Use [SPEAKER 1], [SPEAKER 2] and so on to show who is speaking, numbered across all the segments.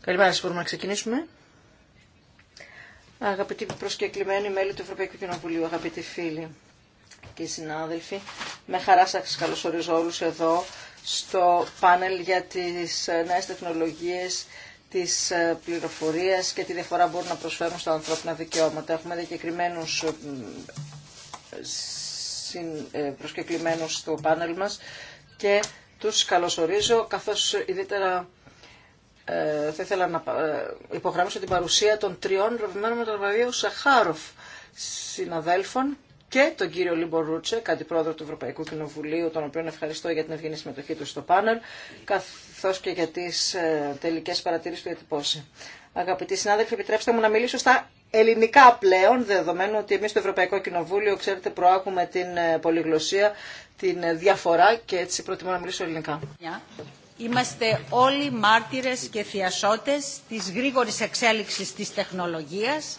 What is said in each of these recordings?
[SPEAKER 1] Καλημέρα σας. Μπορούμε να ξεκινήσουμε.
[SPEAKER 2] Αγαπητοί προσκεκλημένοι μέλη του Ευρωπαϊκού Κοινοβουλίου, αγαπητοί φίλοι και συνάδελφοι, με χαρά σας καλωσορίζω όλους εδώ στο πάνελ για τις νέες τεχνολογίες της πληροφορίας και τη διαφορά μπορούν να προσφέρουν στα ανθρώπινα δικαιώματα. Έχουμε διακεκριμένους ε, προσκεκλημένους στο πάνελ μας και τους καλωσορίζω, καθώς ιδιαίτερα ε, θα ήθελα να ε, υπογραμμίσω την παρουσία των τριών ροβημένων με τον Σαχάροφ συναδέλφων και τον κύριο Λίμπο Ρούτσε, του Ευρωπαϊκού Κοινοβουλίου, τον οποίο ευχαριστώ για την ευγενή συμμετοχή του στο πάνελ, καθώς και για τις ε, τελικέ του διατυπώσει. Αγαπητοί συνάδελφοι, επιτρέψτε μου να μιλήσω στα ελληνικά πλέον, δεδομένου ότι εμείς στο Ευρωπαϊκό Κοινοβούλιο, ξέρετε, προάγουμε την ε, πολυγλωσία, την ε, διαφορά και έτσι προτιμώ να μιλήσω ελληνικά.
[SPEAKER 1] Είμαστε όλοι μάρτυρες και θειασότες της γρήγορης εξέλιξης της τεχνολογίας.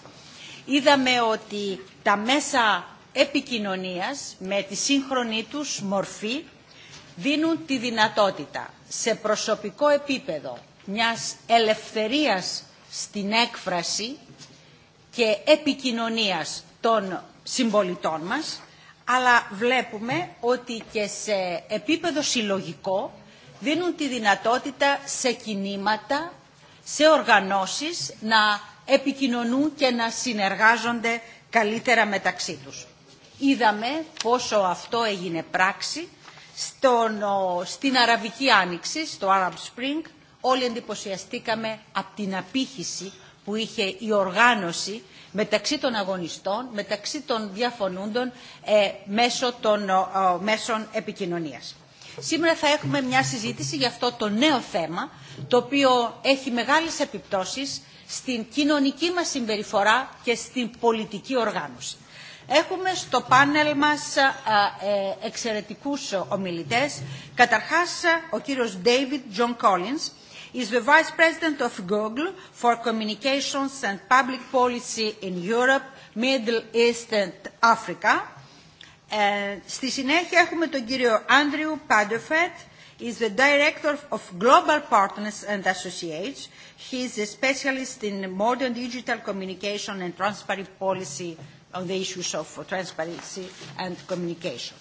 [SPEAKER 1] Είδαμε ότι τα μέσα επικοινωνίας με τη σύγχρονη τους μορφή δίνουν τη δυνατότητα σε προσωπικό επίπεδο μιας ελευθερίας στην έκφραση και επικοινωνίας των συμπολιτών μας, αλλά βλέπουμε ότι και σε επίπεδο συλλογικό δίνουν τη δυνατότητα σε κινήματα, σε οργανώσεις να επικοινωνούν και να συνεργάζονται καλύτερα μεταξύ τους. Είδαμε πόσο αυτό έγινε πράξη στον, στην Αραβική Άνοιξη, στο Arab Spring, όλοι εντυπωσιαστήκαμε από την απήχηση που είχε η οργάνωση μεταξύ των αγωνιστών, μεταξύ των διαφωνούντων ε, μέσω των μέσων επικοινωνίας. Σήμερα θα έχουμε μια συζήτηση για αυτό το νέο θέμα, το οποίο έχει μεγάλες επιπτώσεις στην κοινωνική μας συμπεριφορά και στην πολιτική οργάνωση. Έχουμε στο πάνελ μας ε, ε, εξαιρετικούς ομιλητές. Καταρχάς, ο κύριος David John Collins, is the Vice President of Google for Communications and Public Policy in Europe, Middle East and Africa. Στη συνέχεια έχουμε τον κύριο Andrew is the Director of Global Partners and Associates. He is a specialist in modern digital communication and transparent policy on the issues of transparency and communication.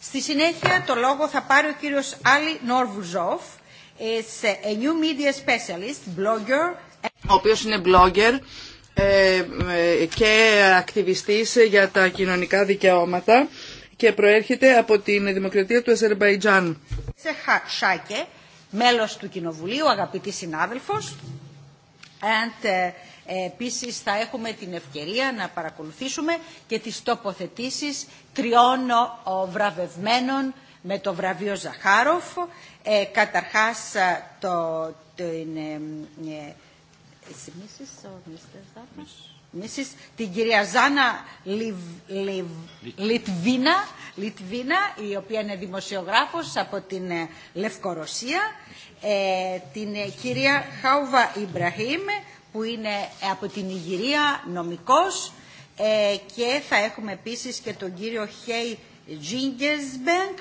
[SPEAKER 1] Στη συνέχεια το λόγο θα πάρει ο κύριος Άλλη Νόρβουζόφ, ο οποίος είναι blogger
[SPEAKER 3] ε, ε, και ακτιβιστή για τα κοινωνικά δικαιώματα και προέρχεται από την Δημοκρατία του Αζερμπαϊτζάν.
[SPEAKER 1] Σε Σάκε, μέλος του Κοινοβουλίου, αγαπητή συνάδελφος. And, ε, Επίσης θα έχουμε την ευκαιρία να παρακολουθήσουμε και τις τοποθετήσεις τριών βραβευμένων με το βραβείο Ζαχάροφ ε, καταρχάς, ε, το, το ε, ε, είναι, την κυρία Ζάνα Λιτβίνα, Λιτβίνα, η οποία είναι δημοσιογράφος από την Λευκορωσία, την κυρία Χάουβα Ιμπραχήμ, που είναι από την Ιγυρία, νομικός, και θα έχουμε επίσης και τον κύριο Χέι Τζίγκεσμπέγκ,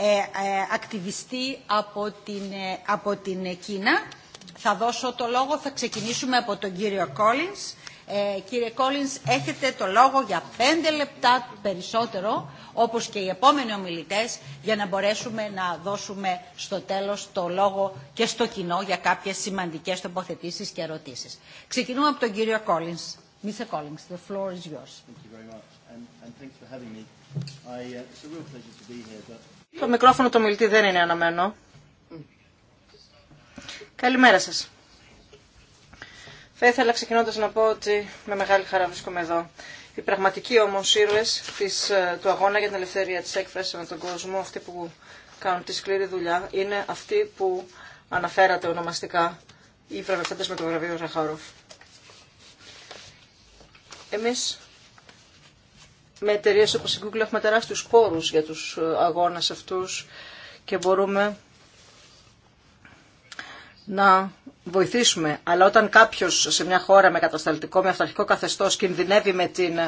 [SPEAKER 1] ε, ε, ακτιβιστή από την, ε, από την Κίνα. Θα δώσω το λόγο, θα ξεκινήσουμε από τον κύριο Κόλινς. κύριε Κόλινς, έχετε το λόγο για πέντε λεπτά περισσότερο, όπως και οι επόμενοι ομιλητές, για να μπορέσουμε να δώσουμε στο τέλος το λόγο και στο κοινό για κάποιες σημαντικές τοποθετήσεις και ερωτήσεις. Ξεκινούμε από τον κύριο Κόλινς. Mr. Collins, the floor is yours. Thank you very much, and, and thanks for having me.
[SPEAKER 2] Uh, real pleasure to be here, but το μικρόφωνο
[SPEAKER 1] του μιλητή δεν είναι αναμένο.
[SPEAKER 2] Καλημέρα σας. Θα ήθελα ξεκινώντας να πω ότι με μεγάλη χαρά βρίσκομαι εδώ. Οι πραγματικοί όμως ήρωες της, ε, του αγώνα για την ελευθερία της έκφρασης με τον κόσμο, αυτοί που κάνουν τη σκληρή δουλειά, είναι αυτοί που αναφέρατε ονομαστικά οι βραβευτέντες με το βραβείο Ζαχάροφ. Εμείς με εταιρείε όπως η Google έχουμε τεράστιους πόρους για τους ε, αγώνες αυτούς και μπορούμε να βοηθήσουμε. Αλλά όταν κάποιος σε μια χώρα με κατασταλτικό, με αυταρχικό καθεστώς κινδυνεύει με την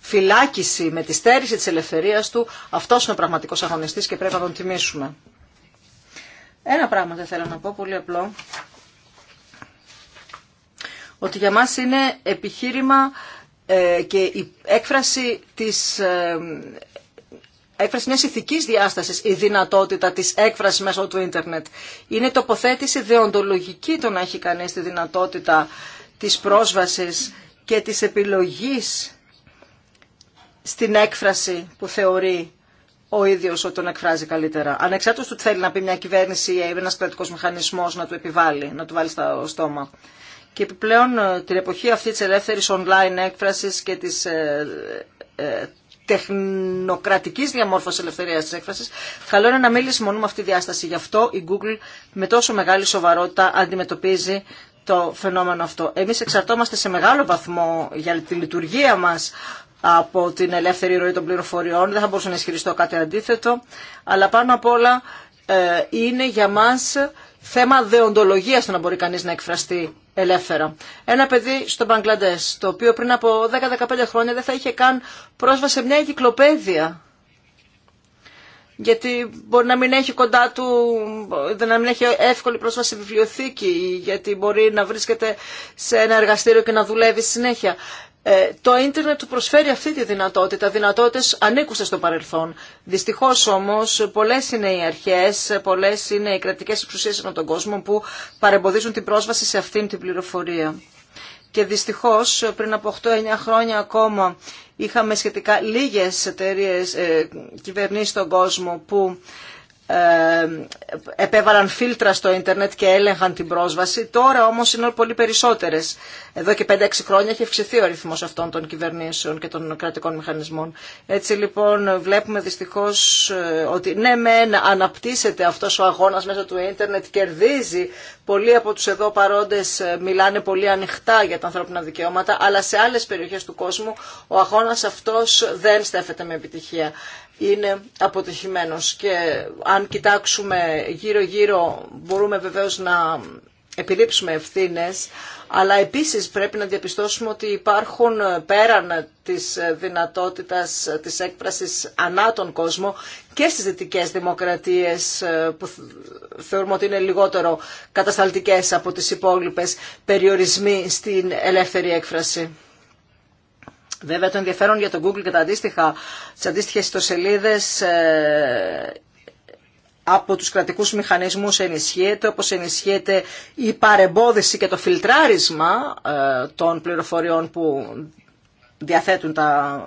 [SPEAKER 2] φυλάκιση, με τη στέρηση της ελευθερίας του, αυτός είναι ο πραγματικός αγωνιστής και πρέπει να τον τιμήσουμε. Ένα πράγμα δεν θέλω να πω, πολύ απλό, ότι για μας είναι επιχείρημα ε, και η έκφραση της ε, έκφραση μιας ηθικής διάστασης, η δυνατότητα της έκφρασης μέσω του ίντερνετ. Είναι τοποθέτηση δεοντολογική το να έχει κάνει τη δυνατότητα της πρόσβασης και της επιλογής στην έκφραση που θεωρεί ο ίδιο ότι τον εκφράζει καλύτερα. Ανεξάρτητο του τι θέλει να πει μια κυβέρνηση ή ένα κρατικό μηχανισμό να του επιβάλλει, να του βάλει στο στόμα και επιπλέον ε, την εποχή αυτή της ελεύθερης online έκφρασης και της ε, ε, τεχνοκρατικής διαμόρφωση ελευθερίας τη έκφρασης Καλό είναι να μην λησμονούμε αυτή τη διάσταση. Γι' αυτό η Google με τόσο μεγάλη σοβαρότητα αντιμετωπίζει το φαινόμενο αυτό. Εμείς εξαρτώμαστε σε μεγάλο βαθμό για τη λειτουργία μας από την ελεύθερη ροή των πληροφοριών. Δεν θα μπορούσα να ισχυριστώ κάτι αντίθετο. Αλλά πάνω απ' όλα είναι για μας θέμα δεοντολογίας να μπορεί κανείς να εκφραστεί ελεύθερα. Ένα παιδί στο Μπαγκλαντές, το οποίο πριν από 10-15 χρόνια δεν θα είχε καν πρόσβαση σε μια εγκυκλοπαίδεια. Γιατί μπορεί να μην έχει κοντά του, να μην έχει εύκολη πρόσβαση βιβλιοθήκη, γιατί μπορεί να βρίσκεται σε ένα εργαστήριο και να δουλεύει συνέχεια. Ε, το ίντερνετ του προσφέρει αυτή τη δυνατότητα, δυνατότητες ανήκουσε στο παρελθόν. Δυστυχώς όμως πολλές είναι οι αρχές, πολλές είναι οι κρατικές εξουσίες ανά τον κόσμο που παρεμποδίζουν την πρόσβαση σε αυτήν την πληροφορία. Και δυστυχώς πριν από 8-9 χρόνια ακόμα είχαμε σχετικά λίγες εταιρείες ε, κυβερνήσεις στον κόσμο που επέβαλαν φίλτρα στο ίντερνετ και έλεγχαν την πρόσβαση. Τώρα όμως είναι πολύ περισσότερες. Εδώ και 5-6 χρόνια έχει αυξηθεί ο αριθμός αυτών των κυβερνήσεων και των κρατικών μηχανισμών. Έτσι λοιπόν βλέπουμε δυστυχώς ε, ότι ναι μεν αναπτύσσεται αυτός ο αγώνας μέσα του ίντερνετ, κερδίζει. Πολλοί από τους εδώ παρόντες ε, μιλάνε πολύ ανοιχτά για τα ανθρώπινα δικαιώματα, αλλά σε άλλες περιοχές του κόσμου ο αγώνας αυτός δεν στέφεται με επιτυχία είναι αποτυχημένος και αν κοιτάξουμε γύρω-γύρω μπορούμε βεβαίως να επιλύψουμε ευθύνες, αλλά επίσης πρέπει να διαπιστώσουμε ότι υπάρχουν πέραν της δυνατότητας της έκφρασης ανά τον κόσμο και στις δυτικές δημοκρατίες που θεωρούμε ότι είναι λιγότερο κατασταλτικές από τις υπόλοιπες περιορισμοί στην ελεύθερη έκφραση. Βέβαια το ενδιαφέρον για το Google και τα αντίστοιχα, τις αντίστοιχες ιστοσελίδες ε, από τους κρατικούς μηχανισμούς ενισχύεται, όπως ενισχύεται η παρεμπόδιση και το φιλτράρισμα ε, των πληροφοριών που διαθέτουν τα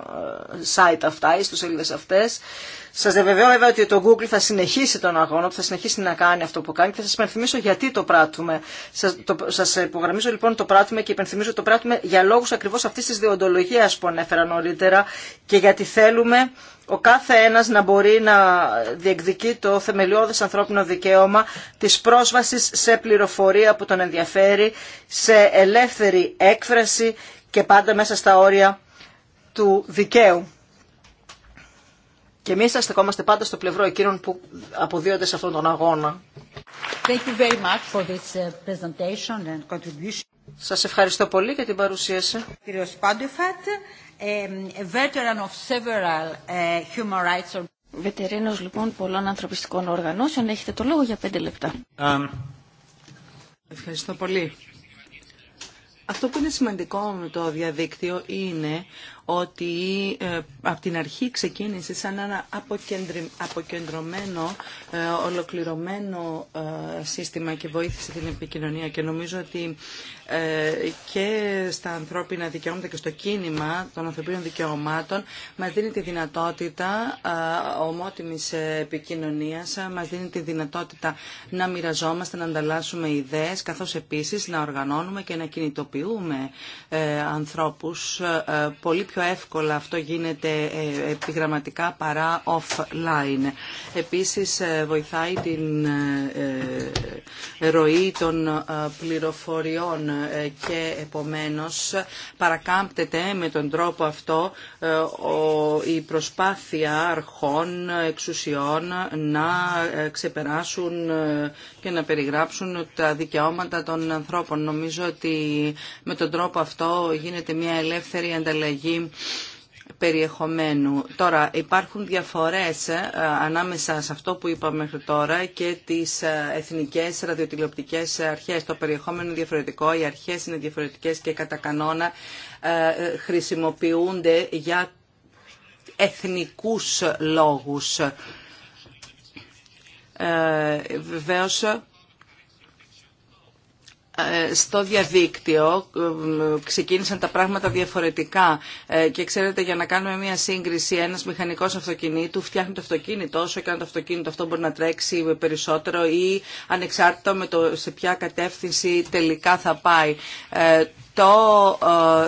[SPEAKER 2] ε, site αυτά ή στους σελίδες αυτές. Σας διαβεβαιώ βέβαια ότι το Google θα συνεχίσει τον αγώνα, θα συνεχίσει να κάνει αυτό που κάνει και θα σας υπενθυμίσω γιατί το πράττουμε. Σας, το, σας υπογραμμίζω λοιπόν το πράττουμε και υπενθυμίζω το πράττουμε για λόγους ακριβώς αυτής της διοντολογίας που ανέφερα νωρίτερα και γιατί θέλουμε ο κάθε ένας να μπορεί να διεκδικεί το θεμελιώδες ανθρώπινο δικαίωμα της πρόσβασης σε πληροφορία που τον ενδιαφέρει, σε ελεύθερη έκφραση και πάντα μέσα στα όρια του δικαίου. Και εμεί θα στεκόμαστε πάντα στο πλευρό εκείνων που αποδίονται σε αυτόν τον αγώνα.
[SPEAKER 1] Thank you very much for this uh, presentation and contribution. Σας ευχαριστώ πολύ για την παρουσίαση. Κύριο veteran of several ε,
[SPEAKER 4] human rights λοιπόν πολλών ανθρωπιστικών οργανώσεων. Έχετε το λόγο για πέντε λεπτά.
[SPEAKER 3] Um. Ευχαριστώ πολύ.
[SPEAKER 4] Αυτό που είναι σημαντικό
[SPEAKER 3] με το διαδίκτυο είναι ότι ε, από την αρχή ξεκίνησε σαν ένα αποκεντρωμένο, ε, ολοκληρωμένο ε, σύστημα και βοήθησε την επικοινωνία και νομίζω ότι ε, και στα ανθρώπινα δικαιώματα και στο κίνημα των ανθρωπίνων δικαιωμάτων μας δίνει τη δυνατότητα ε, ομότιμης επικοινωνίας, μας δίνει τη δυνατότητα να μοιραζόμαστε, να ανταλλάσσουμε ιδέες, καθώς επίσης να οργανώνουμε και να κινητοποιούμε ε, ανθρώπους. Πολύ πιο εύκολα αυτό γίνεται επιγραμματικά παρά offline. Επίσης βοηθάει την ροή των πληροφοριών και επομένως παρακάμπτεται με τον τρόπο αυτό ε, η προσπάθεια αρχών εξουσιών να ε, ξεπεράσουν ε, και να περιγράψουν τα δικαιώματα των ανθρώπων. Νομίζω ότι με τον τρόπο αυτό γίνεται μια ελεύθερη ανταλλαγή περιεχομένου. Τώρα υπάρχουν διαφορές ε, ανάμεσα σε αυτό που είπα μέχρι τώρα και τις ε, εθνικές ραδιοτηλεοπτικές αρχές. Το περιεχόμενο είναι διαφορετικό, οι αρχές είναι διαφορετικές και κατά κανόνα ε, χρησιμοποιούνται για εθνικούς λόγους. Ε, βεβαίως ε, στο διαδίκτυο ε, ξεκίνησαν τα πράγματα διαφορετικά ε, και ξέρετε για να κάνουμε μια σύγκριση ένας μηχανικός αυτοκινήτου φτιάχνει το αυτοκίνητο όσο και αν το αυτοκίνητο αυτό μπορεί να τρέξει περισσότερο ή ανεξάρτητα με το σε ποια κατεύθυνση τελικά θα πάει το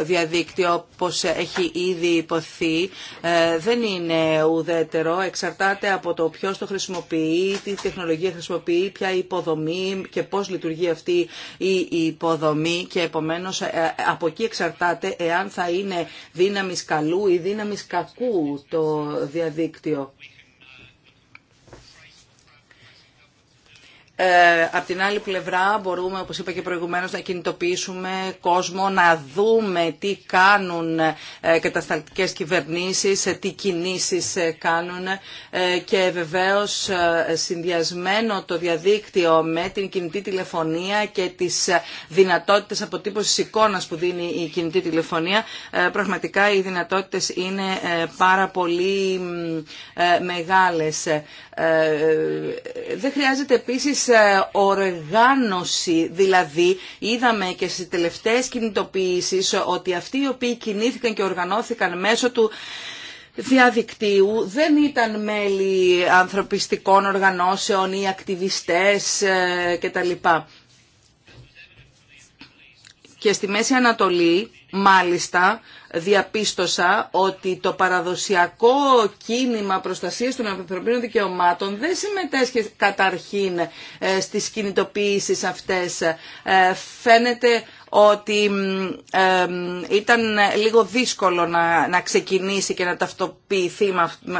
[SPEAKER 3] ε, διαδίκτυο, όπως έχει ήδη υποθεί, ε, δεν είναι ουδέτερο. Εξαρτάται από το ποιος το χρησιμοποιεί, τι τεχνολογία χρησιμοποιεί, ποια υποδομή και πώς λειτουργεί αυτή η υποδομή και επομένως ε, από εκεί εξαρτάται εάν θα είναι δύναμης καλού ή δύναμης κακού το διαδίκτυο. Ε, απ' την άλλη πλευρά μπορούμε, όπως είπα και προηγουμένως, να κινητοποιήσουμε κόσμο, να δούμε τι κάνουν ε, κατασταλτικές κυβερνήσεις, ε, τι κινήσεις ε, κάνουν ε, και βεβαίως συνδυασμένο το διαδίκτυο με την κινητή τηλεφωνία και τις δυνατότητες αποτύπωσης εικόνας που δίνει η κινητή τηλεφωνία, πραγματικά οι δυνατότητες είναι πάρα πολύ μεγάλες. Δεν χρειάζεται επίσης ε, οργάνωση, δηλαδή είδαμε και στις τελευταίες κινητοποιήσεις ότι αυτοί οι οποίοι κινήθηκαν και οργανώθηκαν μέσω του διαδικτύου δεν ήταν μέλη ανθρωπιστικών οργανώσεων ή ακτιβιστές ε, κτλ. Και στη Μέση Ανατολή Μάλιστα, διαπίστωσα ότι το παραδοσιακό κίνημα προστασίας των ανθρωπίνων δικαιωμάτων δεν συμμετέσχει καταρχήν ε, στις κινητοποιήσεις αυτές. Ε, φαίνεται ότι ε, ήταν λίγο δύσκολο να ξεκινήσει και να ταυτοποιηθεί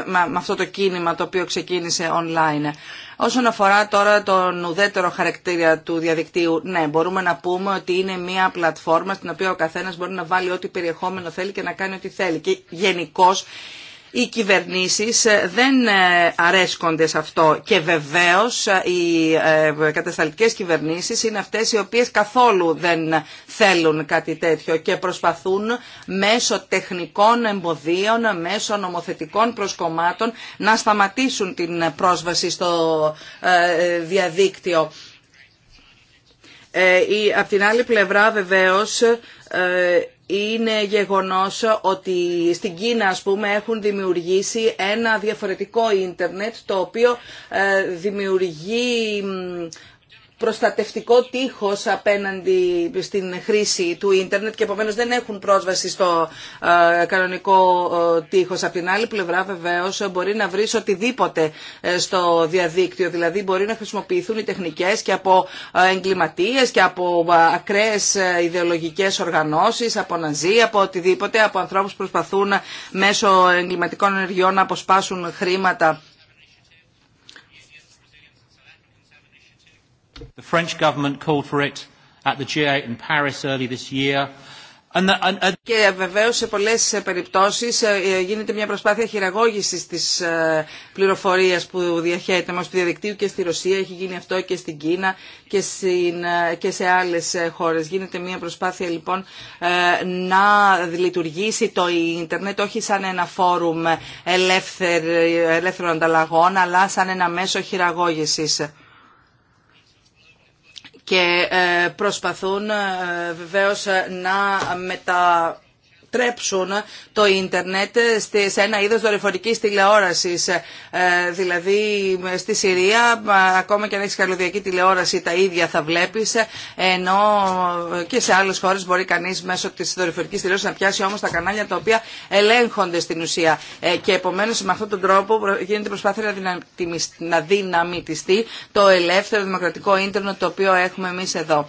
[SPEAKER 3] με αυτό το κίνημα το οποίο ξεκίνησε online. Όσον αφορά τώρα τον ουδέτερο χαρακτήρα του διαδικτύου, ναι, μπορούμε να πούμε ότι είναι μια πλατφόρμα στην οποία ο καθένας μπορεί να βάλει ό,τι περιεχόμενο θέλει και να κάνει ό,τι θέλει. Και γενικώ οι κυβερνήσεις ε, δεν ε, αρέσκονται σε αυτό και βεβαίως ε, οι κατασταλτικές κυβερνήσεις είναι αυτές οι οποίες καθόλου δεν θέλουν κάτι τέτοιο και προσπαθούν μέσω τεχνικών εμποδίων, μέσω νομοθετικών προσκομμάτων να σταματήσουν την πρόσβαση στο διαδίκτυο. Ε, η, την άλλη πλευρά βεβαίως είναι γεγονός ότι στην Κίνα ας πούμε έχουν δημιουργήσει ένα διαφορετικό ίντερνετ το οποίο ε, δημιουργεί προστατευτικό τείχος απέναντι στην χρήση του ίντερνετ και επομένως δεν έχουν πρόσβαση στο ε, κανονικό ε, τείχος. Από την άλλη πλευρά βεβαίως μπορεί να βρεις οτιδήποτε ε, στο διαδίκτυο, δηλαδή μπορεί να χρησιμοποιηθούν οι τεχνικές και από εγκληματίες και από ακραίες ιδεολογικές οργανώσεις, από ναζί, από οτιδήποτε, από ανθρώπους που προσπαθούν μέσω εγκληματικών ενεργειών να αποσπάσουν χρήματα
[SPEAKER 2] The French government called for it at G8 in Paris early this year.
[SPEAKER 3] Και βεβαίω σε πολλέ ε, περιπτώσει ε, ε, γίνεται μια προσπάθεια χειραγώγηση τη πληροφορία που διαχέεται μέσω του διαδικτύου και στη Ρωσία. Έχει γίνει αυτό και στην Κίνα και, και σε άλλε χώρε. Γίνεται μια προσπάθεια λοιπόν να λειτουργήσει το ίντερνετ όχι σαν ένα φόρουμ ελεύθερων ανταλλαγών αλλά σαν ένα μέσο χειραγώγηση και ε, προσπαθούν ε, βεβαίως ε, να μετα το ίντερνετ σε ένα είδος δορυφορικής τηλεόρασης. Ε, δηλαδή στη Συρία, ακόμα και αν έχεις καλωδιακή τηλεόραση, τα ίδια θα βλέπεις, ενώ και σε άλλες χώρες μπορεί κανείς μέσω της δορυφορικής τηλεόρασης να πιάσει όμως τα κανάλια τα οποία ελέγχονται στην ουσία. Ε, και επομένως με αυτόν τον τρόπο γίνεται προσπάθεια να δυναμητιστεί το ελεύθερο δημοκρατικό ίντερνετ το οποίο έχουμε εμείς εδώ.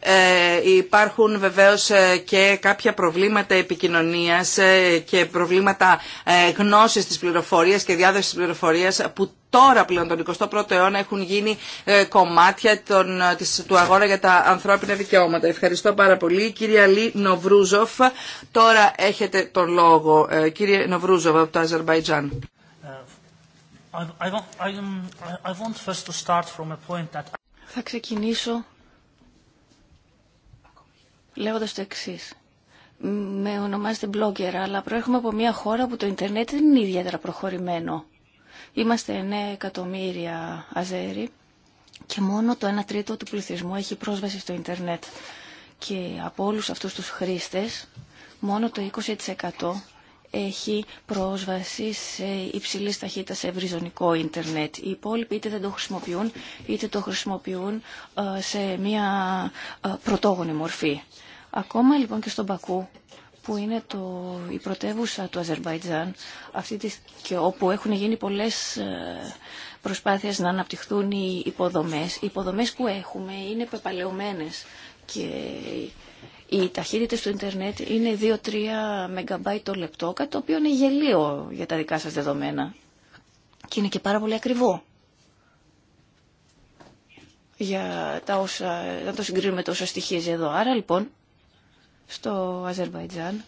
[SPEAKER 3] Ε, υπάρχουν βεβαίως ε, και κάποια προβλήματα επικοινωνίας ε, και προβλήματα γνώσης της πληροφορίας και διάδοσης της πληροφορίας που τώρα πλέον τον 21ο αιώνα έχουν γίνει κομμάτια των, της, του αγώνα για τα ανθρώπινα δικαιώματα. Ευχαριστώ πάρα πολύ. Κύριε Αλή Νοβρούζοφ, τώρα έχετε τον λόγο. Κύριε Νοβρούζοφ από το Αζερβαϊτζάν.
[SPEAKER 4] Θα ξεκινήσω Λέγοντα το εξή. Με ονομάζετε blogger, αλλά προέρχομαι από μια χώρα που το ίντερνετ δεν είναι ιδιαίτερα προχωρημένο. Είμαστε 9 εκατομμύρια Αζέρι και μόνο το 1 τρίτο του πληθυσμού έχει πρόσβαση στο ίντερνετ. Και από όλου αυτού του χρήστες, μόνο το 20% έχει πρόσβαση σε υψηλή ταχύτητα σε ευρυζωνικό ίντερνετ. Οι υπόλοιποι είτε δεν το χρησιμοποιούν, είτε το χρησιμοποιούν ε, σε μια ε, πρωτόγονη μορφή. Ακόμα λοιπόν και στον Πακού που είναι το, η πρωτεύουσα του Αζερβαϊτζάν αυτή και όπου έχουν γίνει πολλές ε, προσπάθειες να αναπτυχθούν οι υποδομές. Οι υποδομές που έχουμε είναι πεπαλαιωμένες και οι ταχύτητε του ίντερνετ είναι 2-3 ΜΜ το λεπτό, κάτι το οποίο είναι γελίο για τα δικά σας δεδομένα και είναι και πάρα πολύ ακριβό για να το συγκρίνουμε τόσα στοιχεία εδώ. Άρα λοιπόν στο Αζερβαϊτζάν,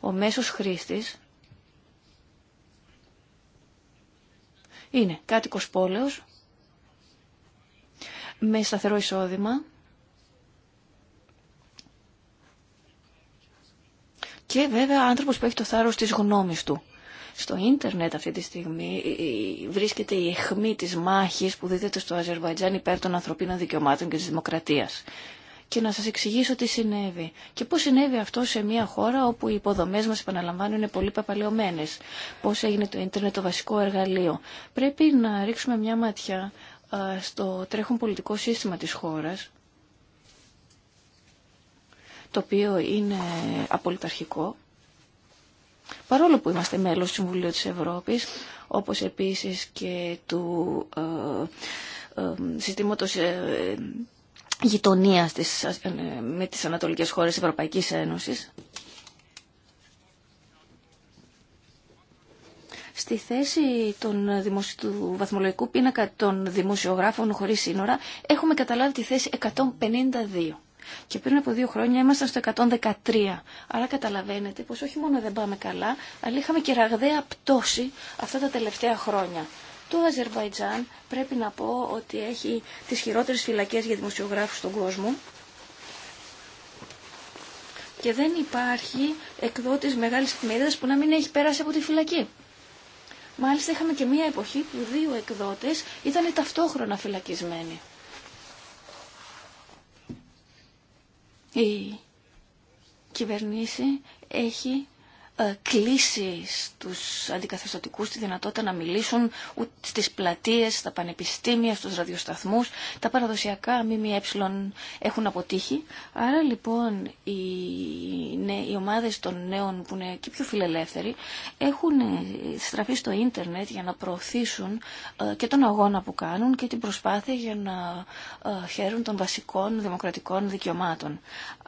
[SPEAKER 4] ο μέσος χρήστης είναι κάτοικος πόλεως, με σταθερό εισόδημα και βέβαια άνθρωπος που έχει το θάρρος της γνώμης του. Στο ίντερνετ αυτή τη στιγμή βρίσκεται η αιχμή της μάχης που δίδεται στο Αζερβαϊτζάν υπέρ των ανθρωπίνων δικαιωμάτων και της δημοκρατίας και να σας εξηγήσω τι συνέβη. Και πώς συνέβη αυτό σε μια χώρα όπου οι υποδομές μας, επαναλαμβάνω, είναι πολύ παπαλαιωμένες. Πώς έγινε το ίντερνετ το βασικό εργαλείο. Πρέπει να ρίξουμε μια ματιά στο τρέχον πολιτικό σύστημα της χώρας, το οποίο είναι απολυταρχικό, παρόλο που είμαστε μέλος του Συμβουλίου της Ευρώπης, όπως επίσης και του ε, ε συστήματος ε, γειτονία ε, ε, με τις ανατολικές χώρες της Ευρωπαϊκής Ένωσης. Στη θέση των του βαθμολογικού πίνακα των δημοσιογράφων χωρίς σύνορα έχουμε καταλάβει τη θέση 152. Και πριν από δύο χρόνια ήμασταν στο 113. Αλλά καταλαβαίνετε πως όχι μόνο δεν πάμε καλά, αλλά είχαμε και ραγδαία πτώση αυτά τα τελευταία χρόνια. Το Αζερβαϊτζάν πρέπει να πω ότι έχει τις χειρότερες φυλακές για δημοσιογράφους στον κόσμο και δεν υπάρχει εκδότης μεγάλης εφημερίδας που να μην έχει πέρασει από τη φυλακή. Μάλιστα είχαμε και μία εποχή που δύο εκδότες ήταν ταυτόχρονα φυλακισμένοι. Η κυβερνήση έχει ε, κλείσει τους αντικαθεστατικούς τη δυνατότητα να μιλήσουν στις πλατείες, στα πανεπιστήμια, στους ραδιοσταθμούς. Τα παραδοσιακά ΜΜΕ έχουν αποτύχει. Άρα λοιπόν οι, ναι, οι ομάδες των νέων που είναι και πιο φιλελεύθεροι έχουν ε, στραφεί στο ίντερνετ για να προωθήσουν ε, και τον αγώνα που κάνουν και την προσπάθεια για να χαίρουν των βασικών δημοκρατικών δικαιωμάτων.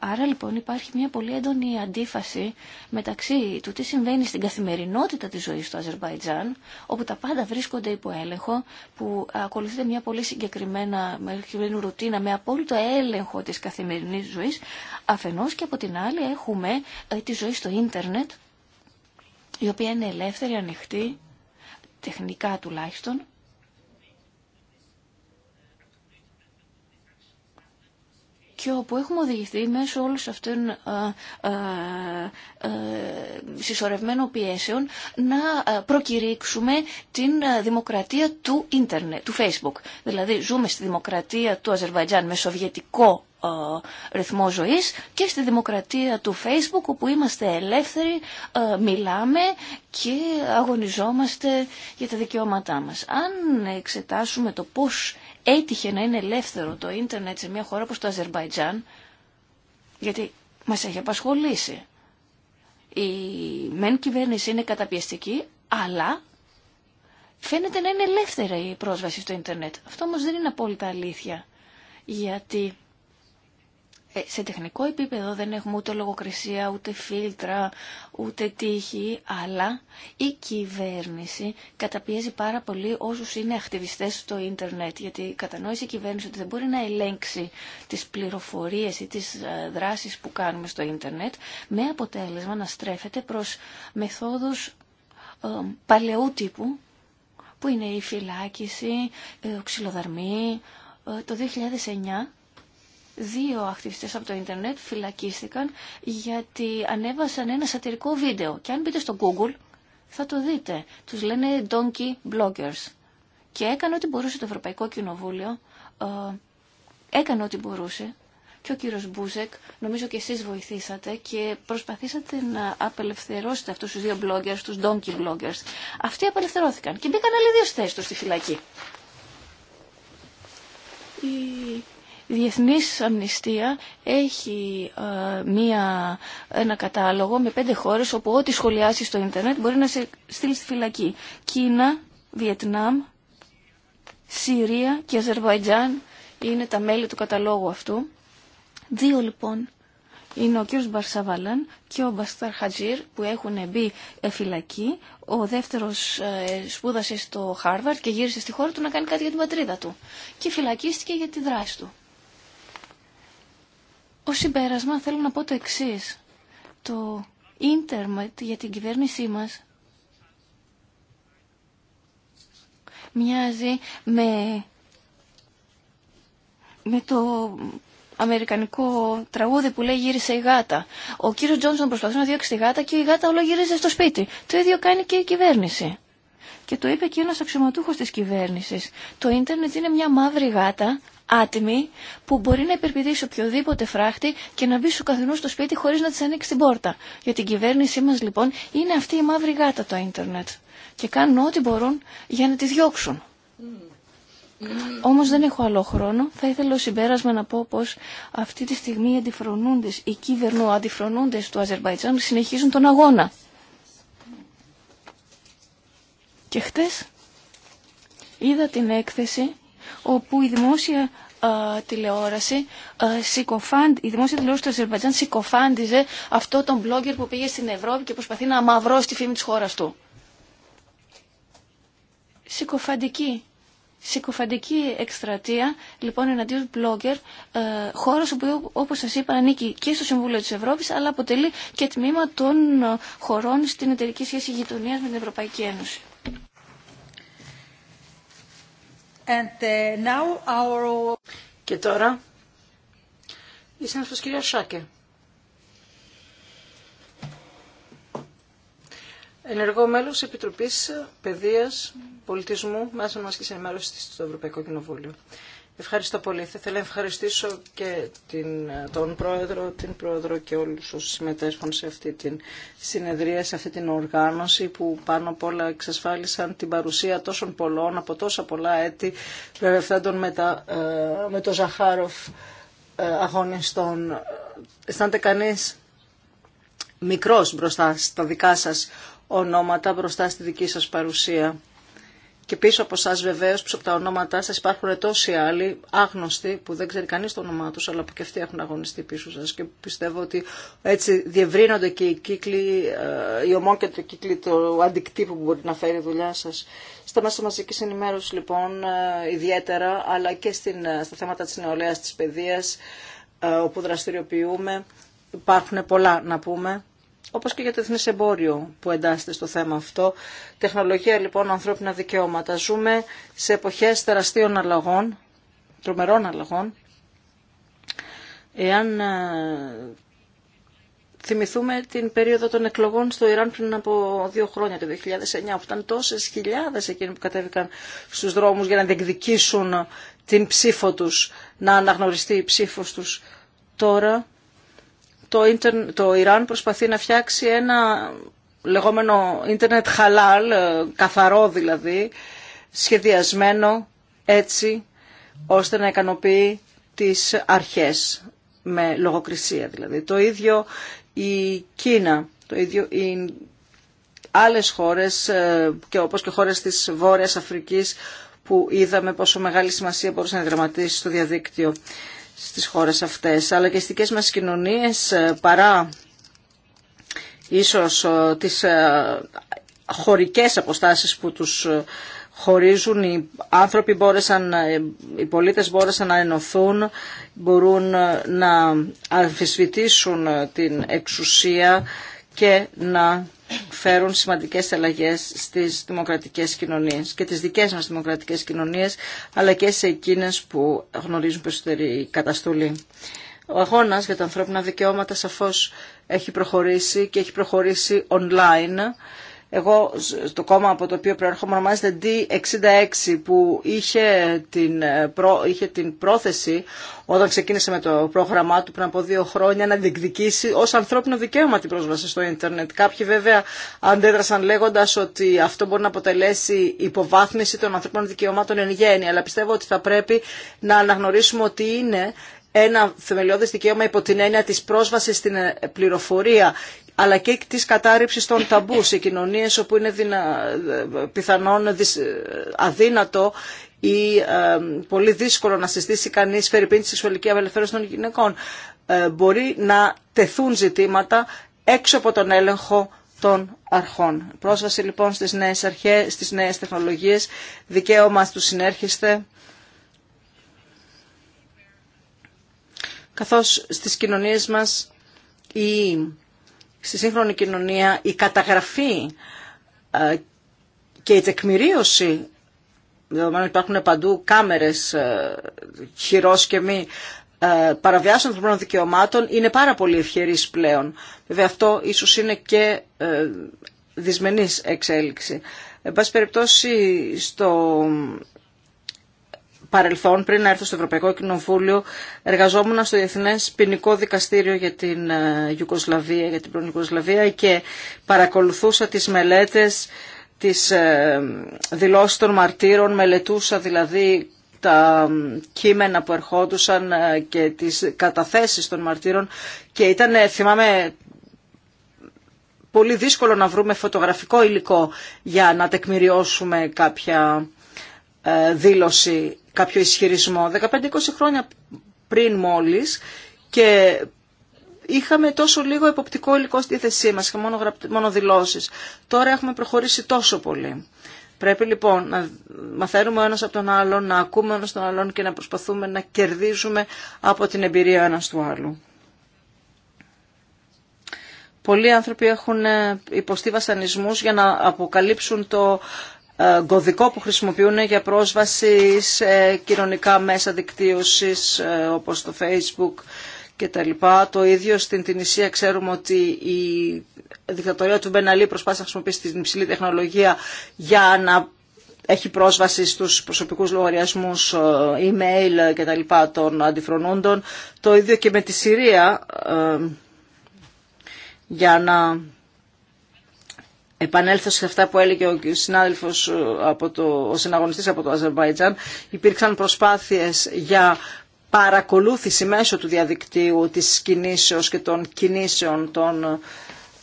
[SPEAKER 4] Άρα λοιπόν υπάρχει μια πολύ έντονη αντίφαση μεταξύ του τι συμβαίνει στην καθημερινότητα της ζωής του Αζερβαϊτζάν, όπου τα πάντα βρίσκονται υπό έλεγχο, που ακολουθείται μια πολύ συγκεκριμένα ρουτίνα με απόλυτο έλεγχο της καθημερινής ζωής, αφενός και από την άλλη έχουμε ε, τη ζωή στο ίντερνετ, η οποία είναι ελεύθερη, ανοιχτή, τεχνικά τουλάχιστον, και όπου έχουμε οδηγηθεί μέσω όλων αυτών ε, ε, ε, συσσωρευμένων πιέσεων να προκηρύξουμε την δημοκρατία του ίντερνετ, του facebook. Δηλαδή ζούμε στη δημοκρατία του Αζερβαϊτζάν με σοβιετικό ρυθμό ζωής και στη δημοκρατία του Facebook όπου είμαστε ελεύθεροι, μιλάμε και αγωνιζόμαστε για τα δικαιώματά μας. Αν εξετάσουμε το πώς έτυχε να είναι ελεύθερο το ίντερνετ σε μια χώρα όπως το Αζερβαϊτζάν, γιατί μας έχει απασχολήσει. Η μεν κυβέρνηση είναι καταπιεστική, αλλά φαίνεται να είναι ελεύθερη η πρόσβαση στο ίντερνετ. Αυτό όμως δεν είναι απόλυτα αλήθεια, γιατί ε, σε τεχνικό επίπεδο δεν έχουμε ούτε λογοκρισία, ούτε φίλτρα, ούτε τύχη, αλλά η κυβέρνηση καταπιέζει πάρα πολύ όσους είναι ακτιβιστές στο ίντερνετ, γιατί κατανόησε η κυβέρνηση ότι δεν μπορεί να ελέγξει τις πληροφορίες ή τις ε, δράσεις που κάνουμε στο ίντερνετ, με αποτέλεσμα να στρέφεται προς μεθόδους ε, παλαιού τύπου, που είναι η τις δρασεις που κανουμε στο ιντερνετ με αποτελεσμα να στρεφεται προς μεθοδους παλαιου τυπου που ειναι η φυλακιση ε, ο ξυλοδαρμή. Το 2009 Δύο ακτιβιστές από το ίντερνετ φυλακίστηκαν γιατί ανέβασαν ένα σατυρικό βίντεο. Και αν μπείτε στο Google θα το δείτε. Τους λένε donkey bloggers. Και έκανε ό,τι μπορούσε το Ευρωπαϊκό Κοινοβούλιο. Ε, έκανε ό,τι μπορούσε και ο κύριος Μπούζεκ, νομίζω και εσείς βοηθήσατε και προσπαθήσατε να απελευθερώσετε αυτούς τους δύο bloggers, τους donkey bloggers. Αυτοί απελευθερώθηκαν και μπήκαν άλλοι δύο θέσεις στη φυλακή. Η Διεθνής Αμνηστία έχει ε, μία, ένα κατάλογο με πέντε χώρες όπου ό,τι σχολιάσει στο ίντερνετ μπορεί να σε στείλει στη φυλακή. Κίνα, Βιετνάμ, Συρία και Αζερβαϊτζάν είναι τα μέλη του καταλόγου αυτού. Δύο λοιπόν είναι ο κύριος Μπαρσαβαλάν και ο Μπασταρ Χατζήρ που έχουν μπει ε, φυλακή. Ο δεύτερος ε, σπούδασε στο Χάρβαρτ και γύρισε στη χώρα του να κάνει κάτι για την πατρίδα του. Και φυλακίστηκε για τη δράση του. Ως συμπέρασμα θέλω να πω το εξής. Το ίντερνετ για την κυβέρνησή μας μοιάζει με, με το αμερικανικό τραγούδι που λέει γύρισε η γάτα. Ο κύριος Τζόνσον προσπαθούσε να διώξει τη γάτα και η γάτα όλο γύριζε στο σπίτι. Το ίδιο κάνει και η κυβέρνηση. Και το είπε και ένας αξιωματούχος της κυβέρνησης. Το ίντερνετ είναι μια μαύρη γάτα, άτιμη που μπορεί να υπερπηδήσει οποιοδήποτε φράχτη και να μπει στου καθενό στο σπίτι χωρί να τη ανοίξει την πόρτα. Για την κυβέρνησή μα λοιπόν είναι αυτή η μαύρη γάτα το ίντερνετ. Και κάνουν ό,τι μπορούν για να τη διώξουν. Mm. Όμως δεν έχω άλλο χρόνο. Θα ήθελα ως συμπέρασμα να πω πως αυτή τη στιγμή οι αντιφρονούντες, οι κυβερνού αντιφρονούντες του Αζερβαϊτζάν συνεχίζουν τον αγώνα. Και χτες είδα την έκθεση όπου η δημόσια τηλεόραση η δημόσια τηλεόραση του Αζερβαϊτζάν συκοφάντιζε αυτό τον blogger που πήγε στην Ευρώπη και προσπαθεί να αμαυρώσει τη φήμη της χώρας του. Συκοφαντική. Συκοφαντική εκστρατεία λοιπόν εναντίον blogger, ε, χώρο που όπω σα είπα ανήκει και στο Συμβούλιο τη Ευρώπη, αλλά αποτελεί και τμήμα των χωρών στην εταιρική σχέση γειτονία με την Ευρωπαϊκή Ένωση.
[SPEAKER 1] Uh, και τώρα η σύνθεση κυρία Σάκε.
[SPEAKER 2] Ενεργό μέλο Επιτροπής Πολιτισμού, Μέσων Μάσκη και στο Ευρωπαϊκό Κοινοβούλιο. Ευχαριστώ πολύ. Θα ήθελα να ευχαριστήσω και την, τον Πρόεδρο, την Πρόεδρο και όλους όσους συμμετέχουν σε αυτή τη συνεδρία, σε αυτή την οργάνωση που πάνω απ' όλα εξασφάλισαν την παρουσία τόσων πολλών από τόσα πολλά έτη βρεβευθέντων με, ε, με το Ζαχάροφ ε, αγωνιστών. Αισθάνεται κανείς μικρός μπροστά στα δικά σας ονόματα, μπροστά στη δική σας παρουσία. Και πίσω από εσά βεβαίω, πίσω από τα ονόματά σα υπάρχουν τόσοι άλλοι άγνωστοι που δεν ξέρει κανεί το όνομά του, αλλά που και αυτοί έχουν αγωνιστεί πίσω σα. Και πιστεύω ότι έτσι διευρύνονται και οι κύκλοι, ε, οι ομόκεντροι κύκλοι του αντικτύπου που μπορεί να φέρει η δουλειά σα. Στα μέσα μαζική ενημέρωση λοιπόν ε, ιδιαίτερα, αλλά και στην, ε, στα θέματα τη νεολαία, τη παιδεία, όπου δραστηριοποιούμε, υπάρχουν πολλά να πούμε όπως και για το εθνές εμπόριο που εντάσσεται στο θέμα αυτό. Τεχνολογία λοιπόν, ανθρώπινα δικαιώματα. Ζούμε σε εποχές τεραστίων αλλαγών, τρομερών αλλαγών. Εάν ε, θυμηθούμε την περίοδο των εκλογών στο Ιράν πριν από δύο χρόνια, το 2009, όπου ήταν τόσες χιλιάδες εκείνοι που κατέβηκαν στους δρόμους για να διεκδικήσουν την ψήφο τους, να αναγνωριστεί η ψήφος τους. Τώρα το, το Ιράν προσπαθεί να φτιάξει ένα λεγόμενο ίντερνετ χαλάλ, ε, καθαρό δηλαδή, σχεδιασμένο έτσι ώστε να ικανοποιεί τις αρχές με λογοκρισία δηλαδή. Το ίδιο η Κίνα, το ίδιο οι άλλες χώρες ε, και όπως και χώρες της Βόρειας Αφρικής που είδαμε πόσο μεγάλη σημασία μπορούσε να δραματίσει στο διαδίκτυο στις χώρες αυτές, αλλά και στις δικές μας κοινωνίες ε, παρά ίσως ε, τις ε, χωρικές αποστάσεις που τους χωρίζουν, οι άνθρωποι μπόρεσαν, οι πολίτες μπόρεσαν να ενωθούν, μπορούν να αμφισβητήσουν την εξουσία και να φέρουν σημαντικές αλλαγές στις δημοκρατικές κοινωνίες και τις δικές μας δημοκρατικές κοινωνίες αλλά και σε εκείνες που γνωρίζουν περισσότερη καταστολή. Ο αγώνας για τα ανθρώπινα δικαιώματα σαφώς έχει προχωρήσει και έχει προχωρήσει online εγώ το κόμμα από το οποίο προέρχομαι ονομάζεται D66 που είχε την, ε, είχε την πρόθεση όταν ξεκίνησε με το πρόγραμμά του πριν από δύο χρόνια να διεκδικήσει ως ανθρώπινο δικαίωμα την πρόσβαση στο ίντερνετ. Κάποιοι βέβαια αντέδρασαν λέγοντας ότι αυτό μπορεί να αποτελέσει υποβάθμιση των ανθρώπινων δικαιωμάτων εν γέννη, αλλά πιστεύω ότι θα πρέπει να αναγνωρίσουμε ότι είναι ένα θεμελιώδες δικαίωμα υπό την έννοια της πρόσβασης στην ε, πληροφορία αλλά και τη κατάρριψης των ταμπού σε κοινωνίε όπου είναι πιθανόν αδύνατο ή ε, πολύ δύσκολο να συστήσει κανείς φερειπίν τη σεξουαλική απελευθέρωση των γυναικών. Ε, μπορεί να τεθούν ζητήματα έξω από τον έλεγχο των αρχών. Πρόσβαση λοιπόν στις νέες αρχές, στις νέες τεχνολογίες, δικαίωμα του συνέρχεστε, καθώς στις κοινωνίες μας η στη σύγχρονη κοινωνία η καταγραφή ε, και η τεκμηρίωση δεδομένου ότι υπάρχουν παντού κάμερες ε, χειρός και μη ε, παραβιάσεων ανθρωπίνων δικαιωμάτων είναι πάρα πολύ ευχερής πλέον. Βέβαια αυτό ίσως είναι και δυσμενής εξέλιξη. Εν πάση περιπτώσει στο παρελθόν, πριν έρθω στο Ευρωπαϊκό Κοινοβούλιο, εργαζόμουν στο Διεθνέ Ποινικό Δικαστήριο για την ε, Ιουγκοσλαβία, για την και παρακολουθούσα τις μελέτες, τις ε, δηλώσεις των μαρτύρων, μελετούσα δηλαδή τα κείμενα που ερχόντουσαν ε, και τις καταθέσεις των μαρτύρων και ήταν, θυμάμαι, πολύ δύσκολο να βρούμε φωτογραφικό υλικό για να τεκμηριώσουμε κάποια δήλωση κάποιο ισχυρισμό. 15-20 χρόνια πριν μόλις και είχαμε τόσο λίγο εποπτικό υλικό στη θέση μας, είχαμε μόνο, γραπ... δηλώσεις. Τώρα έχουμε προχωρήσει τόσο πολύ. Πρέπει λοιπόν να μαθαίνουμε ο ένας από τον άλλον, να ακούμε ο ένας τον άλλον και να προσπαθούμε να κερδίζουμε από την εμπειρία ένας του άλλου. Πολλοί άνθρωποι έχουν ε, υποστεί βασανισμούς για να αποκαλύψουν το ε, κωδικό που χρησιμοποιούν για πρόσβαση σε κοινωνικά μέσα δικτύωσης ε, όπως το Facebook και Το ίδιο στην Τινησία ξέρουμε ότι η δικτατορία του Μπεναλή προσπάθησε να χρησιμοποιήσει την υψηλή τεχνολογία για να έχει πρόσβαση στους προσωπικούς λογαριασμούς ε, email και τα λοιπά των αντιφρονούντων. Το ίδιο και με τη Συρία για να επανέλθω σε αυτά που έλεγε ο συνάδελφος, ε, από το, ο συναγωνιστής από το Αζερβαϊτζάν, υπήρξαν προσπάθειες για παρακολούθηση μέσω του διαδικτύου της κινήσεως και των κινήσεων των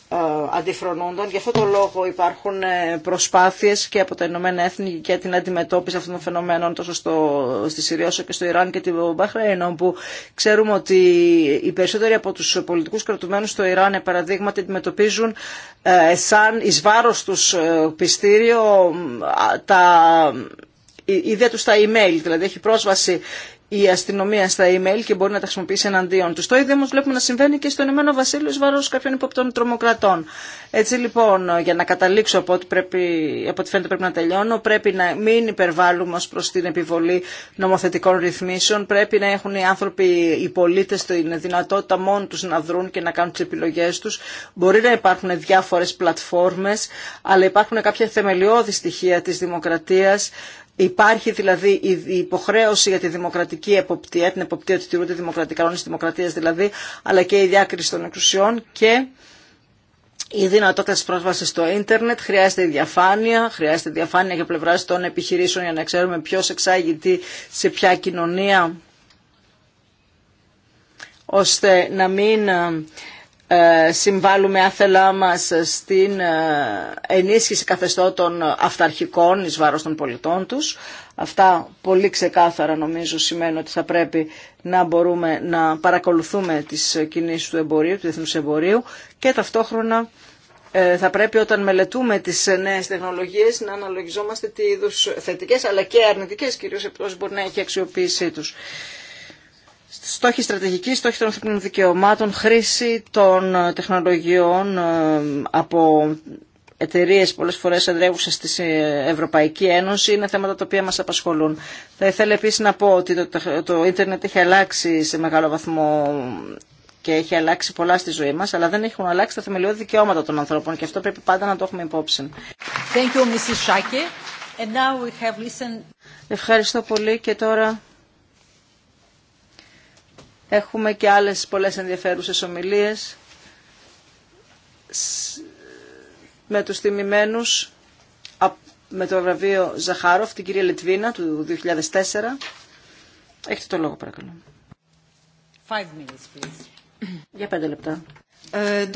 [SPEAKER 2] ε, αντιφρονούνταν. Γι' αυτό το λόγο υπάρχουν ε, προσπάθειες και από τα Ηνωμένα Έθνη για την αντιμετώπιση αυτών των φαινομένων τόσο στο, στη Συρία όσο και στο Ιράν και την Μπαχρέιν, όπου ξέρουμε ότι οι περισσότεροι από τους πολιτικούς κρατουμένους στο Ιράν, παραδείγματι, αντιμετωπίζουν ε, σαν εις βάρος τους πιστήριο τα ίδια του τα email, δηλαδή έχει πρόσβαση η αστυνομία στα email και μπορεί να τα χρησιμοποιήσει εναντίον του. Το ίδιο όμω βλέπουμε να συμβαίνει και στον Ηνωμένο Βασίλειο ει βάρο κάποιων υποπτών τρομοκρατών. Έτσι λοιπόν, για να καταλήξω από ό,τι, πρέπει, από φαίνεται πρέπει να τελειώνω, πρέπει να μην υπερβάλλουμε ω προ την επιβολή νομοθετικών ρυθμίσεων. Πρέπει να έχουν οι άνθρωποι, οι πολίτε, την δυνατότητα μόνοι του να δρουν και να κάνουν τι επιλογέ του. Μπορεί να υπάρχουν διάφορε πλατφόρμε, αλλά υπάρχουν κάποια θεμελιώδη στοιχεία τη δημοκρατία Υπάρχει δηλαδή η υποχρέωση για τη δημοκρατική εποπτεία, την εποπτεία ότι τηρούνται δημοκρατικά όνες δημοκρατίας δηλαδή, αλλά και η διάκριση των εξουσιών και η δυνατότητα τη πρόσβαση στο ίντερνετ, χρειάζεται η διαφάνεια, χρειάζεται διαφάνεια για πλευρά των επιχειρήσεων για να ξέρουμε ποιο εξάγει τι σε ποια κοινωνία, ώστε να μην ε, συμβάλλουμε άθελά μας στην ε, ενίσχυση καθεστώτων αυταρχικών εις βάρος των πολιτών τους. Αυτά πολύ ξεκάθαρα νομίζω σημαίνει ότι θα πρέπει να μπορούμε να παρακολουθούμε τις κινήσεις του εμπορίου, του διεθνούς εμπορίου και ταυτόχρονα ε, θα πρέπει όταν μελετούμε τις νέες τεχνολογίες να αναλογιζόμαστε τι είδους θετικές αλλά και αρνητικές κυρίως επιπτώσεις μπορεί να έχει αξιοποίησή τους στόχοι στρατηγική, στόχοι των ανθρωπίνων δικαιωμάτων, χρήση των ε, τεχνολογιών ε, από εταιρείε πολλέ φορέ εδρεύουσε στη ε, Ευρωπαϊκή Ένωση είναι θέματα τα οποία μα απασχολούν. Θα ήθελα επίση να πω ότι το, ίντερνετ έχει αλλάξει σε μεγάλο βαθμό και έχει αλλάξει πολλά στη ζωή μα, αλλά δεν έχουν αλλάξει τα θεμελιώδη δικαιώματα των ανθρώπων και αυτό πρέπει πάντα να το έχουμε υπόψη. Ευχαριστώ πολύ και τώρα Έχουμε και άλλες πολλές ενδιαφέρουσες ομιλίες με τους θυμημένους, με το βραβείο Ζαχάροφ, την κυρία Λετβίνα του 2004. Έχετε το
[SPEAKER 4] λόγο παρακαλώ. Για πέντε λεπτά. Ε,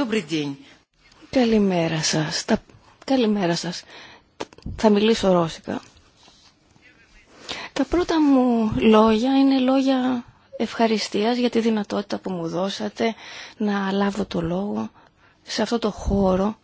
[SPEAKER 4] καλημέρα σας. Καλημέρα σας. Θα μιλήσω ρώσικα. Τα πρώτα μου λόγια είναι λόγια ευχαριστίας για τη δυνατότητα που μου δώσατε να λάβω το λόγο σε αυτό το χώρο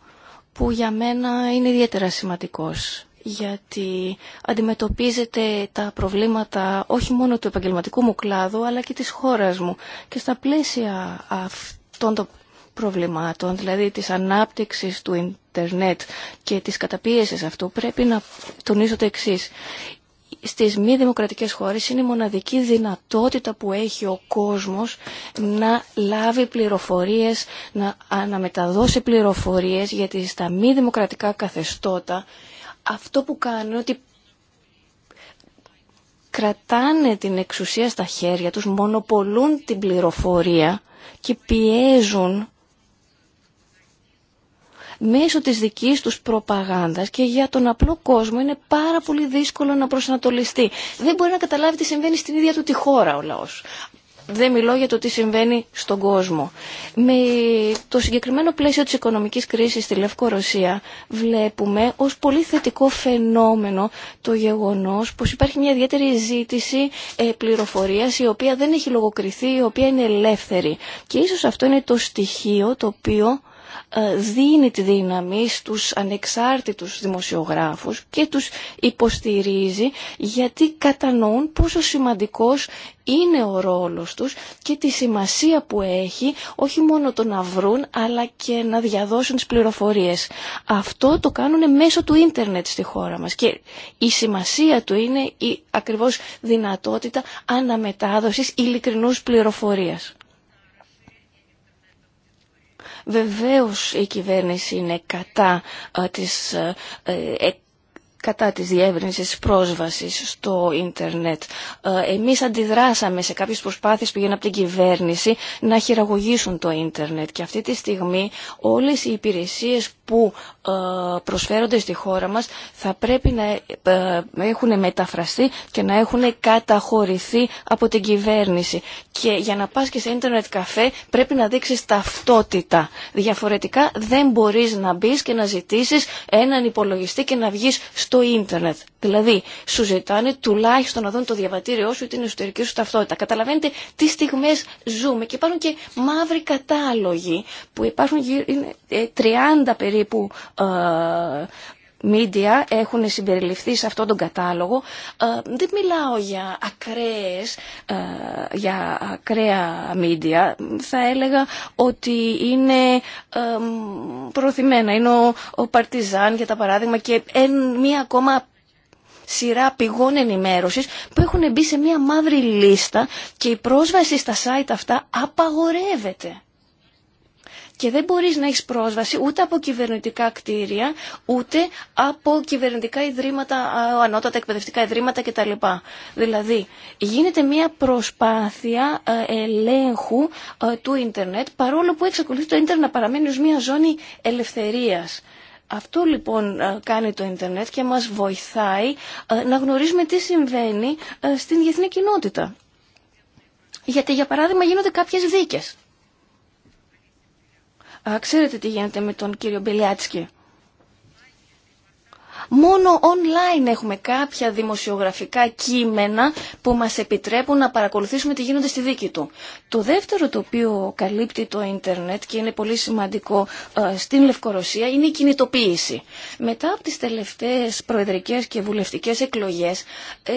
[SPEAKER 4] που για μένα είναι ιδιαίτερα σημαντικός γιατί αντιμετωπίζετε τα προβλήματα όχι μόνο του επαγγελματικού μου κλάδου αλλά και της χώρας μου και στα πλαίσια αυτών των προβλημάτων, δηλαδή της ανάπτυξης του ίντερνετ και της καταπίεσης αυτού, πρέπει να τονίσω το εξή στις μη δημοκρατικές χώρες είναι η μοναδική δυνατότητα που έχει ο κόσμος να λάβει πληροφορίες, να αναμεταδώσει πληροφορίες γιατί στα μη δημοκρατικά καθεστώτα αυτό που κάνουν ότι κρατάνε την εξουσία στα χέρια τους, μονοπολούν την πληροφορία και πιέζουν μέσω της δικής τους προπαγάνδας και για τον απλό κόσμο είναι πάρα πολύ δύσκολο να προσανατολιστεί. Δεν μπορεί να καταλάβει τι συμβαίνει στην ίδια του τη χώρα ο λαός. Δεν μιλώ για το τι συμβαίνει στον κόσμο. Με το συγκεκριμένο πλαίσιο της οικονομικής κρίσης στη Λευκορωσία βλέπουμε ως πολύ θετικό φαινόμενο το γεγονός πως υπάρχει μια ιδιαίτερη ζήτηση ε, πληροφορίας η οποία δεν έχει λογοκριθεί, η οποία είναι ελεύθερη. Και ίσως αυτό είναι το στοιχείο το οποίο ε, δίνει τη δύναμη στους ανεξάρτητους δημοσιογράφους και τους υποστηρίζει γιατί κατανοούν πόσο σημαντικός είναι ο ρόλος τους και τη σημασία που έχει όχι μόνο το να βρουν αλλά και να διαδώσουν τις πληροφορίες. Αυτό το κάνουν μέσω του ίντερνετ στη χώρα μας και η σημασία του είναι η ακριβώς δυνατότητα αναμετάδοσης ειλικρινούς πληροφορίας. Βεβαίως η κυβέρνηση είναι κατά ε, της ε, ε, κατά της διεύρυνσης πρόσβασης στο ίντερνετ. Ε, εμείς αντιδράσαμε σε κάποιες προσπάθειες που γίνανε από την κυβέρνηση να χειραγωγήσουν το ίντερνετ και αυτή τη στιγμή όλες οι υπηρεσίες που ε, προσφέρονται στη χώρα μας θα πρέπει να ε, έχουν μεταφραστεί και να έχουν καταχωρηθεί από την κυβέρνηση. Και για να πας και σε ίντερνετ καφέ πρέπει να δείξεις ταυτότητα. Διαφορετικά δεν μπορείς να μπεις και να ζητήσεις έναν υπολογιστή και να βγεις στο ίντερνετ. Δηλαδή, σου ζητάνε τουλάχιστον να δουν το διαβατήριό σου ή την εσωτερική σου ταυτότητα. Καταλαβαίνετε τι στιγμέ ζούμε και υπάρχουν και μαύροι κατάλογοι που υπάρχουν 30 ε, περίπου ε, Μίντια έχουν συμπεριληφθεί σε αυτόν τον κατάλογο. Ε, δεν μιλάω για ακραίες, ε, για ακραία μίντια. Θα έλεγα ότι είναι ε, προωθημένα. Είναι ο, ο Παρτιζάν για τα παράδειγμα και μία ακόμα σειρά πηγών ενημέρωσης που έχουν μπει σε μία μαύρη λίστα και η πρόσβαση στα site αυτά απαγορεύεται και δεν μπορείς να έχεις πρόσβαση ούτε από κυβερνητικά κτίρια, ούτε από κυβερνητικά ιδρύματα, ανώτατα εκπαιδευτικά ιδρύματα κτλ. Δηλαδή, γίνεται μια προσπάθεια ε, ελέγχου ε, του ίντερνετ, παρόλο που εξακολουθεί το ίντερνετ να παραμένει ως μια ζώνη ελευθερίας. Αυτό λοιπόν ε, κάνει το ίντερνετ και μας βοηθάει να γνωρίζουμε τι συμβαίνει στην διεθνή κοινότητα. Γιατί για παράδειγμα γίνονται κάποιες δίκες Ξέρετε τι γίνεται με τον κύριο Μπελιάτσκι. Μόνο online έχουμε κάποια δημοσιογραφικά κείμενα που μας επιτρέπουν να παρακολουθήσουμε τι γίνονται στη δίκη του. Το δεύτερο το οποίο καλύπτει το ίντερνετ και είναι πολύ σημαντικό ε, στην Λευκορωσία είναι η κινητοποίηση. Μετά από τις τελευταίες προεδρικές και βουλευτικές εκλογές ε,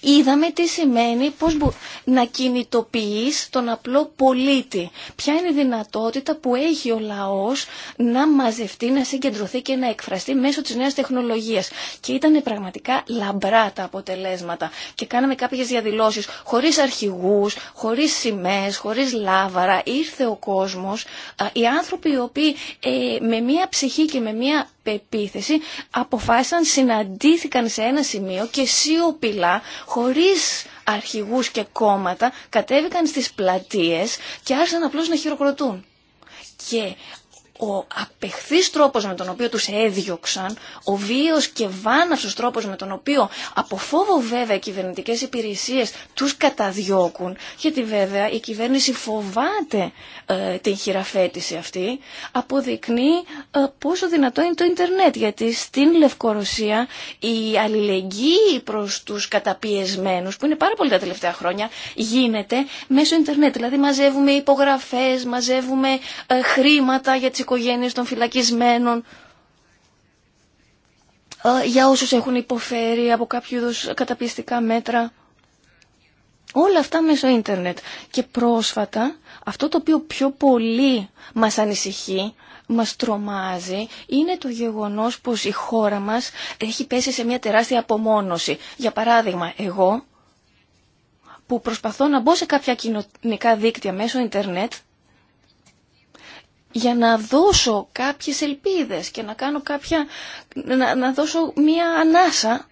[SPEAKER 4] είδαμε τι σημαίνει πώς να κινητοποιείς τον απλό πολίτη. Ποια είναι η δυνατότητα που έχει ο λαός να μαζευτεί, να συγκεντρωθεί και να εκφραστεί μέσω της και ήταν πραγματικά λαμπρά τα αποτελέσματα. Και κάναμε κάποιε διαδηλώσει χωρίς αρχηγού, χωρί σημαίε, χωρίς λάβαρα. Ήρθε ο κόσμο. οι άνθρωποι οι οποίοι ε, με μία ψυχή και με μία πεποίθηση αποφάσισαν, συναντήθηκαν σε ένα σημείο και σιωπηλά, χωρίς αρχηγούς και κόμματα, κατέβηκαν στις πλατείες και άρχισαν απλώς να χειροκροτούν. Και ο απεχθής τρόπος με τον οποίο τους έδιωξαν, ο βίος και βάναυσος τρόπος με τον οποίο από φόβο βέβαια οι κυβερνητικές υπηρεσίες τους καταδιώκουν, γιατί βέβαια η κυβέρνηση φοβάται ε, την χειραφέτηση αυτή, αποδεικνύει ε, πόσο δυνατό είναι το ίντερνετ, γιατί στην Λευκορωσία η αλληλεγγύη προς τους καταπιεσμένους, που είναι πάρα πολύ τα τελευταία χρόνια, γίνεται μέσω ίντερνετ. Δηλαδή μαζεύουμε υπογραφές, μαζεύουμε ε, χρήματα για οικογένειες των φυλακισμένων, ε, για όσους έχουν υποφέρει από κάποιο καταπιστικά μέτρα. Όλα αυτά μέσω ίντερνετ. Και πρόσφατα, αυτό το οποίο πιο πολύ μας ανησυχεί, μας τρομάζει, είναι το γεγονός πως η χώρα μας έχει πέσει σε μια τεράστια απομόνωση. Για παράδειγμα, εγώ που προσπαθώ να μπω σε κάποια κοινωνικά δίκτυα μέσω ίντερνετ, για να δώσω κάποιες ελπίδες και να κάνω κάποια, να, να δώσω μία ανάσα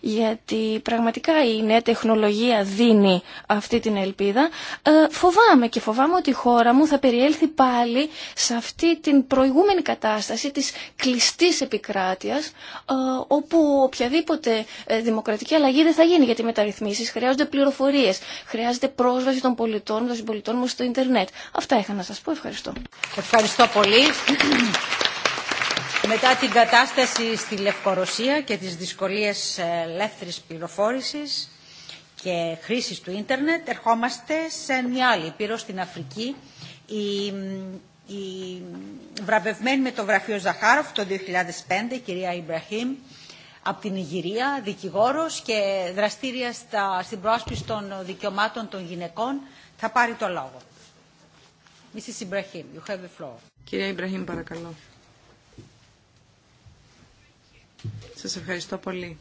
[SPEAKER 4] γιατί πραγματικά η νέα τεχνολογία δίνει αυτή την ελπίδα. Ε, φοβάμαι και φοβάμαι ότι η χώρα μου θα περιέλθει πάλι σε αυτή την προηγούμενη κατάσταση της κλειστής επικράτειας, ε, όπου οποιαδήποτε ε, δημοκρατική αλλαγή δεν θα γίνει γιατί μεταρρυθμίσεις χρειάζονται πληροφορίες, χρειάζεται πρόσβαση των πολιτών, των συμπολιτών μου στο ίντερνετ. Αυτά είχα να σας πω. Ευχαριστώ.
[SPEAKER 1] Ευχαριστώ πολύ. Μετά την κατάσταση στη Λευκορωσία και τις δυσκολίες ε, ελεύθερης πληροφόρησης και χρήσης του ίντερνετ, ερχόμαστε σε μια άλλη πύρο στην Αφρική, η, η βραβευμένη με το γραφείο Ζαχάροφ το 2005, η κυρία Ιμπραχήμ, από την Ιγυρία, δικηγόρος και δραστήρια στα, στην πρόσπιση των δικαιωμάτων των γυναικών, θα πάρει το λόγο.
[SPEAKER 3] Κυρία Ιμπραχήμ, παρακαλώ. Σας ευχαριστώ πολύ.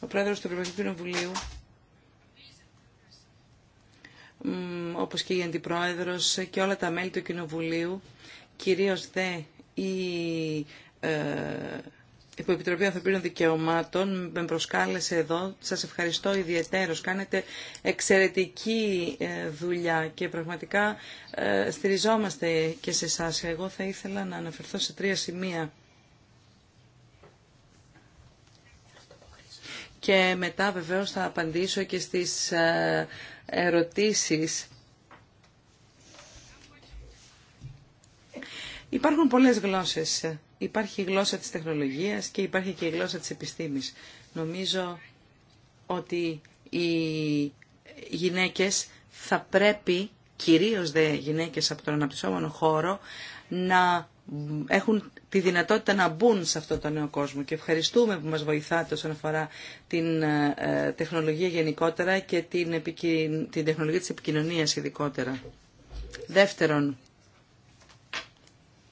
[SPEAKER 3] Ο πρόεδρος του Ευρωπαϊκού Κοινοβουλίου, όπως και η αντιπρόεδρος και όλα τα μέλη του Κοινοβουλίου, κυρίως δε η. Ε, Υποεπιτροπή Ανθρωπίνων Δικαιωμάτων με προσκάλεσε εδώ. Σας ευχαριστώ ιδιαίτερως. Κάνετε εξαιρετική ε, δουλειά και πραγματικά ε, στηριζόμαστε και σε εσά. Εγώ θα ήθελα να αναφερθώ σε τρία σημεία. Και μετά βεβαίως θα απαντήσω και στις ε, ερωτήσεις. Υπάρχουν πολλές γλώσσες υπάρχει η γλώσσα της τεχνολογίας και υπάρχει και η γλώσσα της επιστήμης. Νομίζω ότι οι γυναίκες θα πρέπει, κυρίως δε γυναίκες από τον αναπτυσσόμενο χώρο, να έχουν τη δυνατότητα να μπουν σε αυτό το νέο κόσμο και ευχαριστούμε που μας βοηθάτε όσον αφορά την ε, τεχνολογία γενικότερα και την, την τεχνολογία της επικοινωνίας ειδικότερα. Δεύτερον,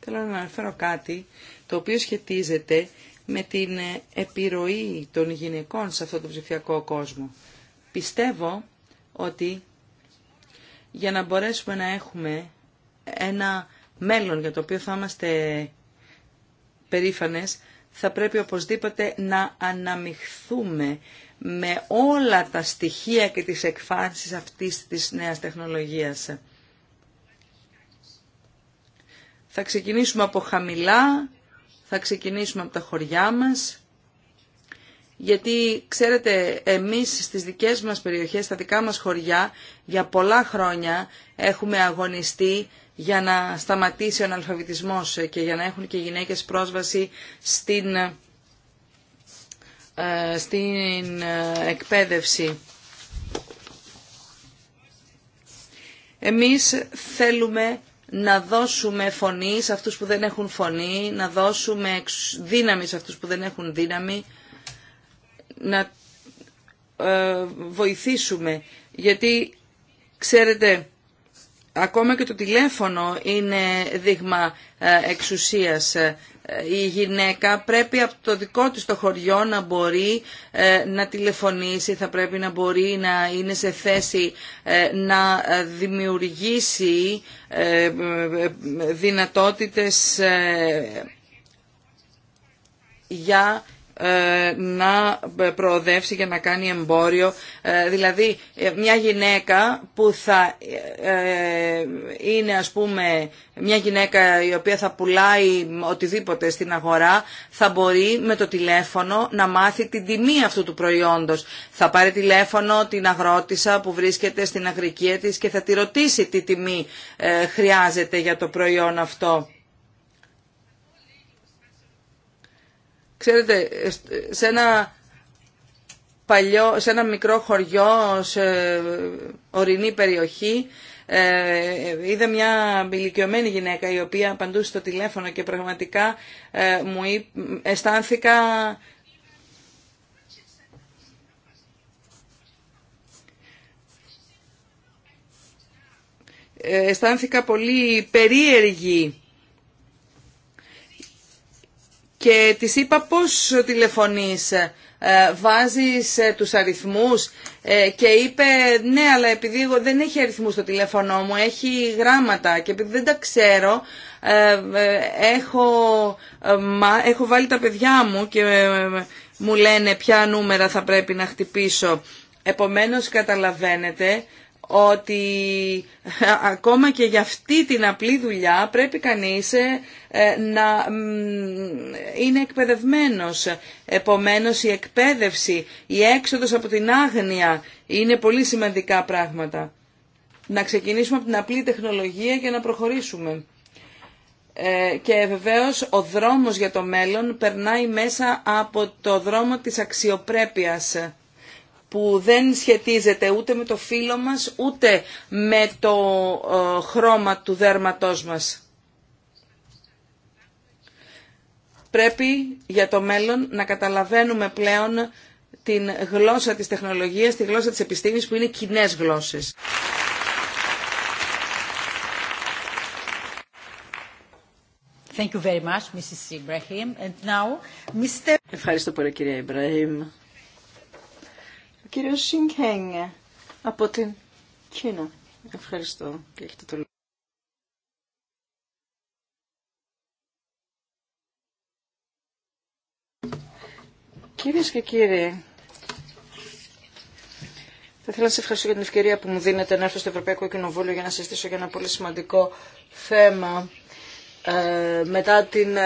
[SPEAKER 3] θέλω να αναφέρω κάτι το οποίο σχετίζεται με την ε, επιρροή των γυναικών σε αυτόν τον ψηφιακό κόσμο. Πιστεύω ότι για να μπορέσουμε να έχουμε ένα μέλλον για το οποίο θα είμαστε περήφανες, θα πρέπει οπωσδήποτε να αναμειχθούμε με όλα τα στοιχεία και τις εκφάνσεις αυτής της νέας τεχνολογίας. Θα ξεκινήσουμε από χαμηλά θα ξεκινήσουμε από τα χωριά μας, γιατί ξέρετε εμείς στις δικές μας περιοχές, στα δικά μας χωριά, για πολλά χρόνια έχουμε αγωνιστεί για να σταματήσει ο αναλφαβητισμός και για να έχουν και γυναίκες πρόσβαση στην, ε, στην ε, εκπαίδευση. Εμείς θέλουμε να δώσουμε φωνή σε αυτούς που δεν έχουν φωνή, να δώσουμε δύναμη σε αυτούς που δεν έχουν δύναμη, να ε, βοηθήσουμε. Γιατί, ξέρετε, Ακόμα και το τηλέφωνο είναι δείγμα ε, εξουσίας. Ε, η γυναίκα πρέπει από το δικό της το χωριό να μπορεί ε, να τηλεφωνήσει, θα πρέπει να μπορεί να είναι σε θέση να δημιουργήσει δυνατότητες για ε, να προοδεύσει για να κάνει εμπόριο. Ε, δηλαδή ε, μια γυναίκα που θα είναι ας πούμε μια γυναίκα η οποία θα πουλάει οτιδήποτε στην αγορά θα μπορεί με το τηλέφωνο να μάθει την τιμή αυτού του προϊόντος. Θα πάρει τηλέφωνο την αγρότησα που βρίσκεται στην αγρικία της και θα τη ρωτήσει τι τιμή χρειάζεται για το προϊόν αυτό. Ξέρετε, σε ένα, παλιό, σε ένα μικρό χωριό, σε ορεινή περιοχή, ε, είδα μια ηλικιωμένη γυναίκα η οποία απαντούσε στο τηλέφωνο και πραγματικά ε, μου είπ, αισθάνθηκα ε, αισθάνθηκα πολύ περίεργη και της είπα πώς τηλεφωνείς, ε, βάζεις ε, τους αριθμούς ε, και είπε ναι αλλά επειδή εγώ δεν έχει αριθμούς στο τηλέφωνο μου, έχει γράμματα και επειδή δεν τα ξέρω έχω, έχω βάλει τα παιδιά μου και μου λένε ποια νούμερα θα πρέπει να χτυπήσω. Επομένως καταλαβαίνετε ότι ακόμα και για αυτή την απλή δουλειά πρέπει κανείς ε, να είναι εκπαιδευμένος. Επομένως η εκπαίδευση, η έξοδος από την άγνοια είναι πολύ σημαντικά πράγματα. Να ξεκινήσουμε από την απλή τεχνολογία για να προχωρήσουμε. Ε, και βεβαίως ο δρόμος για το μέλλον περνάει μέσα από το δρόμο της αξιοπρέπειας που δεν σχετίζεται ούτε με το φύλλο μας, ούτε με το ε, χρώμα του δέρματός μας. Πρέπει για το μέλλον να καταλαβαίνουμε πλέον την γλώσσα της τεχνολογίας, τη γλώσσα της επιστήμης που είναι κοινές γλώσσες.
[SPEAKER 1] Thank you very much,
[SPEAKER 2] Ευχαριστώ πολύ κυρία Ιμπραήμ
[SPEAKER 1] κύριος Σιγχέγγε από την
[SPEAKER 2] Κίνα. Ευχαριστώ και έχετε το λόγο. Κυρίες και κύριοι, θα ήθελα να σα ευχαριστώ για την ευκαιρία που μου δίνετε να έρθω στο Ευρωπαϊκό Κοινοβούλιο για να συζητήσω για ένα πολύ σημαντικό θέμα ε, μετά την ε,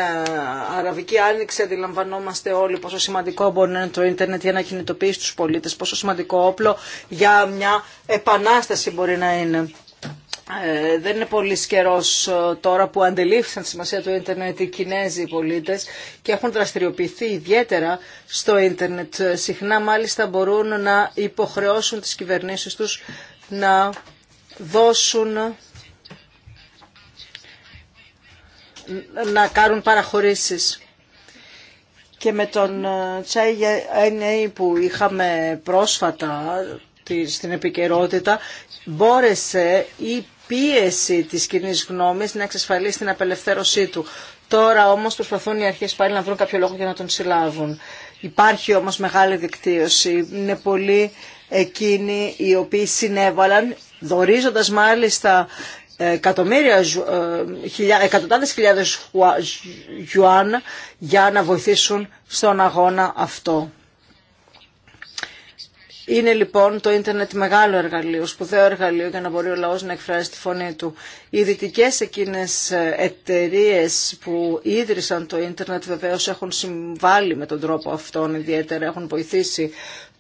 [SPEAKER 2] Αραβική Άνοιξη αντιλαμβανόμαστε όλοι πόσο σημαντικό μπορεί να είναι το ίντερνετ για να κινητοποιήσει τους πολίτες, πόσο σημαντικό όπλο για μια επανάσταση μπορεί να είναι. Ε, δεν είναι πολύ καιρό τώρα που αντελήφθησαν τη σημασία του ίντερνετ οι Κινέζοι πολίτες και έχουν δραστηριοποιηθεί ιδιαίτερα στο ίντερνετ. Συχνά μάλιστα μπορούν να υποχρεώσουν τις κυβερνήσεις τους να δώσουν να κάνουν παραχωρήσεις. Και με τον ε, Τσάι που είχαμε πρόσφατα στην επικαιρότητα, μπόρεσε η πίεση της κοινή γνώμης να εξασφαλίσει την απελευθέρωσή του. Τώρα όμως προσπαθούν οι αρχές πάλι να βρουν κάποιο λόγο για να τον συλλάβουν. Υπάρχει όμως μεγάλη δικτύωση. Είναι πολλοί εκείνοι οι οποίοι συνέβαλαν, δορίζοντας μάλιστα εκατομμύρια, ε, εκατοντάδες χιλιάδες γιουάν για να βοηθήσουν στον αγώνα αυτό. Είναι λοιπόν το ίντερνετ μεγάλο εργαλείο, σπουδαίο εργαλείο για να μπορεί ο λαός να εκφράσει τη φωνή του. Οι δυτικέ εκείνες εταιρείε που ίδρυσαν το ίντερνετ βεβαίως έχουν συμβάλει με τον τρόπο αυτόν ιδιαίτερα, έχουν βοηθήσει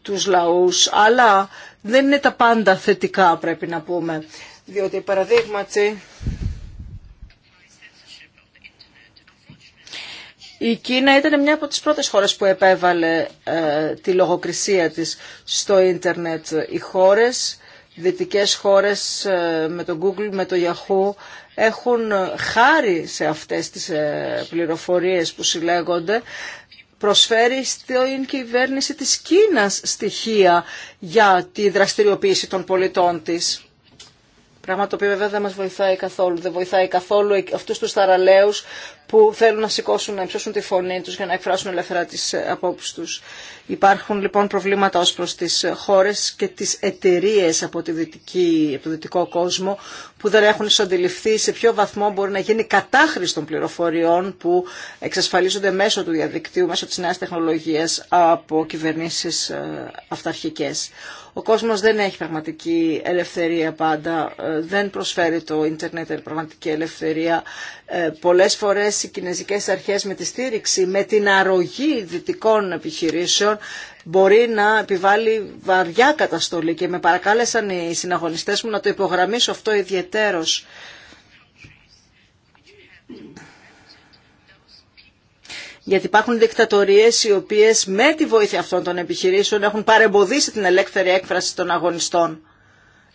[SPEAKER 2] τους λαούς, αλλά δεν είναι τα πάντα θετικά πρέπει να πούμε διότι παραδείγματι Η Κίνα ήταν μια από τις πρώτες χώρες που επέβαλε ε, τη λογοκρισία της στο ίντερνετ. Οι χώρες, δυτικές χώρες ε, με το Google, με το Yahoo, έχουν χάρη σε αυτές τις ε, πληροφορίες που συλλέγονται, προσφέρει στην κυβέρνηση της Κίνας στοιχεία για τη δραστηριοποίηση των πολιτών της. Πράγμα το οποίο βέβαια δεν μας βοηθάει καθόλου. Δεν βοηθάει καθόλου αυτού του θαραλέου που θέλουν να σηκώσουν, να υψώσουν τη φωνή τους για να εκφράσουν ελεύθερα τι ε, απόψει τους. Υπάρχουν λοιπόν προβλήματα ως προς τις χώρες και τις εταιρείε από, το δυτικό κόσμο που δεν έχουν ισοδηληφθεί σε ποιο βαθμό μπορεί να γίνει κατάχρηση των πληροφοριών που εξασφαλίζονται μέσω του διαδικτύου, μέσω της νέας τεχνολογίας από κυβερνήσεις ε, αυταρχικές. Ο κόσμος δεν έχει πραγματική ελευθερία πάντα, ε, δεν προσφέρει το ίντερνετ πραγματική ελευθερία. Ε, πολλές φορές οι κινέζικες αρχές με τη στήριξη, με την αρρωγή δυτικών επιχειρήσεων μπορεί να επιβάλλει βαριά καταστολή και με παρακάλεσαν οι συναγωνιστές μου να το υπογραμμίσω αυτό ιδιαιτέρως. Γιατί υπάρχουν δικτατορίες οι οποίες με τη βοήθεια αυτών των επιχειρήσεων έχουν παρεμποδίσει την ελεύθερη έκφραση των αγωνιστών.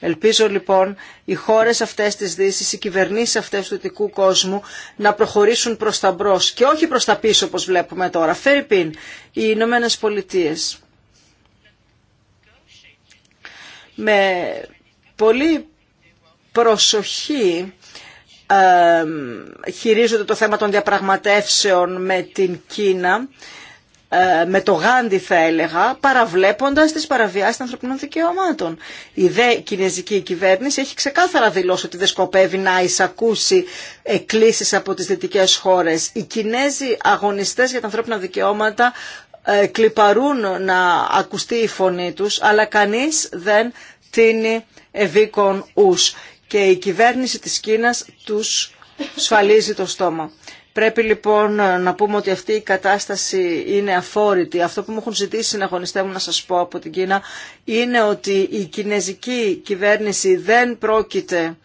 [SPEAKER 2] Ελπίζω λοιπόν οι χώρες αυτές της Δύσης, οι κυβερνήσεις αυτές του δυτικού κόσμου να προχωρήσουν προς τα μπρος και όχι προς τα πίσω όπως βλέπουμε τώρα. Φερρυπίν, οι Ηνωμένε Πολιτείε. Με πολύ προσοχή χειρίζονται το θέμα των διαπραγματεύσεων με την Κίνα ε, με το γάντι θα έλεγα, παραβλέποντας τις παραβιάσεις των ανθρωπινών δικαιωμάτων. Η δε κινέζικη κυβέρνηση έχει ξεκάθαρα δηλώσει ότι δεν σκοπεύει να εισακούσει εκκλήσεις από τις δυτικές χώρες. Οι Κινέζοι αγωνιστές για τα ανθρώπινα δικαιώματα ε, κλιπαρούν να ακουστεί η φωνή τους, αλλά κανείς δεν τίνει ευήκον ους. Και η κυβέρνηση της Κίνας τους σφαλίζει το στόμα. Πρέπει λοιπόν να πούμε ότι αυτή η κατάσταση είναι αφόρητη. Αυτό που μου έχουν ζητήσει συναγωνιστέ μου να σας πω από την Κίνα είναι ότι η κινέζικη κυβέρνηση δεν πρόκειται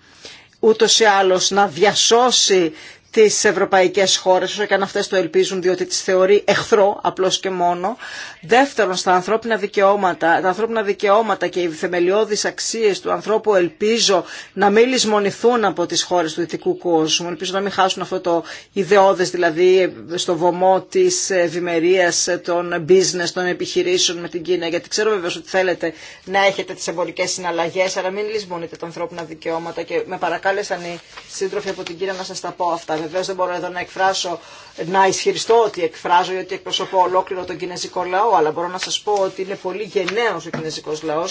[SPEAKER 2] ούτως ή άλλως να διασώσει τι ευρωπαϊκέ χώρε όσο και αν αυτέ το ελπίζουν διότι τι θεωρεί εχθρό απλώ και μόνο. Δεύτερον, στα ανθρώπινα δικαιώματα, τα ανθρώπινα δικαιώματα και οι θεμελιώδει αξίε του ανθρώπου ελπίζω να μην λησμονηθούν από τι χώρε του δυτικού κόσμου. Ελπίζω να μην χάσουν αυτό το ιδεώδε, δηλαδή στο βωμό τη ευημερία των business, των επιχειρήσεων με την Κίνα. Γιατί ξέρω βεβαίω ότι θέλετε να έχετε τι εμπορικέ συναλλαγέ, αλλά μην λησμονείτε τα ανθρώπινα δικαιώματα και με παρακάλεσαν οι σύντροφοι από την Κίνα να τα πω αυτά. Βεβαίω δεν μπορώ εδώ να εκφράσω, να ισχυριστώ ότι εκφράζω ή ότι εκπροσωπώ ολόκληρο τον κινέζικο λαό, αλλά μπορώ να σα πω ότι είναι πολύ γενναίο ο κινέζικο λαό,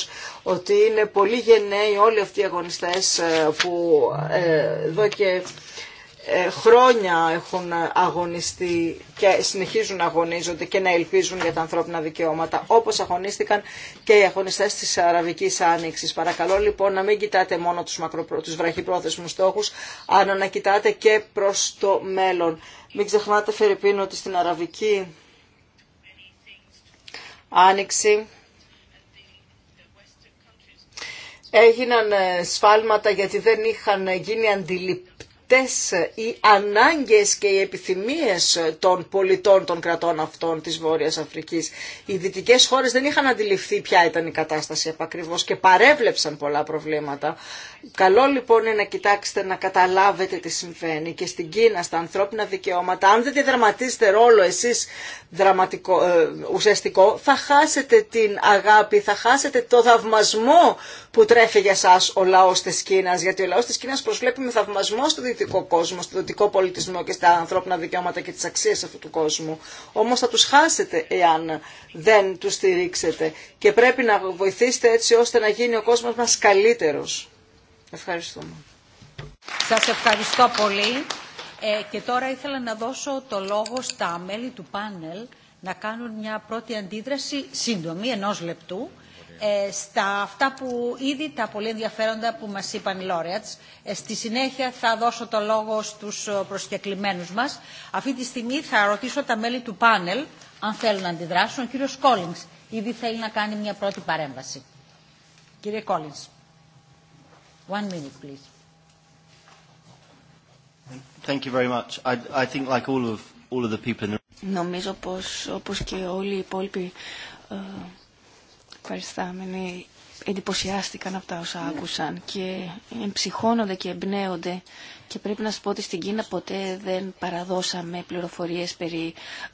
[SPEAKER 2] ότι είναι πολύ γενναίοι όλοι αυτοί οι αγωνιστέ ε, που ε, εδώ και ε, χρόνια έχουν αγωνιστεί και συνεχίζουν να αγωνίζονται και να ελπίζουν για τα ανθρώπινα δικαιώματα, όπως αγωνίστηκαν και οι αγωνιστές της Αραβικής Άνοιξης. Παρακαλώ λοιπόν να μην κοιτάτε μόνο τους, μακροπρο... τους βραχυπρόθεσμους στόχους, αλλά να κοιτάτε και προς το μέλλον. Μην ξεχνάτε, Φερρυπίνο, ότι στην Αραβική Άνοιξη έγιναν ε, σφάλματα γιατί δεν είχαν γίνει αντιληπτοί οι ανάγκες και οι επιθυμίες των πολιτών των κρατών αυτών της Βόρειας Αφρικής. Οι δυτικές χώρες δεν είχαν αντιληφθεί ποια ήταν η κατάσταση επακριβώς και παρέβλεψαν πολλά προβλήματα. Καλό λοιπόν είναι να κοιτάξετε να καταλάβετε τι συμβαίνει και στην Κίνα, στα ανθρώπινα δικαιώματα. Αν δεν διδραματίσετε ρόλο εσείς δραματικό, ε, ουσιαστικό, θα χάσετε την αγάπη, θα χάσετε το θαυμασμό που τρέφει για σας ο λαός της Κίνας. Γιατί ο λαός της Κίνας προσβλέπει με θαυμασμό στο δυτικό κόσμο, στο δυτικό πολιτισμό και στα ανθρώπινα δικαιώματα και τις αξίες αυτού του κόσμου. Όμως θα τους χάσετε εάν δεν τους στηρίξετε και πρέπει να βοηθήσετε έτσι ώστε να γίνει ο κόσμος μας καλύτερος. Ευχαριστούμε.
[SPEAKER 1] Σας ευχαριστώ πολύ. Ε, και τώρα ήθελα να δώσω το λόγο στα μέλη του πάνελ να κάνουν μια πρώτη αντίδραση σύντομη, ενός λεπτού, ε, στα αυτά που ήδη τα πολύ ενδιαφέροντα που μας είπαν οι laureates. Ε, στη συνέχεια θα δώσω το λόγο στους ε, προσκεκλημένους μας. Αυτή τη στιγμή θα ρωτήσω τα μέλη του πάνελ αν θέλουν να αντιδράσουν. Ο κύριος Κόλλινγκς ήδη θέλει να κάνει μια πρώτη παρέμβαση. Κύριε Κόλλινγκς. One
[SPEAKER 4] minute, please.
[SPEAKER 2] Thank you very much. I, I think like all of, all of the people in...
[SPEAKER 4] Νομίζω πως όπως και όλοι οι υπόλοιποι ευχαριστάμενοι εντυπωσιάστηκαν από τα όσα άκουσαν και εμψυχώνονται και εμπνέονται και πρέπει να σα πω ότι στην Κίνα ποτέ δεν παραδώσαμε πληροφορίες περί,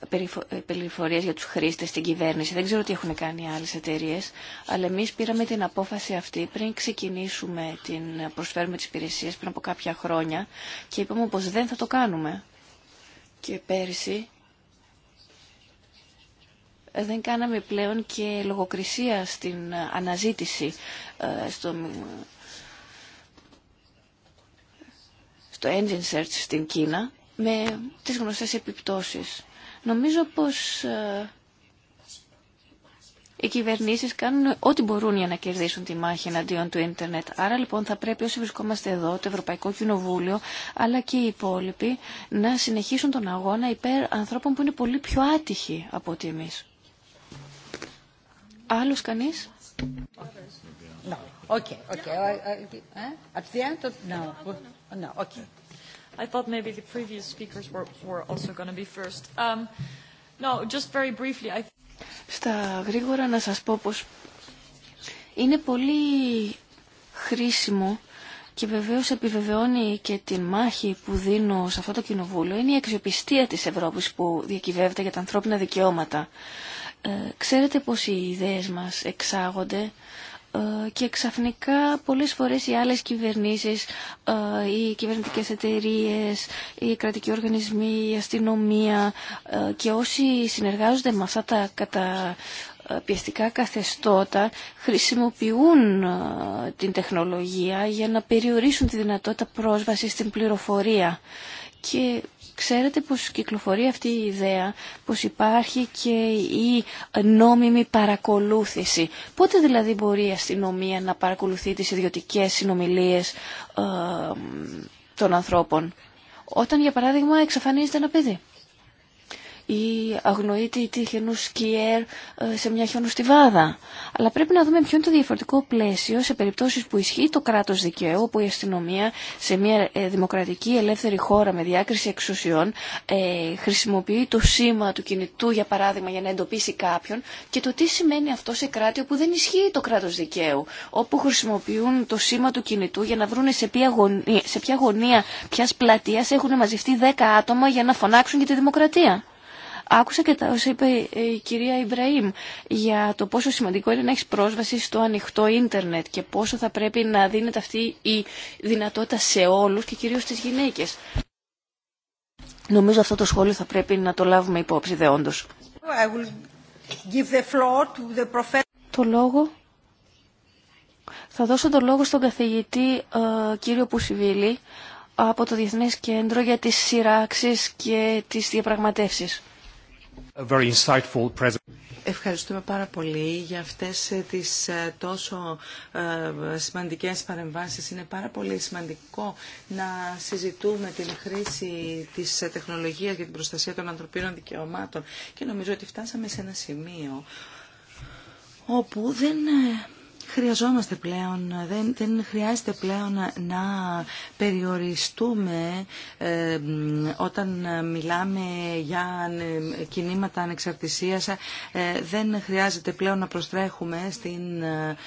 [SPEAKER 4] περι, ε, περι για τους χρήστες στην κυβέρνηση. Δεν ξέρω τι έχουν κάνει άλλες εταιρείε, αλλά εμείς πήραμε την απόφαση αυτή πριν ξεκινήσουμε την προσφέρουμε τις υπηρεσίες πριν από κάποια χρόνια και είπαμε πως δεν θα το κάνουμε. Και πέρσι ε, δεν κάναμε πλέον και λογοκρισία στην ε, αναζήτηση ε, στο, στο engine search στην Κίνα με τις γνωστές επιπτώσεις. Νομίζω πως οι κυβερνήσεις κάνουν ό,τι μπορούν για να κερδίσουν τη μάχη εναντίον του ίντερνετ. Άρα λοιπόν θα πρέπει όσοι βρισκόμαστε εδώ, το Ευρωπαϊκό Κοινοβούλιο, αλλά και οι υπόλοιποι, να συνεχίσουν τον αγώνα υπέρ ανθρώπων που είναι πολύ πιο άτυχοι από ότι εμείς. Άλλος κανείς? No. Okay,
[SPEAKER 1] okay. Eh? At the end of... No. No, okay. I thought maybe the previous speakers were, were
[SPEAKER 4] also going to be first. Um, no, just very briefly. I... Στα γρήγορα να σας πω πως είναι πολύ χρήσιμο και βεβαίως επιβεβαιώνει και την μάχη που δίνω σε αυτό το κοινοβούλιο είναι η αξιοπιστία της Ευρώπης που διακυβεύεται για τα ανθρώπινα δικαιώματα. Ε, ξέρετε πως οι ιδέες μας εξάγονται ε, και ξαφνικά πολλές φορές οι άλλες κυβερνήσεις, ε, οι κυβερνητικές εταιρείες, οι κρατικοί οργανισμοί, η αστυνομία και όσοι συνεργάζονται με αυτά τα κατα καθεστώτα χρησιμοποιούν την τεχνολογία για να περιορίσουν τη δυνατότητα πρόσβασης στην πληροφορία. Και Ξέρετε πως κυκλοφορεί αυτή η ιδέα πως υπάρχει και η νόμιμη παρακολούθηση. Πότε δηλαδή μπορεί η αστυνομία να παρακολουθεί τις ιδιωτικές συνομιλίες ε, των ανθρώπων. Όταν για παράδειγμα εξαφανίζεται ένα παιδί ή αγνοείται η χιονού ενό σκιερ ε, σε μια χιονοστιβάδα. Αλλά πρέπει να δούμε ποιο είναι το διαφορετικό πλαίσιο σε περιπτώσεις που ισχύει το κράτος δικαίου, όπου η αστυνομία σε μια ε, δημοκρατική ελεύθερη χώρα με διάκριση εξουσιών ε, χρησιμοποιεί το σήμα του κινητού για παράδειγμα για να εντοπίσει κάποιον και το τι σημαίνει αυτό σε κράτη όπου δεν ισχύει το κράτος δικαίου, όπου χρησιμοποιούν το σήμα του κινητού για να βρουν σε ποια γωνία, σε ποια πλατεία ποιας πλατείας έχουν μαζευτεί 10 άτομα για να φωνάξουν για τη δημοκρατία. Άκουσα και τα όσα είπε η κυρία Ιμπραήμ για το πόσο σημαντικό είναι να έχει πρόσβαση στο ανοιχτό ίντερνετ και πόσο θα πρέπει να δίνεται αυτή η δυνατότητα σε όλους και κυρίως στις γυναίκες. Νομίζω αυτό το σχόλιο θα πρέπει να το λάβουμε υπόψη δεόντως. Το λόγο θα δώσω το λόγο στον καθηγητή ε, κύριο Πουσιβίλη από το Διεθνές Κέντρο για τις σειράξεις και τις διαπραγματεύσεις.
[SPEAKER 3] Ευχαριστούμε πάρα πολύ για αυτές ε, τις ε, τόσο ε, σημαντικές παρεμβάσεις. Είναι πάρα πολύ σημαντικό να συζητούμε την χρήση της τεχνολογίας για την προστασία των ανθρωπίνων δικαιωμάτων και νομίζω ότι φτάσαμε σε ένα σημείο όπου δεν χρειαζόμαστε πλέον, δεν, δεν χρειάζεται πλέον να περιοριστούμε ε, όταν μιλάμε για κινήματα ανεξαρτησίας. Ε, δεν χρειάζεται πλέον να προστρέχουμε στην ε,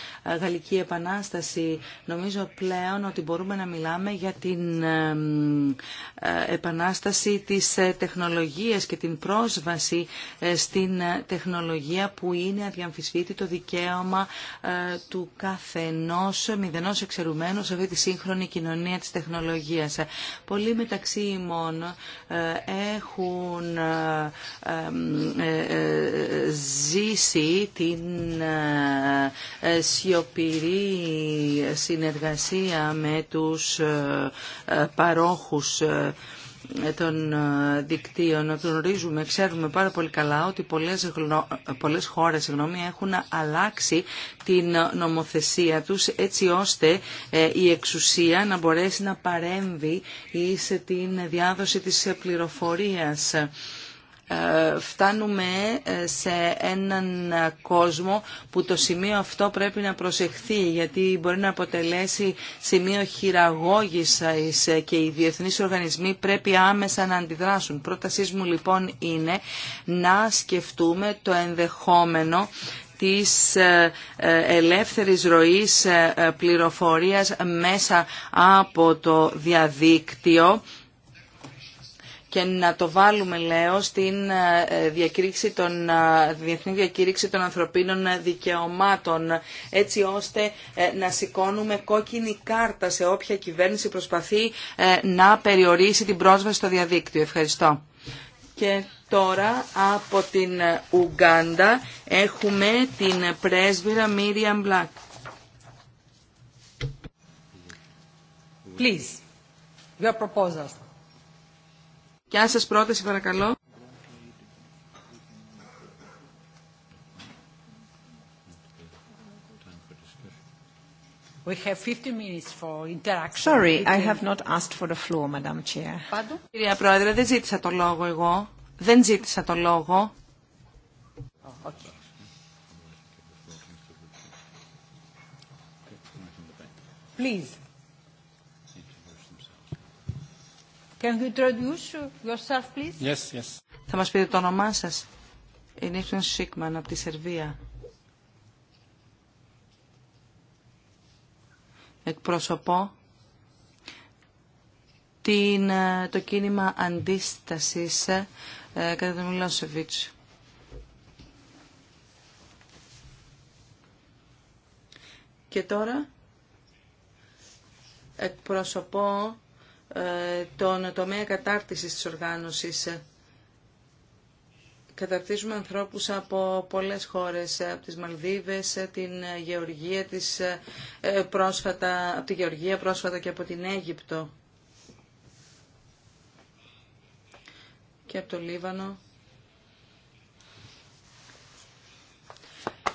[SPEAKER 3] Γαλλική Επανάσταση. Νομίζω πλέον ότι μπορούμε να μιλάμε για την επανάσταση της τεχνολογίας και την πρόσβαση στην τεχνολογία που είναι αδιαμφισβήτητο δικαίωμα του κάθενό μηδενό εξαιρουμένου σε αυτή τη σύγχρονη κοινωνία της τεχνολογίας. Πολλοί μεταξύ ημών ε, έχουν ε, ε, ζήσει την σιωπηρή συνεργασία με τους παρόχους ε, των ε, δικτύων γνωρίζουμε, ξέρουμε πάρα πολύ καλά ότι πολλές, γνω, πολλές χώρες έχουν αλλάξει την νομοθεσία τους έτσι ώστε ε, η εξουσία να μπορέσει να παρέμβει σε την διάδοση της πληροφορίας ε, φτάνουμε ε, σε έναν ε, κόσμο που το σημείο αυτό πρέπει να προσεχθεί γιατί μπορεί να αποτελέσει σημείο χειραγώγησης και οι διεθνείς οργανισμοί πρέπει άμεσα να αντιδράσουν. Πρότασή μου λοιπόν είναι να σκεφτούμε το ενδεχόμενο της ελεύθερης ροής πληροφορίας μέσα από το διαδίκτυο και να το βάλουμε, λέω, στην ε, διακήρυξη των, ε, διεθνή διακήρυξη των ανθρωπίνων δικαιωμάτων, έτσι ώστε ε, να σηκώνουμε κόκκινη κάρτα σε όποια κυβέρνηση προσπαθεί να περιορίσει την πρόσβαση στο διαδίκτυο. Ευχαριστώ. Και τώρα από την Ουγκάντα έχουμε την πρέσβυρα Μίρια Μπλακ. Please, your proposals. Γεια σας πρόταση
[SPEAKER 1] παρακαλώ. We have 50 minutes for
[SPEAKER 2] interaction. Sorry, I have not asked for the floor, Madam Chair.
[SPEAKER 3] Κυρία Πρόεδρε, δεν ζήτησα το λόγο εγώ. Δεν ζήτησα το λόγο. Oh, okay.
[SPEAKER 1] Please. Can you introduce yourself, please?
[SPEAKER 4] Yes, yes.
[SPEAKER 3] Θα μας πείτε το όνομά σας. Είναι Ήρθον Σίκμαν από τη Σερβία. Εκπροσωπώ την, ε, το κίνημα αντίστασης ε, κατά τον Μιλόσεβιτς. Και τώρα εκπροσωπώ τον τομέα κατάρτισης της οργάνωσης. Καταρτίζουμε ανθρώπους από πολλές χώρες, από τις Μαλδίβες, την Γεωργία, της, ε, πρόσφατα, από τη Γεωργία πρόσφατα και από την Αίγυπτο και από το Λίβανο.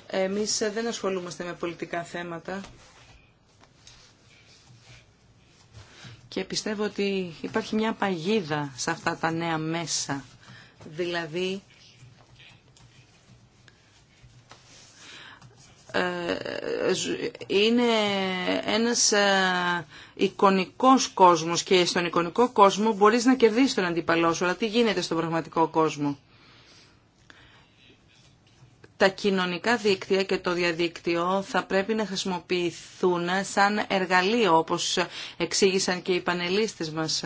[SPEAKER 3] Εμείς δεν ασχολούμαστε με πολιτικά θέματα. και πιστεύω ότι υπάρχει μια παγίδα σε αυτά τα νέα μέσα. Δηλαδή, ε, είναι ένας ε, εικονικός κόσμος και στον εικονικό κόσμο μπορείς να κερδίσεις τον αντίπαλό σου, αλλά τι γίνεται στον πραγματικό κόσμο τα κοινωνικά δίκτυα και το διαδίκτυο θα πρέπει να χρησιμοποιηθούν σαν εργαλείο, όπως εξήγησαν και οι πανελίστες μας.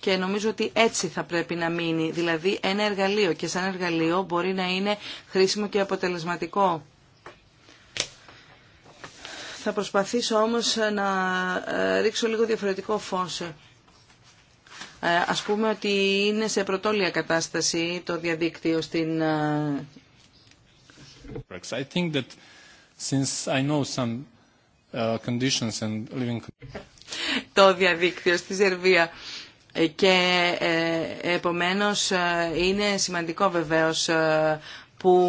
[SPEAKER 3] Και νομίζω ότι έτσι θα πρέπει να μείνει, δηλαδή ένα εργαλείο και σαν εργαλείο μπορεί να είναι χρήσιμο και αποτελεσματικό. Θα προσπαθήσω όμως να ε, ρίξω λίγο διαφορετικό φως. Ε, ας πούμε ότι είναι σε πρωτόλια κατάσταση το διαδίκτυο στην ε,
[SPEAKER 1] I
[SPEAKER 3] Το διαδίκτυο στη Σερβία ε, και ε, επομένως ε, είναι σημαντικό βεβαίως που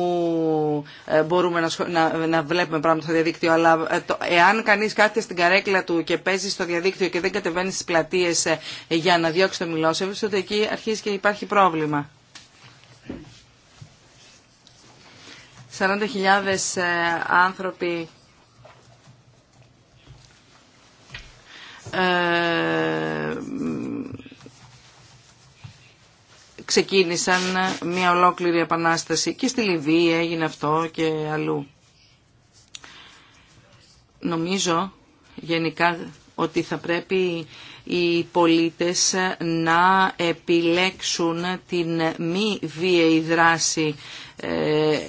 [SPEAKER 3] μπορούμε να, βλέπουμε πράγματα στο διαδίκτυο, αλλά εάν κανείς κάθεται στην καρέκλα του και παίζει στο διαδίκτυο και δεν κατεβαίνει στις πλατείες για να διώξει το Μιλόσεβιτς, τότε εκεί αρχίζει και υπάρχει πρόβλημα. 40.000 ε, άνθρωποι ε, ξεκίνησαν μια ολόκληρη επανάσταση και στη Λιβύη έγινε αυτό και αλλού. Νομίζω γενικά ότι θα πρέπει οι πολίτες να επιλέξουν την μη βίαιη δράση ε,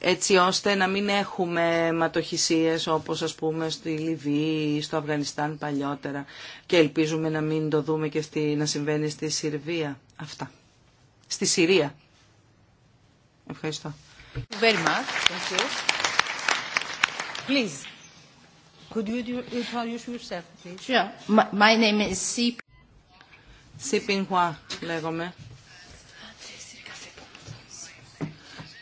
[SPEAKER 3] έτσι ώστε να μην έχουμε ματοχυσίες όπως ας πούμε στη Λιβύη ή στο Αφγανιστάν παλιότερα και ελπίζουμε να μην το δούμε και στη, να συμβαίνει στη Συρβία. Αυτά. Στη Συρία. Ευχαριστώ.
[SPEAKER 1] Very much. Thank you. Please. Could you introduce yourself, please? Yeah.
[SPEAKER 3] My, name is Sipin Hua, λέγομαι.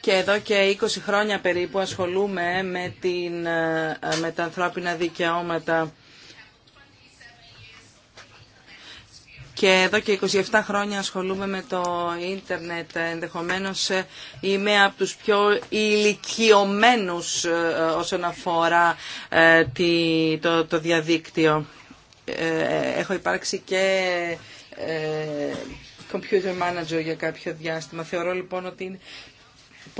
[SPEAKER 3] και εδώ και 20 χρόνια περίπου ασχολούμαι με, την, ε, με τα ανθρώπινα δικαιώματα. Και εδώ και 27 χρόνια ασχολούμαι με το ίντερνετ. Ενδεχομένως ε, είμαι από τους πιο ηλικιωμένους ε, όσον αφορά το, το διαδίκτυο. Έχω υπάρξει και computer manager για κάποιο διάστημα. Θεωρώ λοιπόν ότι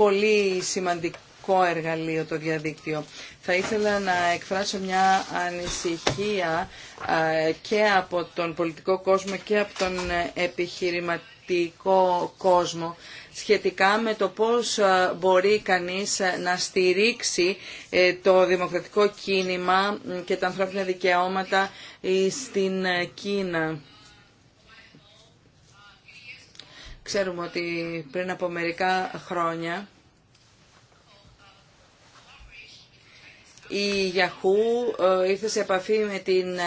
[SPEAKER 3] πολύ σημαντικό εργαλείο το διαδίκτυο. Θα ήθελα να εκφράσω μια ανησυχία και από τον πολιτικό κόσμο και από τον επιχειρηματικό κόσμο σχετικά με το πώς μπορεί κανείς να στηρίξει ε, το δημοκρατικό κίνημα και τα ανθρώπινα δικαιώματα ε, στην ε, Κίνα. Ξέρουμε ότι πριν από μερικά χρόνια η Γιαχού ε, ήρθε σε επαφή με την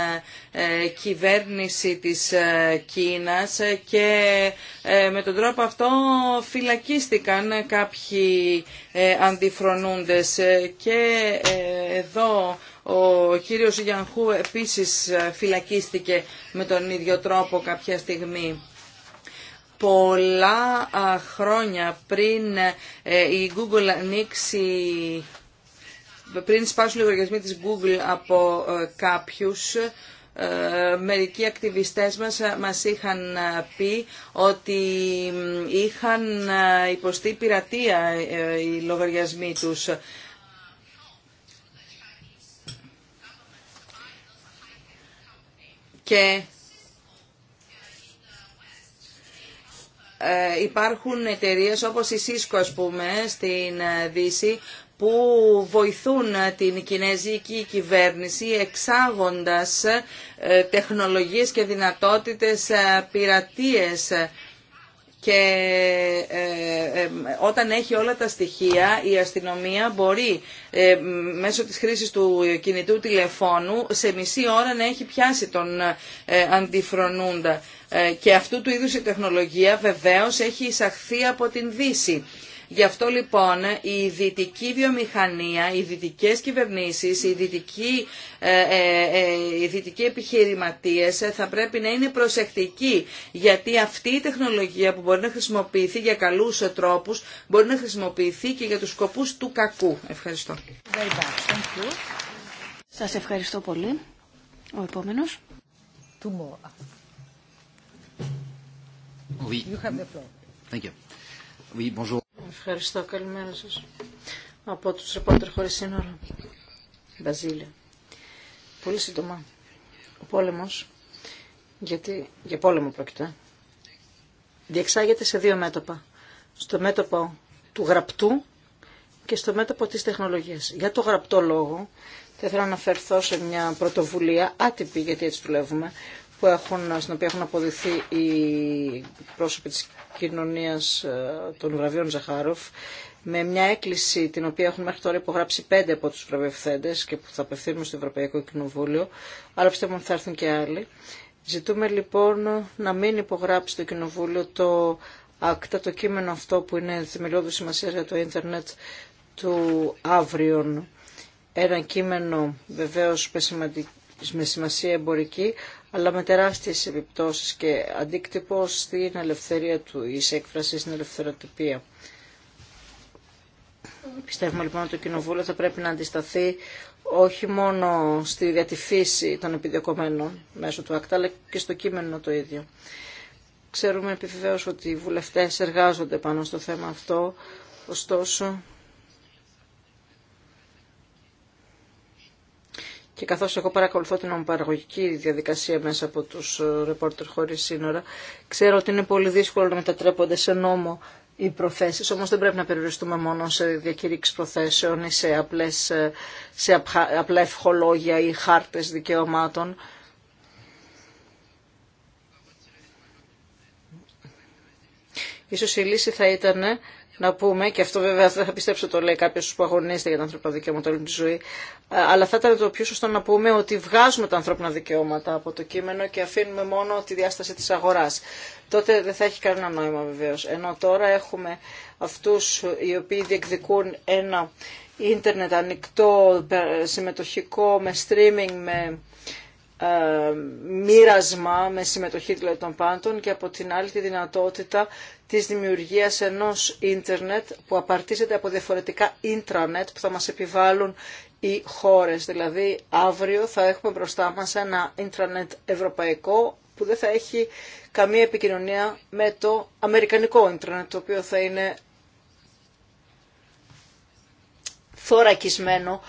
[SPEAKER 3] ε, κυβέρνηση της ε, Κίνας και με τον τρόπο αυτό φυλακίστηκαν κάποιοι αντιφρονούντες και εδώ ο κύριος Γιανχού επίσης φυλακίστηκε με τον ίδιο τρόπο κάποια στιγμή πολλά χρόνια πριν ε, η Google ανοίξει, πριν σπάσουν οι λογαριασμοί της Google από ε, κάποιους, ε, μερικοί ακτιβιστές μας μας είχαν πει ότι είχαν υποστεί πειρατεία οι λογαριασμοί τους. Και Ε, υπάρχουν εταιρείες όπως η Cisco ας πούμε στην ε, Δύση που βοηθούν ε, την κινέζικη κυβέρνηση εξάγοντας τεχνολογίες και δυνατότητες πειρατείες και όταν έχει όλα τα στοιχεία η αστυνομία μπορεί μέσω της χρήσης του κινητού τηλεφώνου σε μισή ώρα να έχει πιάσει τον αντιφρονούντα. Ε, και αυτού του είδους η τεχνολογία βεβαίως έχει εισαχθεί από την Δύση. Γι' αυτό λοιπόν η δυτική βιομηχανία, οι δυτικέ κυβερνήσεις, οι δυτικοί, ε, ε, ε επιχειρηματίες θα πρέπει να είναι προσεκτικοί γιατί αυτή η τεχνολογία που μπορεί να χρησιμοποιηθεί για καλούς τρόπους μπορεί να χρησιμοποιηθεί και για τους σκοπούς του κακού. Ευχαριστώ.
[SPEAKER 4] Σας ευχαριστώ πολύ. Ο επόμενος.
[SPEAKER 2] Ευχαριστώ. Καλημέρα σας. Από τους ρεπόρτερ χωρίς σύνορα. Μπαζίλια. Πολύ σύντομα. Ο πόλεμος, γιατί για πόλεμο πρόκειται, διεξάγεται σε δύο μέτωπα. Στο μέτωπο του γραπτού και στο μέτωπο της τεχνολογίας. Για το γραπτό λόγο, θα ήθελα να αναφερθώ σε μια πρωτοβουλία, άτυπη γιατί έτσι δουλεύουμε, που έχουν, στην οποία έχουν αποδειθεί οι πρόσωποι της κοινωνίας ε, των βραβείων Ζαχάροφ με μια έκκληση την οποία έχουν μέχρι τώρα υπογράψει πέντε από τους βραβευθέντες και που θα απευθύνουμε στο Ευρωπαϊκό Κοινοβούλιο, αλλά πιστεύω ότι θα έρθουν και άλλοι. Ζητούμε λοιπόν να μην υπογράψει το Κοινοβούλιο το άκτα, το κείμενο αυτό που είναι θεμελιώδη σημασία για το ίντερνετ του αύριον. Ένα κείμενο βεβαίως με σημασία εμπορική, αλλά με τεράστιες επιπτώσεις και αντίκτυπο στην ελευθερία του ή στην ελευθεροτυπία. Πιστεύουμε λοιπόν ότι το Κοινοβούλιο θα πρέπει να αντισταθεί όχι μόνο στη διατηφίση των επιδιωκομένων μέσω του ΑΚΤΑ, αλλά και στο κείμενο το ίδιο. Ξέρουμε επιβεβαίως ότι οι βουλευτές εργάζονται πάνω στο θέμα αυτό, ωστόσο και καθώς εγώ παρακολουθώ την ομοπαραγωγική διαδικασία μέσα από τους ρεπόρτερ χωρίς σύνορα, ξέρω ότι είναι πολύ δύσκολο να μετατρέπονται σε νόμο οι προθέσεις, όμως δεν πρέπει να περιοριστούμε μόνο σε διακήρυξη προθέσεων ή σε, απλές, ε, σε απλά ευχολόγια ή χάρτες δικαιωμάτων. Ίσως η λύση θα ήταν να πούμε, και αυτό βέβαια δεν θα πιστέψω το λέει κάποιο που αγωνίζεται για τα ανθρώπινα δικαιώματα όλη τη ζωή, ε, αλλά θα ήταν το πιο σωστό να πούμε ότι βγάζουμε τα ανθρώπινα δικαιώματα από το κείμενο και αφήνουμε μόνο τη διάσταση τη αγορά. Τότε δεν θα έχει κανένα νόημα βεβαίω. Ενώ τώρα έχουμε αυτού οι οποίοι διεκδικούν ένα ίντερνετ ανοιχτό, συμμετοχικό, με streaming, με ε, μοίρασμα με συμμετοχή δηλαδή των πάντων και από την άλλη τη δυνατότητα της δημιουργίας ενός ίντερνετ που απαρτίζεται από διαφορετικά ίντρανετ που θα μας επιβάλλουν οι χώρες. Δηλαδή αύριο θα έχουμε μπροστά μας ένα ίντρανετ ευρωπαϊκό που δεν θα έχει καμία επικοινωνία με το αμερικανικό ίντρανετ το οποίο θα είναι θωρακισμένο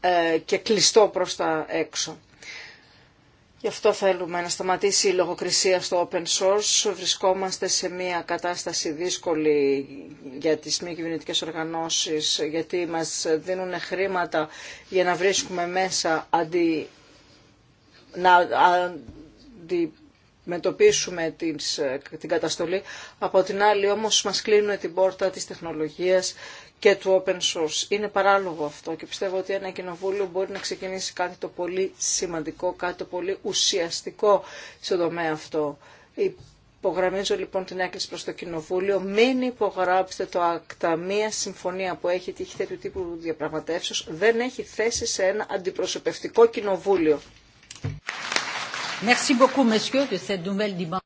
[SPEAKER 2] ε, και κλειστό προς τα έξω. Γι' αυτό θέλουμε να σταματήσει η λογοκρισία στο open source. Βρισκόμαστε σε μια κατάσταση δύσκολη για τις μη κυβερνητικές οργανώσεις, γιατί μας δίνουν χρήματα για να βρίσκουμε μέσα αντί να αντιμετωπίσουμε την καταστολή. Από την άλλη όμως μας κλείνουν την πόρτα της τεχνολογίας και του open source. Είναι παράλογο αυτό και πιστεύω ότι ένα κοινοβούλιο μπορεί να ξεκινήσει κάτι το πολύ σημαντικό, κάτι το πολύ ουσιαστικό στο τομέα αυτό. Υπογραμμίζω λοιπόν την έκκληση προς το Κοινοβούλιο. Μην υπογράψετε το ΑΚΤΑ. Μία συμφωνία που έχει τύχει τέτοιου τύπου διαπραγματεύσεως δεν έχει θέση σε ένα αντιπροσωπευτικό Κοινοβούλιο.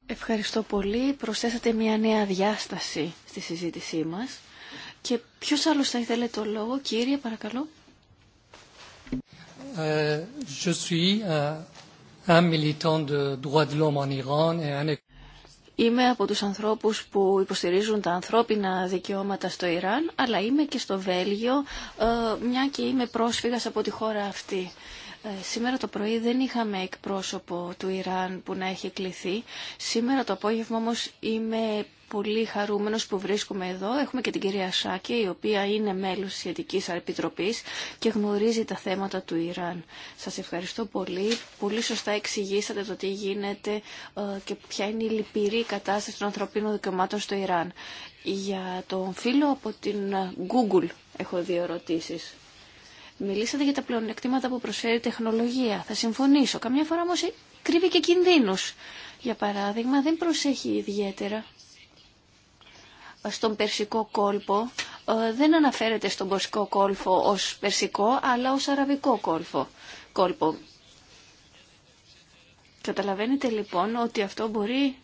[SPEAKER 4] Ευχαριστώ πολύ. Προσθέσατε μια νέα διάσταση στη συζήτησή μας. Και ποιος άλλος θα ήθελε το λόγο, κύριε, παρακαλώ.
[SPEAKER 1] Ε, je suis, ε, un militant
[SPEAKER 4] Είμαι από τους ανθρώπους που υποστηρίζουν τα ανθρώπινα δικαιώματα στο Ιράν, αλλά είμαι και στο Βέλγιο, ε, μια και είμαι πρόσφυγας από τη χώρα αυτή. Ε, σήμερα το πρωί δεν είχαμε εκπρόσωπο του Ιράν που να έχει κληθεί. Σήμερα το απόγευμα όμως είμαι πολύ χαρούμενος που βρίσκομαι εδώ. Έχουμε και την κυρία Σάκη, η οποία είναι μέλος της Σχετικής Επιτροπής και γνωρίζει τα θέματα του Ιράν. Σας ευχαριστώ πολύ. Πολύ σωστά εξηγήσατε το τι γίνεται ε, και ποια είναι η λυπηρή κατάσταση των ανθρωπίνων δικαιωμάτων στο Ιράν. Για τον φίλο από την ε, Google έχω δύο ερωτήσεις. Μιλήσατε για τα πλεονεκτήματα που προσφέρει η τεχνολογία. Θα συμφωνήσω. Καμιά φορά όμω κρύβει και κινδύνους. Για παράδειγμα, δεν προσέχει ιδιαίτερα στον περσικό κόλπο. Ε, δεν αναφέρεται στον περσικό κόλπο ως περσικό, αλλά ως αραβικό κόλπο. κόλπο. Καταλαβαίνετε λοιπόν ότι αυτό μπορεί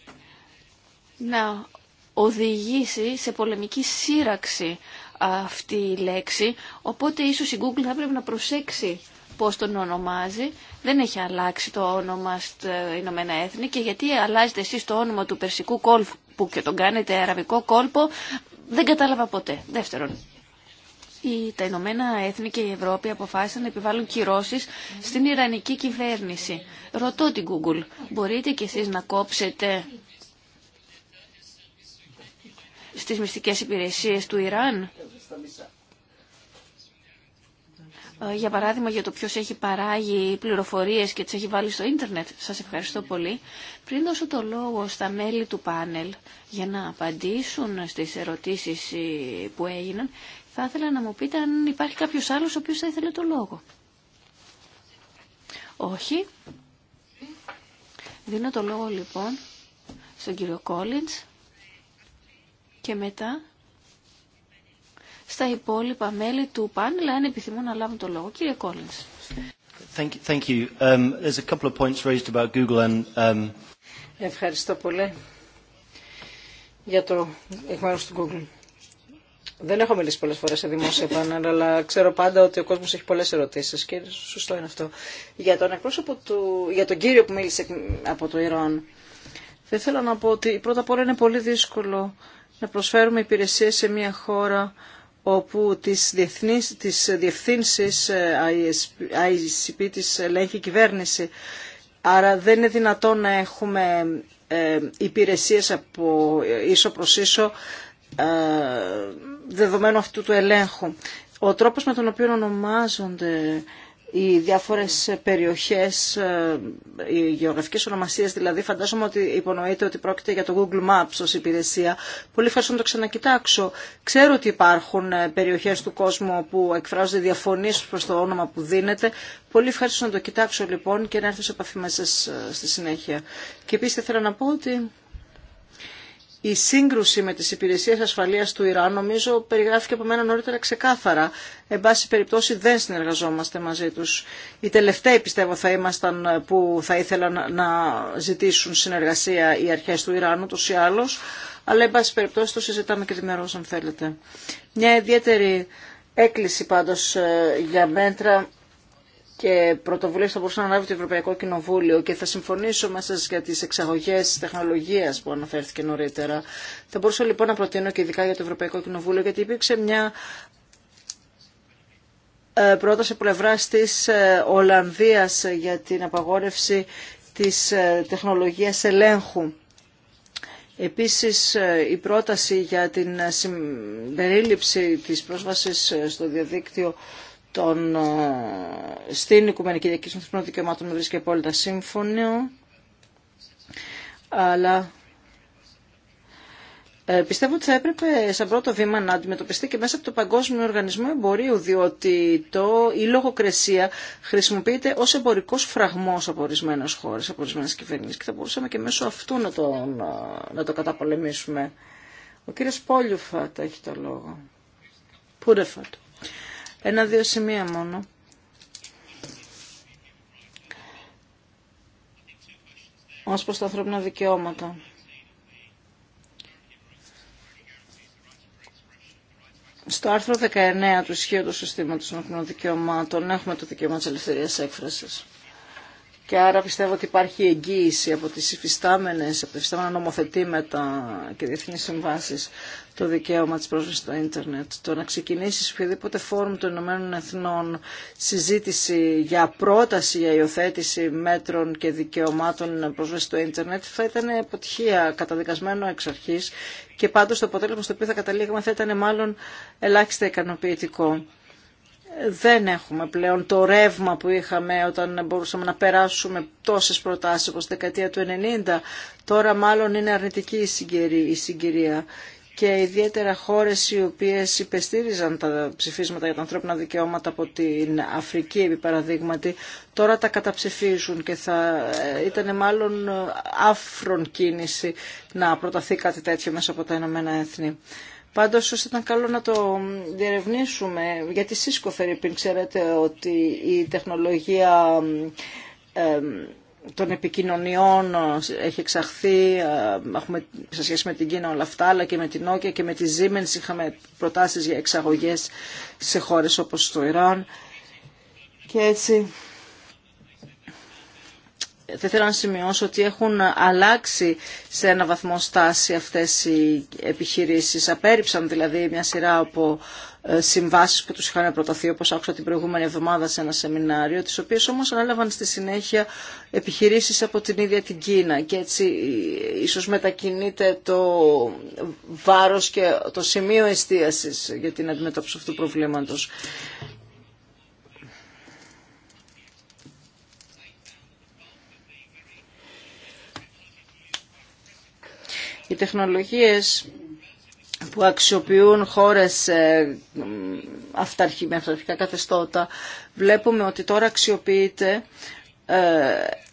[SPEAKER 4] να οδηγήσει σε πολεμική σύραξη αυτή η λέξη, οπότε ίσως η Google θα πρέπει να προσέξει πώς τον ονομάζει. Δεν έχει αλλάξει το όνομα στα Ηνωμένα Έθνη και γιατί αλλάζετε εσείς το όνομα του περσικού κόλπου που και τον κάνετε αραβικό κόλπο, δεν κατάλαβα ποτέ. Δεύτερον, τα Ηνωμένα Έθνη και η Ευρώπη αποφάσισαν να επιβάλλουν κυρώσει στην Ιρανική κυβέρνηση. Ρωτώ την Google, μπορείτε κι εσείς να κόψετε στις μυστικές υπηρεσίες του Ιράν. Ε, για παράδειγμα, για το ποιο έχει παράγει πληροφορίες και τις έχει βάλει στο ίντερνετ. Σας ευχαριστώ πολύ. Πριν δώσω το λόγο στα μέλη του πάνελ για να απαντήσουν στις ερωτήσεις ε, που έγιναν, θα ήθελα να μου πείτε αν υπάρχει κάποιος άλλος ο οποίος θα ήθελε το λόγο. Όχι. Δίνω το λόγο λοιπόν στον κύριο Κόλλιντς και μετά στα υπόλοιπα μέλη του πάνελ, αν επιθυμούν να λάβουν το λόγο. Κύριε Κόλλινς.
[SPEAKER 2] Um, um,
[SPEAKER 4] Ευχαριστώ πολύ
[SPEAKER 2] για το εκ του Google. Δεν έχω μιλήσει πολλές φορές σε δημόσια πάνελ, αλλά ξέρω πάντα ότι ο κόσμος έχει πολλές ερωτήσεις και σωστό είναι αυτό. Για τον εκπρόσωπο του, για τον κύριο που μίλησε από το Ιράν, δεν θέλω να πω ότι πρώτα απ' όλα είναι πολύ δύσκολο να προσφέρουμε υπηρεσίες σε μια χώρα όπου τις, διεθνείς, τις διευθύνσεις ε, ICP της ελέγχει η κυβέρνηση. Άρα δεν είναι δυνατόν να έχουμε ε, υπηρεσίες από ε, ίσο προς ίσο δεδομένου αυτού του ελέγχου. Ο τρόπος με τον οποίο ονομάζονται οι διάφορες περιοχές, ε, οι γεωγραφικές ονομασίες δηλαδή, φαντάζομαι ότι υπονοείται ότι πρόκειται για το Google Maps ως υπηρεσία. Πολύ ευχαριστώ να το ξανακοιτάξω. Ξέρω ότι υπάρχουν ε, περιοχές του κόσμου που εκφράζονται διαφωνίες προς το όνομα που δίνεται. Πολύ ευχαριστώ να το κοιτάξω λοιπόν και να έρθω σε επαφή μαζί ε, στη συνέχεια. Και επίσης θέλω να πω ότι η σύγκρουση με τις υπηρεσίες ασφαλείας του Ιράν νομίζω περιγράφηκε από μένα νωρίτερα ξεκάθαρα. Εν πάση περιπτώσει δεν συνεργαζόμαστε μαζί τους. Οι τελευταίοι πιστεύω θα ήμασταν ε, που θα ήθελαν να ζητήσουν συνεργασία οι αρχές του Ιράν ούτως ή άλλως. Αλλά εν πάση περιπτώσει το συζητάμε και διμερώς αν θέλετε. Μια ιδιαίτερη έκκληση πάντως ε, για μέτρα και πρωτοβουλίε θα μπορούσε να ανάβει το Ευρωπαϊκό Κοινοβούλιο και θα συμφωνήσω μαζί σα για τι εξαγωγέ τεχνολογία που αναφέρθηκε νωρίτερα. Θα μπορούσα λοιπόν να προτείνω και ειδικά για το Ευρωπαϊκό Κοινοβούλιο, γιατί υπήρξε μια ε, πρόταση πλευρά τη ε, Ολλανδία για την απαγόρευση τη ε, τεχνολογία ελέγχου. Επίσης η πρόταση για την περίληψη της πρόσβασης στο διαδίκτυο τον, ε, στην Οικουμενική Διακήρυξη Ανθρωπίνων Δικαιωμάτων με βρίσκεται απόλυτα σύμφωνο, αλλά ε, πιστεύω ότι θα έπρεπε σαν πρώτο βήμα να αντιμετωπιστεί και μέσα από το Παγκόσμιο Οργανισμό Εμπορίου, διότι το, η λογοκρεσία χρησιμοποιείται ως εμπορικός φραγμός από ορισμένε χώρες, από ορισμένε κυβερνήσεις και θα μπορούσαμε και μέσω αυτού να το, ε, να, το καταπολεμήσουμε. Ο κύριος Πόλιουφα τα έχει το λόγο. Πούρεφατ. Ένα-δύο σημεία μόνο. Ως προς τα ανθρώπινα δικαιώματα. Στο άρθρο 19 του του συστήματος των ανθρώπινων δικαιωμάτων έχουμε το δικαίωμα της ελευθερίας έκφρασης. Και άρα πιστεύω ότι υπάρχει εγγύηση από τις υφιστάμενες, από τα υφιστάμενα νομοθετήματα και διεθνείς συμβάσεις το δικαίωμα της πρόσβασης στο ίντερνετ. Το να ξεκινήσει σε οποιοδήποτε φόρουμ των Ηνωμένων Εθνών συζήτηση για πρόταση για υιοθέτηση μέτρων και δικαιωμάτων πρόσβασης στο ίντερνετ θα ήταν αποτυχία καταδικασμένο εξ αρχής και πάντως το αποτέλεσμα στο οποίο θα καταλήγουμε θα ήταν μάλλον ελάχιστα ικανοποιητικό δεν έχουμε πλέον το ρεύμα που είχαμε όταν μπορούσαμε να περάσουμε τόσες προτάσεις όπως δεκαετία του 90. Τώρα μάλλον είναι αρνητική η συγκυρία και ιδιαίτερα χώρες οι οποίες υπεστήριζαν τα ψηφίσματα για τα ανθρώπινα δικαιώματα από την Αφρική επί παραδείγματι, τώρα τα καταψηφίζουν και θα ε, ήταν μάλλον άφρον κίνηση να προταθεί κάτι τέτοιο μέσα από τα Ηνωμένα Έθνη. Πάντω ήταν καλό να το διερευνήσουμε, γιατί Cisco Φερρυπίν ξέρετε ότι η τεχνολογία ε, των επικοινωνιών έχει εξαχθεί ε, έχουμε, σε σχέση με την Κίνα όλα αυτά αλλά και με την Nokia και με τη Siemens είχαμε προτάσεις για εξαγωγές σε χώρες όπως το Ιράν και έτσι θα ήθελα να σημειώσω ότι έχουν αλλάξει σε ένα βαθμό στάση αυτές οι επιχειρήσεις. Απέριψαν δηλαδή μια σειρά από ε, συμβάσεις που τους είχαν προταθεί όπως άκουσα την προηγούμενη εβδομάδα σε ένα σεμινάριο τις οποίες όμως ανέλαβαν στη συνέχεια επιχειρήσεις από την ίδια την Κίνα και έτσι ε, ίσως μετακινείται το βάρος και το σημείο εστίασης για την αντιμετώπιση αυτού του προβλήματος. Οι τεχνολογίες που αξιοποιούν χώρες ε, αυταρχή, με αυταρχικά καθεστώτα, βλέπουμε ότι τώρα αξιοποιείται ε,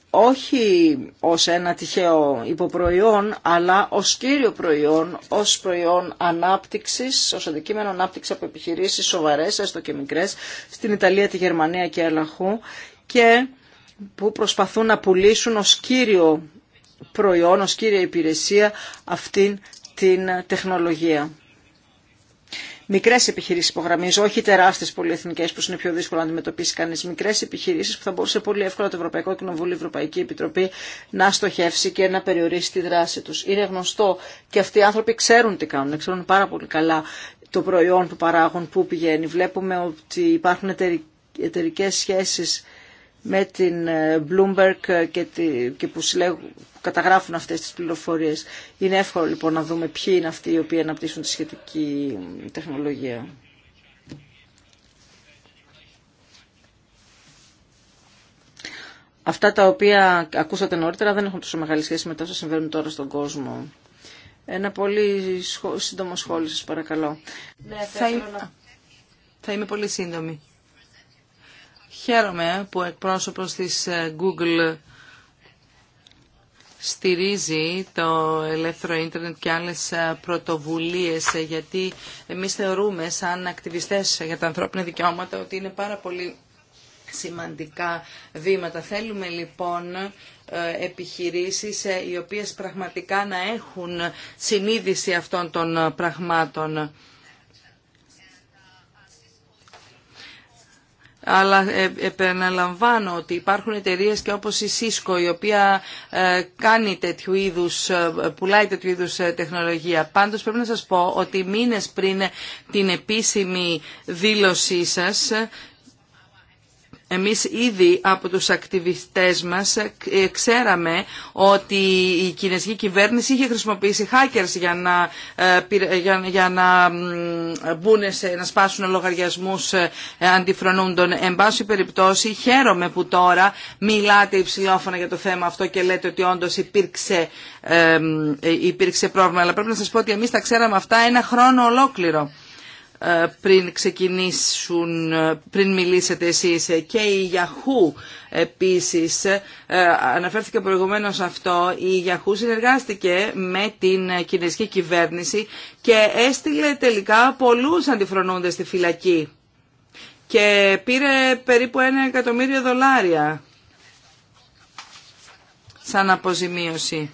[SPEAKER 2] όχι ως ένα τυχαίο υποπροϊόν, αλλά ως κύριο προϊόν, ως προϊόν ανάπτυξης, ως αντικείμενο ανάπτυξης από επιχειρήσεις σοβαρές, έστω και μικρές, στην Ιταλία, τη Γερμανία και Ελλαχού και που προσπαθούν να πουλήσουν ως κύριο προϊόν, ως κύρια υπηρεσία αυτήν την τεχνολογία. Μικρέ επιχειρήσει υπογραμμίζω, όχι τεράστιε πολυεθνικέ που είναι πιο δύσκολο να αντιμετωπίσει κανεί. Μικρέ επιχειρήσει που θα μπορούσε πολύ εύκολα το Ευρωπαϊκό Κοινοβούλιο, η Ευρωπαϊκή Επιτροπή να στοχεύσει και να περιορίσει τη δράση του. Είναι γνωστό και αυτοί οι άνθρωποι ξέρουν τι κάνουν, ξέρουν πάρα πολύ καλά το προϊόν που παράγουν, πού πηγαίνει. Βλέπουμε ότι υπάρχουν εταιρικέ σχέσει με την ε, Bloomberg ε, και, τη, και που, συλλέγουν, καταγράφουν αυτές τις πληροφορίες. Είναι εύκολο λοιπόν να δούμε ποιοι είναι αυτοί οι οποίοι αναπτύσσουν τη σχετική τεχνολογία. Αυτά τα οποία ακούσατε νωρίτερα δεν έχουν τόσο μεγάλη σχέση με τα όσα συμβαίνουν τώρα στον κόσμο. Ένα πολύ σύντομο σχόλιο σας παρακαλώ.
[SPEAKER 4] Ναι, θα, είμαι...
[SPEAKER 2] θα είμαι πολύ
[SPEAKER 3] σύντομη. Χαίρομαι που εκπρόσωπος της ε, Google στηρίζει το ελεύθερο ίντερνετ και άλλες ε, πρωτοβουλίες ε, γιατί εμείς θεωρούμε σαν ακτιβιστές για τα ανθρώπινα δικαιώματα ότι είναι πάρα πολύ σημαντικά βήματα. Θέλουμε λοιπόν επιχειρήσεις οι οποίες πραγματικά να έχουν συνείδηση αυτών των πραγμάτων. αλλά ε, επαναλαμβάνω ότι υπάρχουν εταιρείε και όπως η Cisco η οποία ε, κάνει τέτοιου είδους, ε, πουλάει τέτοιου είδους τεχνολογία. Πάντως πρέπει να σας πω ότι μήνες πριν την επίσημη δήλωσή σας εμείς ήδη από τους ακτιβιστές μας ε, ε, ξέραμε ότι η κινέζικη κυβέρνηση είχε χρησιμοποιήσει hackers για να, ε, για, για να σε, να σπάσουν λογαριασμούς αντιφρονούντων. Εν πάση περιπτώσει χαίρομαι που τώρα μιλάτε υψηλόφωνα για το θέμα αυτό και λέτε ότι όντως υπήρξε, υπήρξε πρόβλημα. Αλλά πρέπει να σας πω ότι εμείς τα ξέραμε αυτά ένα χρόνο ολόκληρο. Ε, πριν ξεκινήσουν, ε, πριν μιλήσετε εσείς και η Yahoo επίσης ε, αναφέρθηκε προηγουμένως αυτό η Yahoo συνεργάστηκε με την κινέζικη κυβέρνηση και έστειλε τελικά πολλούς αντιφρονούντες στη φυλακή και πήρε περίπου ένα εκατομμύριο δολάρια σαν αποζημίωση.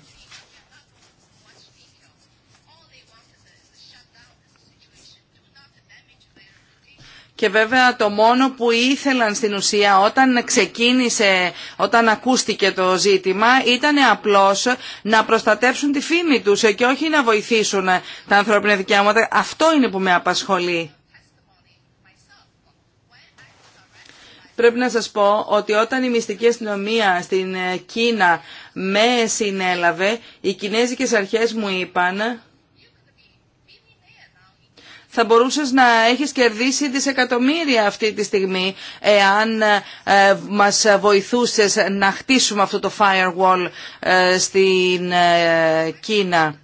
[SPEAKER 3] Και βέβαια το μόνο που ήθελαν στην ουσία όταν ξεκίνησε, όταν ακούστηκε το ζήτημα ήταν απλώς να προστατεύσουν τη φήμη τους και όχι να βοηθήσουν τα ανθρώπινα δικαιώματα. Αυτό είναι που με απασχολεί. Πρέπει να σας πω ότι όταν η μυστική αστυνομία στην Κίνα με συνέλαβε, οι κινέζικες αρχές μου είπαν θα μπορούσες να έχεις κερδίσει δισεκατομμύρια αυτή τη στιγμή εάν ε, μας βοηθούσες να χτίσουμε αυτό το firewall ε, στην ε, Κίνα.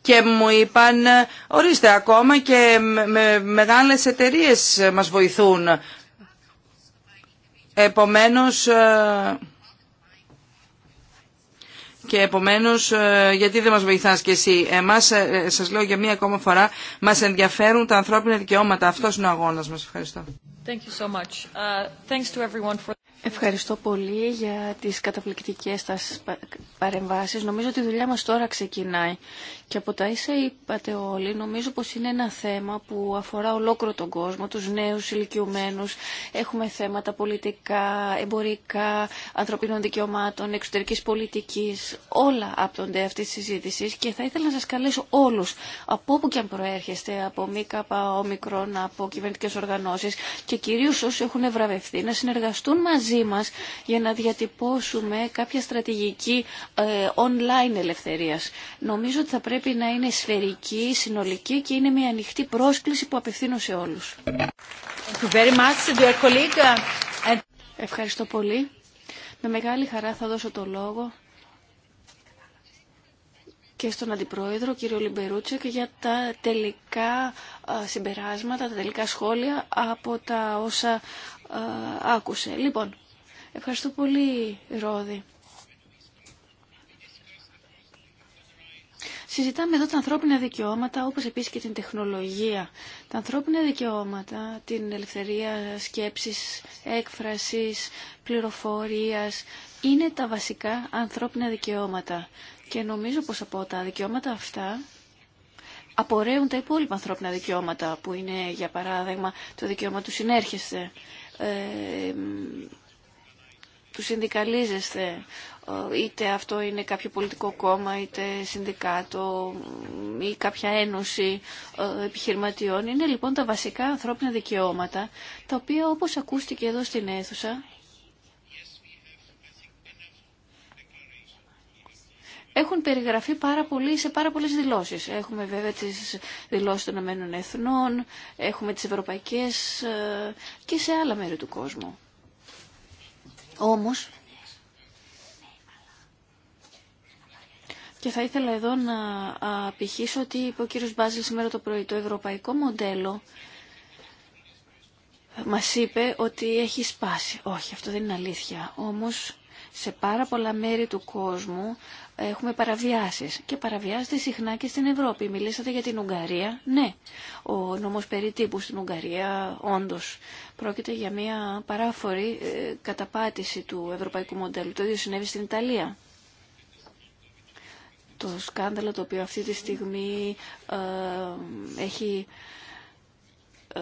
[SPEAKER 3] Και μου είπαν, ορίστε ακόμα και με μεγάλες εταιρείες μας βοηθούν. Επομένως και επομένως ε, γιατί δεν μας βοηθάς και εσύ. Εμάς, ε, ε, σας λέω για μία ακόμα φορά, μας ενδιαφέρουν τα ανθρώπινα δικαιώματα. Αυτός είναι ο αγώνας μας. Ευχαριστώ.
[SPEAKER 4] Thank you so much. Uh, to for... Ευχαριστώ πολύ για τις καταπληκτικές σας παρεμβάσεις. Νομίζω ότι η δουλειά μας τώρα ξεκινάει και από τα ίσα είπατε όλοι, νομίζω πως είναι ένα θέμα που αφορά ολόκληρο τον κόσμο, τους νέους ηλικιωμένους. Έχουμε θέματα πολιτικά, εμπορικά, ανθρωπίνων δικαιωμάτων, εξωτερικής πολιτικής. Όλα άπτονται αυτή τη συζήτηση και θα ήθελα να σας καλέσω όλους, από όπου και αν προέρχεστε, από ΜΚΑ, ομικρόν, από κυβερνητικές οργανώσεις και κυρίως όσοι έχουν βραβευτεί, να συνεργαστούν μαζί μας για να διατυπώσουμε κάποια στρατηγική ε, online ελευθερίας. Νομίζω ότι πρέπει να είναι σφαιρική, συνολική και είναι μια ανοιχτή πρόσκληση που απευθύνω σε όλους. Ευχαριστώ πολύ. Με μεγάλη χαρά θα δώσω το λόγο και στον Αντιπρόεδρο, κύριο και για τα τελικά συμπεράσματα, τα τελικά σχόλια από τα όσα άκουσε. Λοιπόν, ευχαριστώ πολύ, Ρόδη. Συζητάμε εδώ τα ανθρώπινα δικαιώματα, όπως επίσης και την τεχνολογία. Τα ανθρώπινα δικαιώματα, την ελευθερία σκέψης, έκφρασης, πληροφορίας, είναι τα βασικά ανθρώπινα δικαιώματα. Και νομίζω πως από τα δικαιώματα αυτά απορρέουν τα υπόλοιπα ανθρώπινα δικαιώματα, που είναι, για παράδειγμα, το δικαίωμα του συνέρχεσθε, ε, του συνδικαλίζεστε. Ε, είτε αυτό είναι κάποιο πολιτικό κόμμα, είτε συνδικάτο ή κάποια ένωση ε, επιχειρηματιών. Είναι λοιπόν τα βασικά ανθρώπινα δικαιώματα, τα οποία όπως ακούστηκε εδώ στην αίθουσα, έχουν περιγραφεί πάρα πολύ σε πάρα πολλές δηλώσεις. Έχουμε βέβαια τις δηλώσεις των Ηνωμένων Εθνών, έχουμε τις ευρωπαϊκές ε, και σε άλλα μέρη του κόσμου. Όμως, και θα ήθελα εδώ να απηχήσω ότι είπε ο κύριος Μπάζελ σήμερα το πρωί, το ευρωπαϊκό μοντέλο μας είπε ότι έχει σπάσει. Όχι, αυτό δεν είναι αλήθεια. Όμως σε πάρα πολλά μέρη του κόσμου έχουμε παραβιάσεις και παραβιάζεται συχνά και στην Ευρώπη. Μιλήσατε για την Ουγγαρία. Ναι, ο νόμος περί τύπου στην Ουγγαρία όντως πρόκειται για μια παράφορη ε, καταπάτηση του ευρωπαϊκού μοντέλου. Το ίδιο συνέβη στην Ιταλία. Το σκάνδαλο το οποίο αυτή τη στιγμή ε, έχει ε,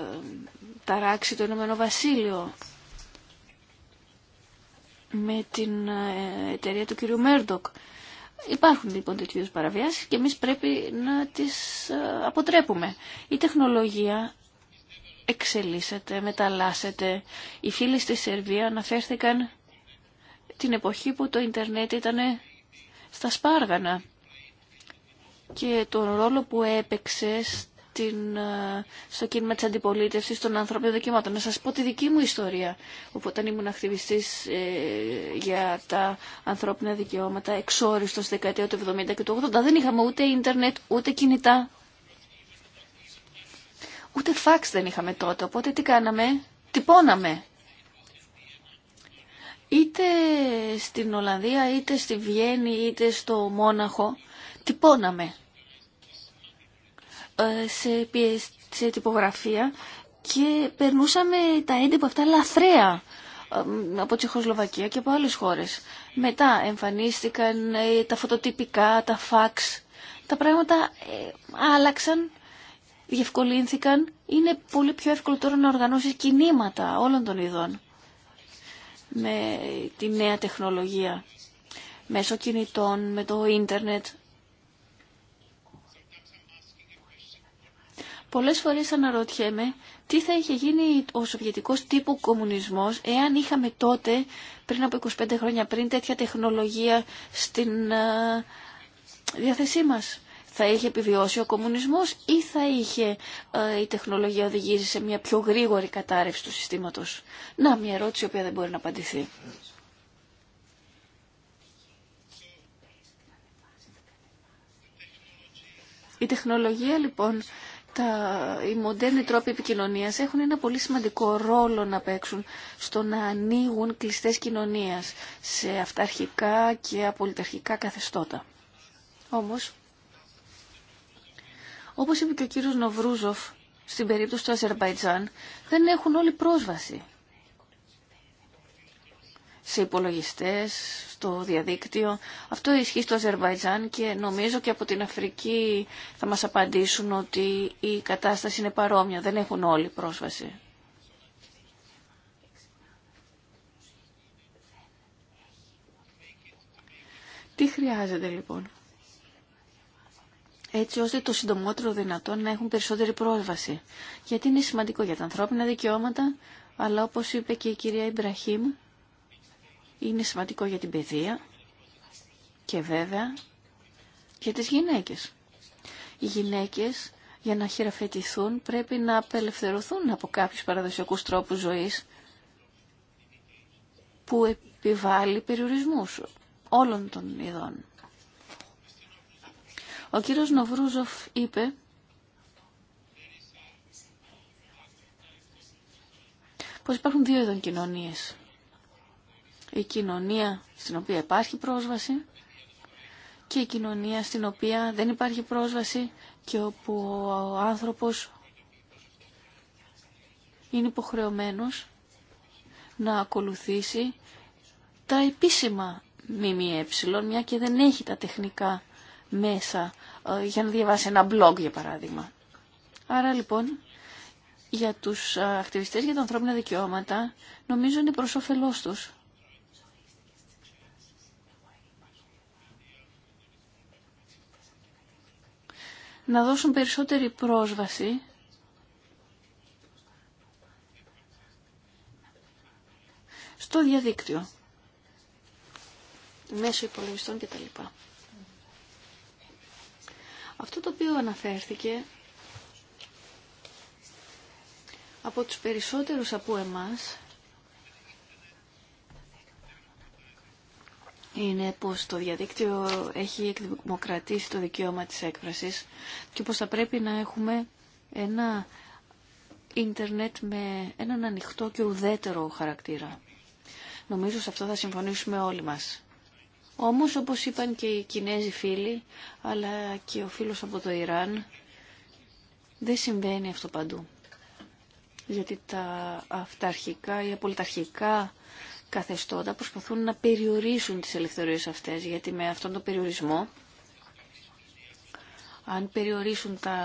[SPEAKER 4] ταράξει το Ηνωμένο Βασίλειο με την ε, εταιρεία του κυρίου Μέρντοκ. Υπάρχουν λοιπόν τέτοιου παραβιάσεις και εμείς πρέπει να τις ε, αποτρέπουμε. Η τεχνολογία εξελίσσεται, μεταλλάσσεται. Οι φίλοι στη Σερβία αναφέρθηκαν την εποχή που το ίντερνετ ήταν στα σπάργανα και τον ρόλο που έπαιξε την, ε, στο κίνημα της αντιπολίτευσης των ανθρώπινων δικαιωμάτων. Να σας πω τη δική μου ιστορία. Όταν ήμουν ακτιβιστής ε, για τα ανθρώπινα δικαιώματα, εξόριστος δεκαετία του 70 και του 80, δεν είχαμε ούτε ίντερνετ, ούτε κινητά. Ούτε φαξ δεν είχαμε τότε, οπότε τι κάναμε, τυπώναμε. Είτε στην Ολλανδία, είτε στη Βιέννη, είτε στο Μόναχο, τυπώναμε ε, σε, σε τυπογραφία και περνούσαμε τα έντυπα αυτά λαθρέα από Τσεχοσλοβακία και από άλλες χώρες. Μετά εμφανίστηκαν ε, τα φωτοτυπικά, τα φαξ. Τα πράγματα ε, άλλαξαν, διευκολύνθηκαν. Είναι πολύ πιο εύκολο τώρα να οργανώσεις κινήματα όλων των ειδών με τη νέα τεχνολογία μέσω κινητών, με το ίντερνετ. Πολλές φορές αναρωτιέμαι τι θα είχε γίνει ο σοβιετικός τύπου κομμουνισμός εάν είχαμε τότε, πριν από 25 χρόνια πριν, τέτοια τεχνολογία στην α, διάθεσή μας. Θα είχε επιβιώσει ο κομμουνισμός ή θα είχε η τεχνολογία οδηγήσει σε μια πιο γρήγορη κατάρρευση του συστήματος. Να, μια ερώτηση η οποία δεν μπορεί να απαντηθεί. Η τεχνολογία λοιπόν τα, οι μοντέρνοι τρόποι επικοινωνίας έχουν ένα πολύ σημαντικό ρόλο να παίξουν στο να ανοίγουν κλειστές κοινωνίες σε αυταρχικά και απολυταρχικά καθεστώτα. Όμως, όπως είπε και ο κύριος Νοβρούζοφ, στην περίπτωση του Αζερβαϊτζάν, δεν έχουν όλη πρόσβαση σε υπολογιστές, στο διαδίκτυο. Αυτό ισχύει στο Αζερβαϊτζάν και νομίζω και από την Αφρική θα μας απαντήσουν ότι η κατάσταση είναι παρόμοια, δεν έχουν όλοι πρόσβαση. Τι χρειάζεται λοιπόν έτσι ώστε το συντομότερο δυνατόν να έχουν περισσότερη πρόσβαση. Γιατί είναι σημαντικό για τα ανθρώπινα δικαιώματα, αλλά όπως είπε και η κυρία Ιμπραχήμ, είναι σημαντικό για την παιδεία και βέβαια για τις γυναίκες. Οι γυναίκες για να χειραφετηθούν πρέπει να απελευθερωθούν από κάποιους παραδοσιακούς τρόπους ζωής που επιβάλλει περιορισμούς όλων των ειδών. Ο κύριος Νοβρούζοφ είπε πως υπάρχουν δύο ειδών κοινωνίες η κοινωνία στην οποία υπάρχει πρόσβαση και η κοινωνία στην οποία δεν υπάρχει πρόσβαση και όπου ο άνθρωπος είναι υποχρεωμένος να ακολουθήσει τα επίσημα ΜΜΕ, μια και δεν έχει τα τεχνικά μέσα ε, για να διαβάσει ένα blog για παράδειγμα. Άρα λοιπόν για τους ε, ακτιβιστές για τα ανθρώπινα δικαιώματα νομίζω είναι προς όφελός τους να δώσουν περισσότερη πρόσβαση στο διαδίκτυο μέσω υπολογιστών κτλ. Αυτό το οποίο αναφέρθηκε από τους περισσότερους από εμάς είναι πως το διαδίκτυο έχει εκδημοκρατήσει το δικαίωμα της έκφρασης και πως θα πρέπει να έχουμε ένα ίντερνετ με έναν ανοιχτό και ουδέτερο χαρακτήρα. Νομίζω σε αυτό θα συμφωνήσουμε όλοι μας. Όμως όπως είπαν και οι Κινέζοι φίλοι, αλλά και ο φίλος από το Ιράν, δεν συμβαίνει αυτό παντού. Γιατί τα αυταρχικά ή απολυταρχικά καθεστώτα προσπαθούν να περιορίσουν τις ελευθερίες αυτές, γιατί με αυτόν τον περιορισμό, αν περιορίσουν τα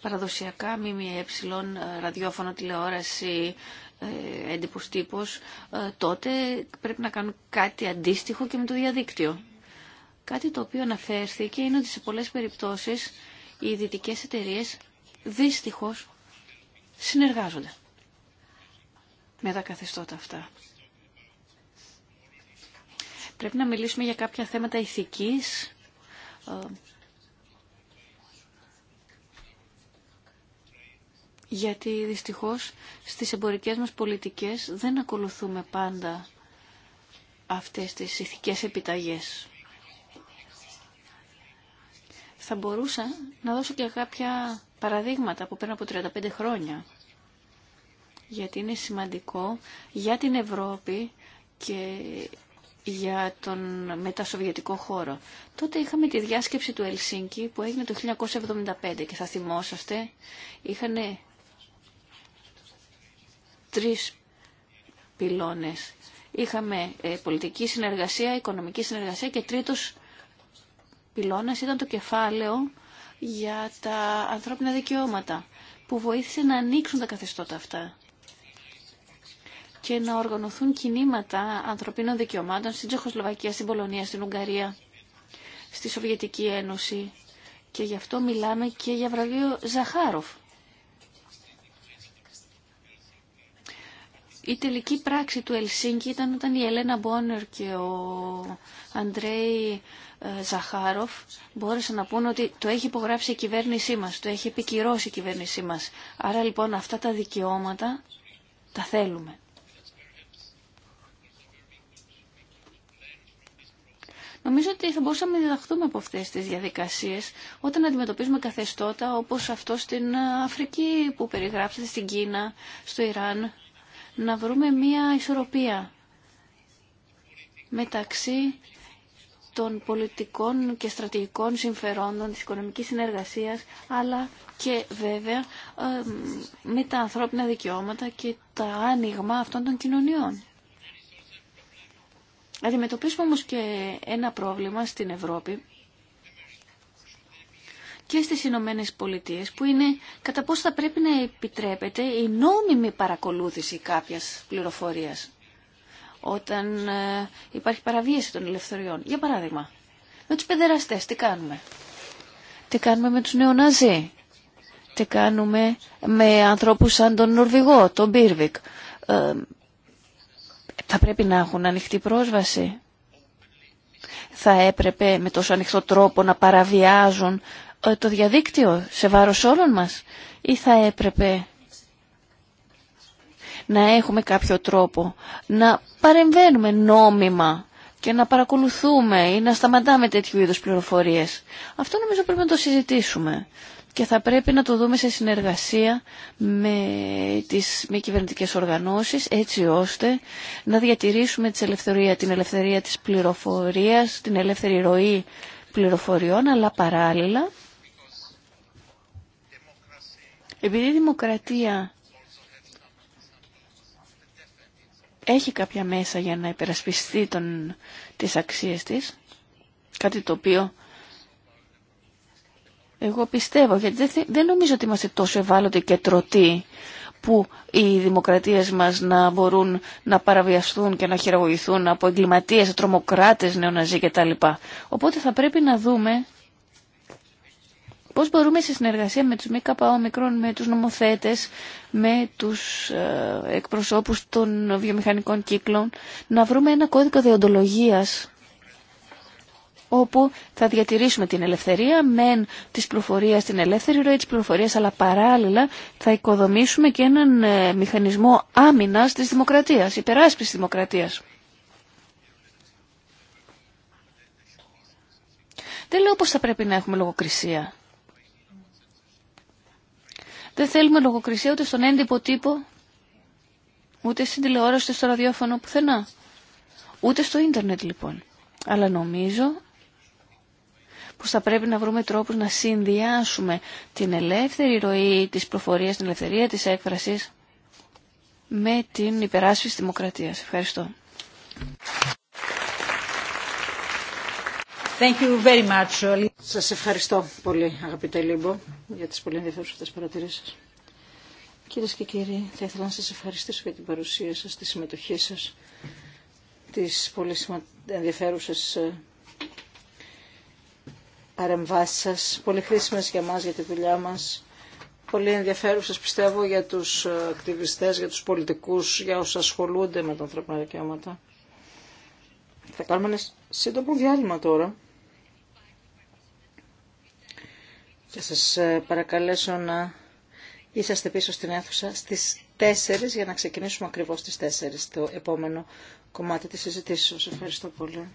[SPEAKER 4] παραδοσιακά ε, ραδιόφωνο, τηλεόραση, ε, έντυπος τύπος, ε, τότε πρέπει να κάνουν κάτι αντίστοιχο και με το διαδίκτυο. Κάτι το οποίο αναφέρθηκε είναι ότι σε πολλές περιπτώσεις οι δυτικέ εταιρείε δυστυχώς συνεργάζονται με τα καθεστώτα αυτά. Πρέπει να μιλήσουμε για κάποια θέματα ηθικής, ε, γιατί δυστυχώς στις εμπορικές μας πολιτικές δεν ακολουθούμε πάντα αυτές τις ηθικές επιταγές. Θα μπορούσα να δώσω και κάποια παραδείγματα από πριν από 35 χρόνια, γιατί είναι σημαντικό για την Ευρώπη και για τον μετασοβιετικό χώρο. Τότε είχαμε τη διάσκεψη του Ελσίνκη που έγινε το 1975 και θα θυμόσαστε είχαν τρεις πυλώνες. Είχαμε ε, πολιτική συνεργασία, οικονομική συνεργασία και τρίτος πυλώνας ήταν το κεφάλαιο για τα ανθρώπινα δικαιώματα που βοήθησε να ανοίξουν τα καθεστώτα αυτά και να οργανωθούν κινήματα ανθρωπίνων δικαιωμάτων στην Τσεχοσλοβακία, στην Πολωνία, στην Ουγγαρία, στη Σοβιετική Ένωση. Και γι' αυτό μιλάμε και για βραβείο Ζαχάροφ. Η τελική πράξη του Ελσίνκη ήταν όταν η Ελένα Μπόνερ και ο Αντρέι ε, Ζαχάροφ μπόρεσαν να πούνε ότι το έχει υπογράψει η κυβέρνησή μας, το έχει επικυρώσει η κυβέρνησή μας. Άρα λοιπόν αυτά τα δικαιώματα τα θέλουμε. Νομίζω ότι θα μπορούσαμε να διδαχθούμε από αυτές τις διαδικασίες όταν αντιμετωπίζουμε καθεστώτα όπως αυτό στην ε, Αφρική που περιγράψατε, στην Κίνα, στο Ιράν, να βρούμε μία ισορροπία μεταξύ των πολιτικών και στρατηγικών συμφερόντων της οικονομικής συνεργασίας, αλλά και βέβαια ε, με τα ανθρώπινα δικαιώματα και τα άνοιγμα αυτών των κοινωνιών. Αντιμετωπίσουμε όμως και ένα πρόβλημα στην Ευρώπη και στις Ηνωμένε Πολιτείε, που είναι κατά πώς θα πρέπει να επιτρέπεται η νόμιμη παρακολούθηση κάποιας πληροφορίας όταν ε, υπάρχει παραβίαση των ελευθεριών. Για παράδειγμα, με τους παιδεραστές τι κάνουμε. Τι κάνουμε με τους νεοναζί. Τι κάνουμε με ανθρώπους σαν τον Νορβηγό, τον Μπίρβικ. Ε, θα πρέπει να έχουν ανοιχτή πρόσβαση. Θα έπρεπε με τόσο ανοιχτό τρόπο να παραβιάζουν ε, το διαδίκτυο σε βάρος όλων μας ή θα έπρεπε να έχουμε κάποιο τρόπο να παρεμβαίνουμε νόμιμα και να παρακολουθούμε ή να σταματάμε τέτοιου είδους πληροφορίες. Αυτό νομίζω πρέπει να το συζητήσουμε και θα πρέπει να το δούμε σε συνεργασία με τις μη κυβερνητικές οργανώσεις έτσι ώστε να διατηρήσουμε την ελευθερία, την ελευθερία της πληροφορίας, την ελεύθερη ροή πληροφοριών αλλά παράλληλα επειδή η δημοκρατία έχει κάποια μέσα για να υπερασπιστεί τον, τις αξίες της, κάτι το οποίο εγώ πιστεύω, γιατί δεν νομίζω ότι είμαστε τόσο ευάλωτοι και τρωτοί που οι δημοκρατίες μας να μπορούν να παραβιαστούν και να χειραγωγηθούν από εγκληματίες, τρομοκράτες, νεοναζί κτλ. Οπότε θα πρέπει να δούμε πώς μπορούμε σε συνεργασία με τους ΜΚΟ μικρών, με τους νομοθέτες, με τους ε, εκπροσώπους των βιομηχανικών κύκλων, να βρούμε ένα κώδικο διοντολογία όπου θα διατηρήσουμε την ελευθερία μεν της πληροφορία την ελεύθερη ροή της πληροφορίας, αλλά παράλληλα θα οικοδομήσουμε και έναν ε, μηχανισμό άμυνας της δημοκρατίας, υπεράσπισης της δημοκρατίας. Δεν λέω πως θα πρέπει να έχουμε λογοκρισία. Δεν θέλουμε λογοκρισία ούτε στον έντυπο τύπο, ούτε στην τηλεόραση, ούτε στο ραδιόφωνο, πουθενά. Ούτε στο ίντερνετ λοιπόν. Αλλά νομίζω που θα πρέπει να βρούμε τρόπους να συνδυάσουμε την ελεύθερη ροή της προφορίας, την ελευθερία της έκφρασης με την υπεράσπιση της δημοκρατίας. Ευχαριστώ. Thank you very much. Σας ευχαριστώ πολύ αγαπητέ
[SPEAKER 2] Λίμπο για τις πολύ ενδιαφέρουσες παρατηρήσεις Κυρίε και κύριοι, θα ήθελα να σας ευχαριστήσω για την παρουσία σας, τη συμμετοχή σας, τις πολύ ενδιαφέρουσες ε, παρεμβάσεις σα, πολύ χρήσιμε για μας, για τη δουλειά μας, πολύ ενδιαφέρουσες πιστεύω για τους ακτιβιστές, για τους πολιτικούς, για όσους ασχολούνται με τα ανθρώπινα δικαιώματα. Θα κάνουμε ένα σύντομο διάλειμμα τώρα. Και σας ε, παρακαλέσω να είσαστε πίσω στην αίθουσα στις 4 για να ξεκινήσουμε ακριβώς στις 4 το επόμενο κομμάτι της συζητήσεως. Ευχαριστώ πολύ.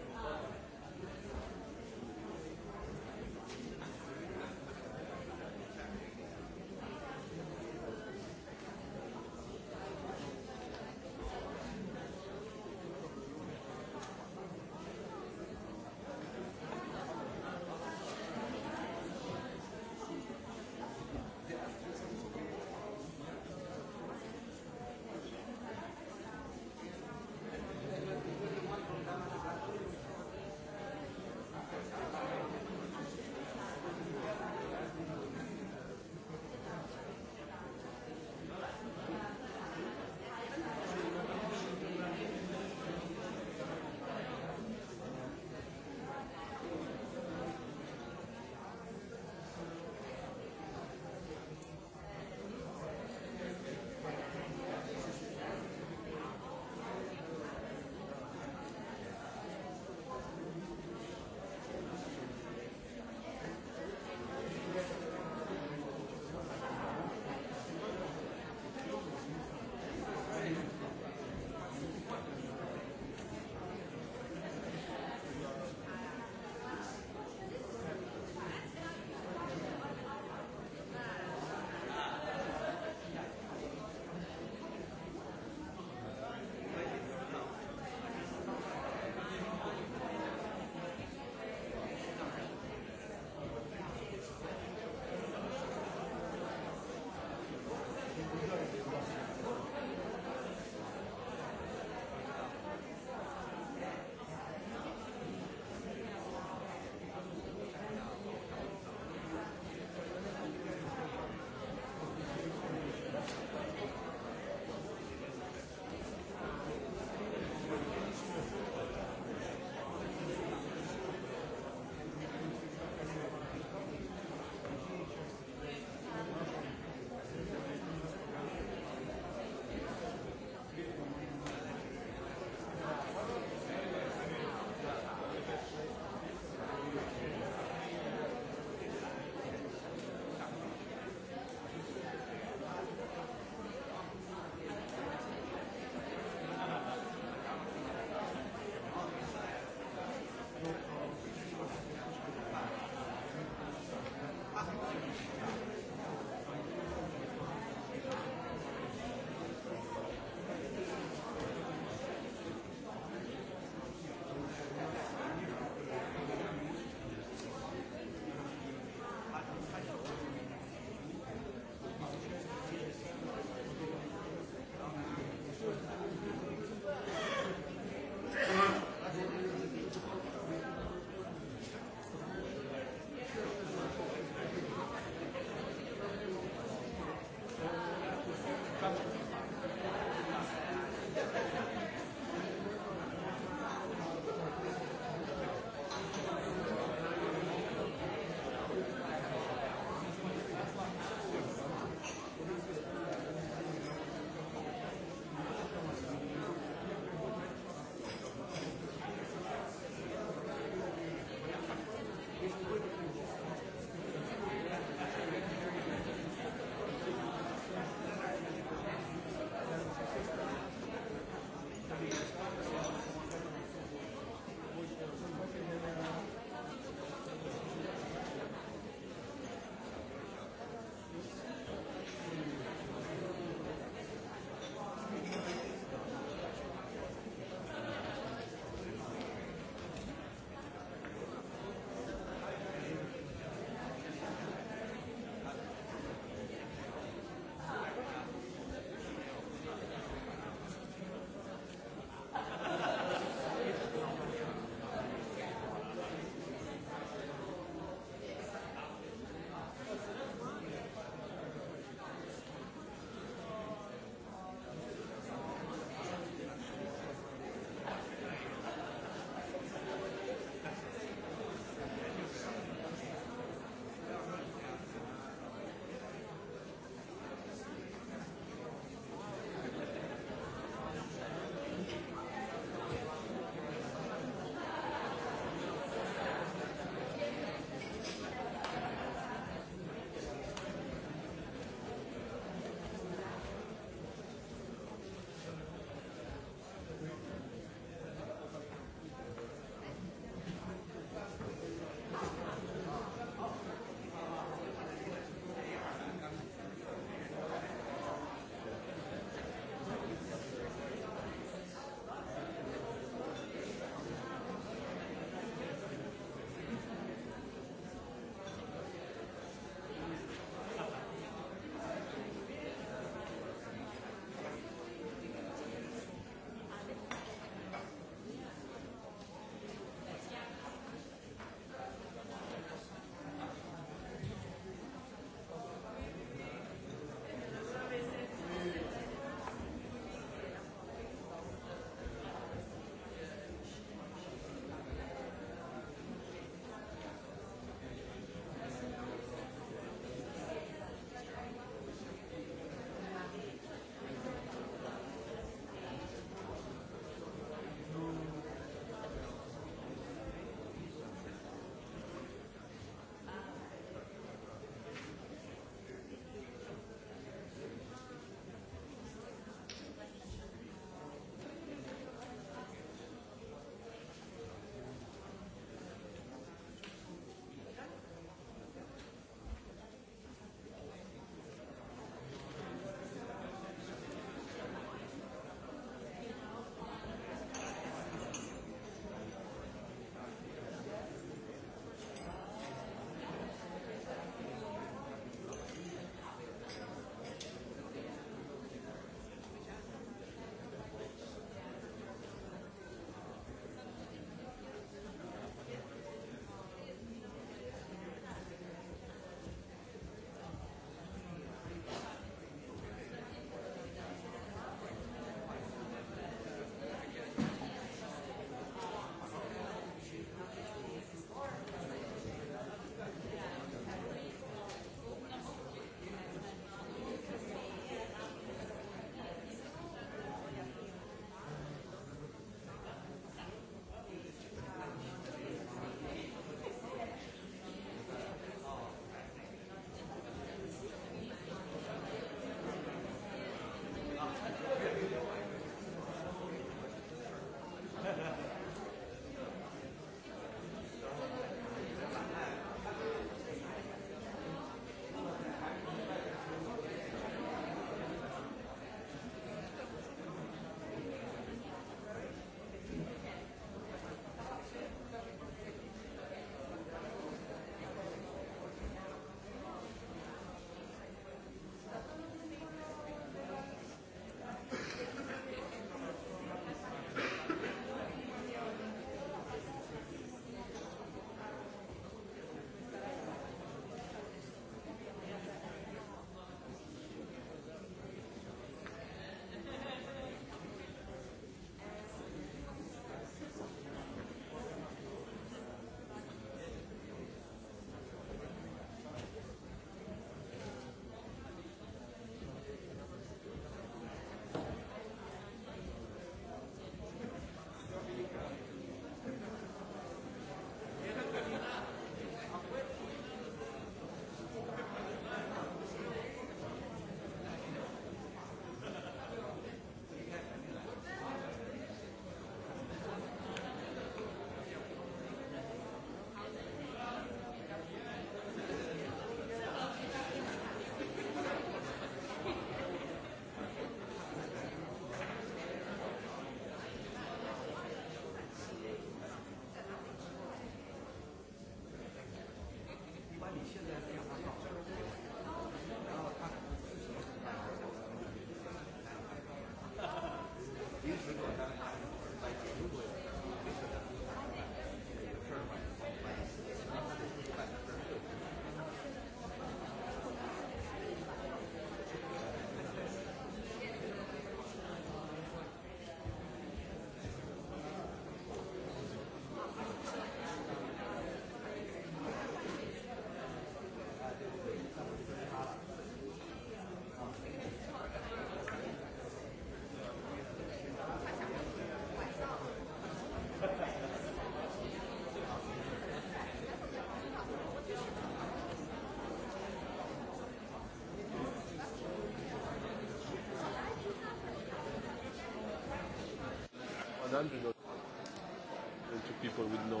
[SPEAKER 1] And to people with no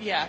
[SPEAKER 1] Yeah.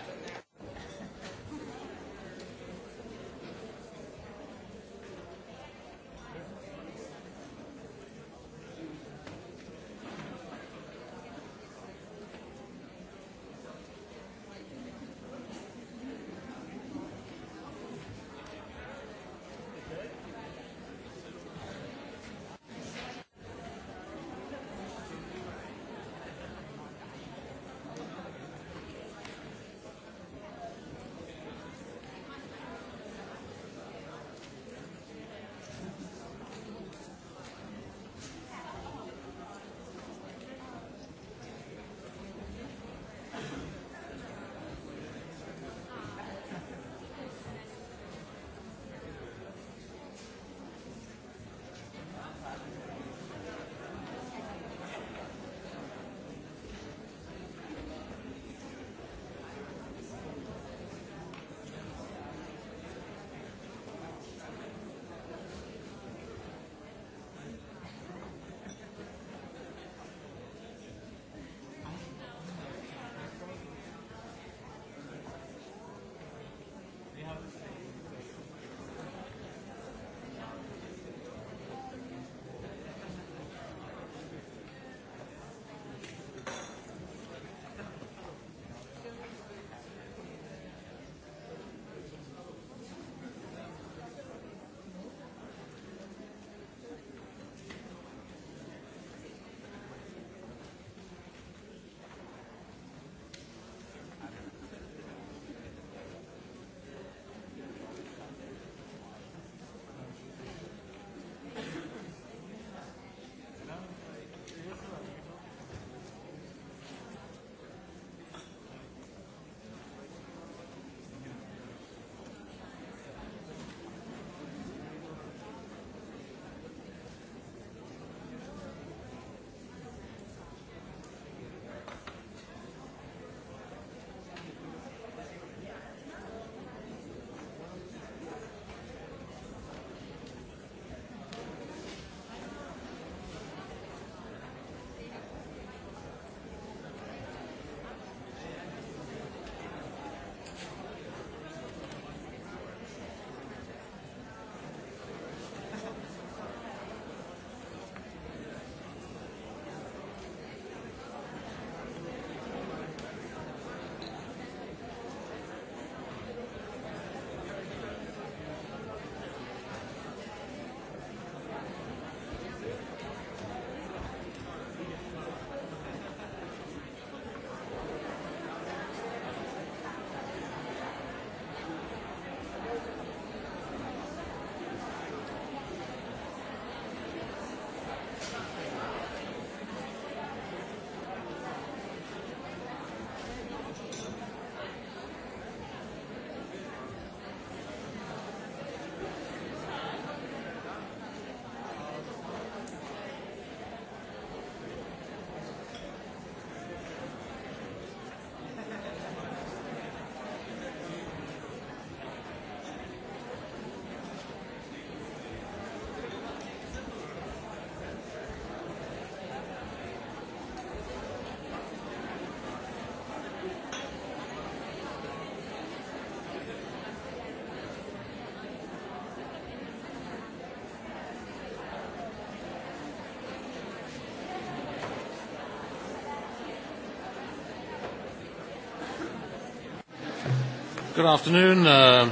[SPEAKER 1] Uh,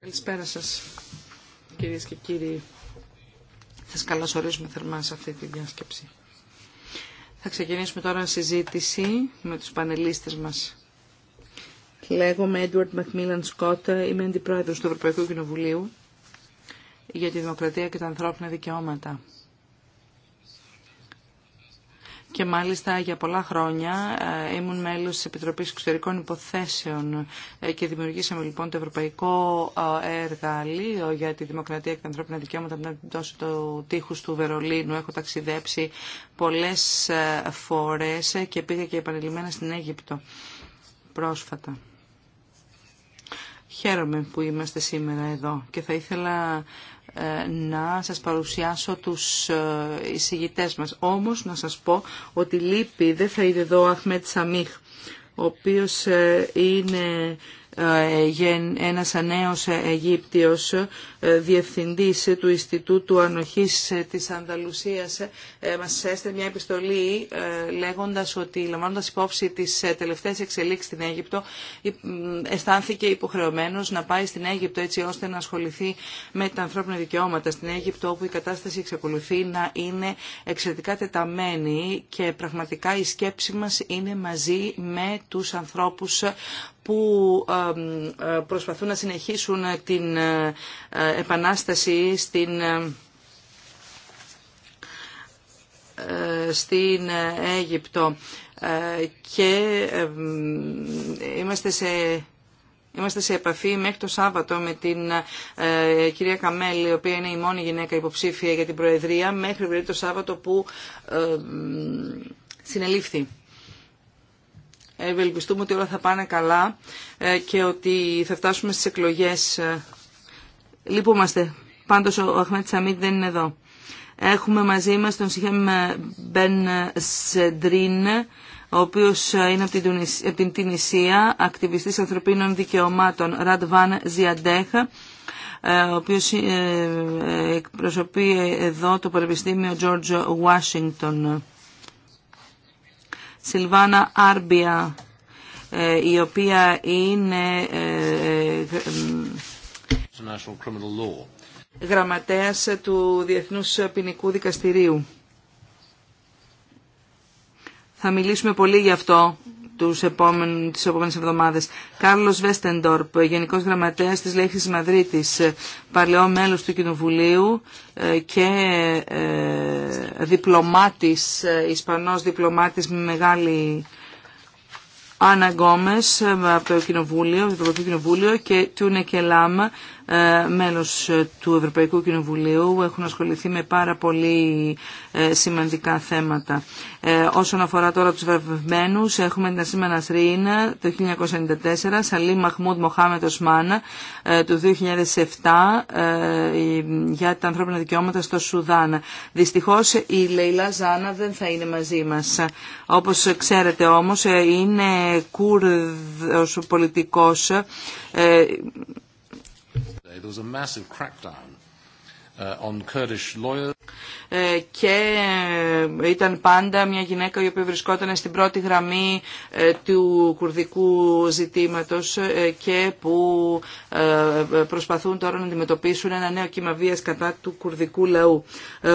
[SPEAKER 3] Καλησπέρα σας, κυρίες και κύριοι. Σας καλωσορίζουμε θερμά σε αυτή τη διάσκεψη. Θα ξεκινήσουμε τώρα συζήτηση με τους πανελίστες μας. Λέγομαι Edward Macmillan Scott, είμαι αντιπρόεδρος του Ευρωπαϊκού Κοινοβουλίου για τη Δημοκρατία και τα Ανθρώπινα Δικαιώματα. μάλιστα για πολλά χρόνια ε, ήμουν μέλος της Επιτροπής Εξωτερικών Υποθέσεων ε, και δημιουργήσαμε λοιπόν το Ευρωπαϊκό ε, Εργαλείο για τη Δημοκρατία και τα Ανθρώπινα Δικαιώματα την τόσο το τείχους του Βερολίνου. Έχω ταξιδέψει πολλές φορές και πήγα και επανειλημμένα στην Αίγυπτο πρόσφατα. Χαίρομαι που είμαστε σήμερα εδώ και θα ήθελα ε, να σας παρουσιάσω τους ε, εισηγητές μας. Όμως να σας πω ότι λείπει, δεν θα είδε εδώ ο Αχμέτ Σαμίχ, ο οποίος ε, είναι ένας νέος Αιγύπτιος ε, διευθυντής του Ινστιτούτου Ανοχής ε, της Ανταλουσίας, ε, μας έστειλε μια επιστολή λέγοντας ότι λαμβάνοντας υπόψη τις τελευταίες εξελίξεις στην Αίγυπτο αισθάνθηκε υποχρεωμένος να πάει στην Αίγυπτο έτσι ώστε να ασχοληθεί με τα ανθρώπινα δικαιώματα στην Αίγυπτο όπου η κατάσταση εξακολουθεί να είναι εξαιρετικά τεταμένη και πραγματικά η σκέψη μας είναι μαζί με τους ανθρώπους που ε, προσπαθούν να συνεχίσουν την ε, επανάσταση στην ε, στην Αίγυπτο και είμαστε σε Είμαστε σε επαφή μέχρι το Σάββατο με την κυρία Καμέλη, η οποία είναι η μόνη γυναίκα υποψήφια για την Προεδρία, μέχρι το Σάββατο που συνελήφθη ευελπιστούμε ότι όλα θα πάνε καλά ε, και ότι θα φτάσουμε στις εκλογές. Ε, λυπούμαστε. Πάντως ο Αχμέτ Σαμίτ δεν είναι εδώ. Έχουμε μαζί μας τον Σιχέμ Μπεν Σεντρίν, ο οποίος είναι από την Τινησία, ακτιβιστής ανθρωπίνων δικαιωμάτων, Βαν Ζιαντέχ, ε, ο οποίος εκπροσωπεί εδώ το Πανεπιστήμιο George Washington. Σιλβάνα Άρμπια, ε, η οποία είναι ε, γραμματέας του Διεθνούς Ποινικού Δικαστηρίου. Θα μιλήσουμε πολύ γι' αυτό τους επόμενους, τις επόμενες εβδομάδες. Κάρλος Βέστεντορπ, Γενικός Γραμματέας της Λέξης Μαδρίτης, παλαιό μέλος του Κοινοβουλίου ε, και ε, διπλωμάτης, ε, Ισπανός διπλωμάτης με μεγάλη Άννα Γκόμες από το Κοινοβούλιο, το Κοινοβούλιο και Τούνε Κελάμ, ε, μέλος ε, του Ευρωπαϊκού Κοινοβουλίου έχουν ασχοληθεί με πάρα πολύ ε, σημαντικά θέματα. Όσον αφορά τώρα τους βραβευμένους, έχουμε την Ασίμα Νασρίνα το 1994, Σαλή Μαχμούντ Μοχάμετ Οσμάνα το 2007 για τα ανθρώπινα δικαιώματα στο Σουδάν. Δυστυχώς η Λεϊλά Ζάνα δεν θα είναι μαζί μας. Όπως ξέρετε όμως είναι Κούρδος πολιτικός Uh, ε, και ε, ήταν πάντα μια γυναίκα η οποία βρισκόταν στην πρώτη γραμμή ε, του κουρδικού ζητήματος και που προσπαθούν τώρα να αντιμετωπίσουν ένα νέο κύμα βίας κατά του κουρδικού λαού.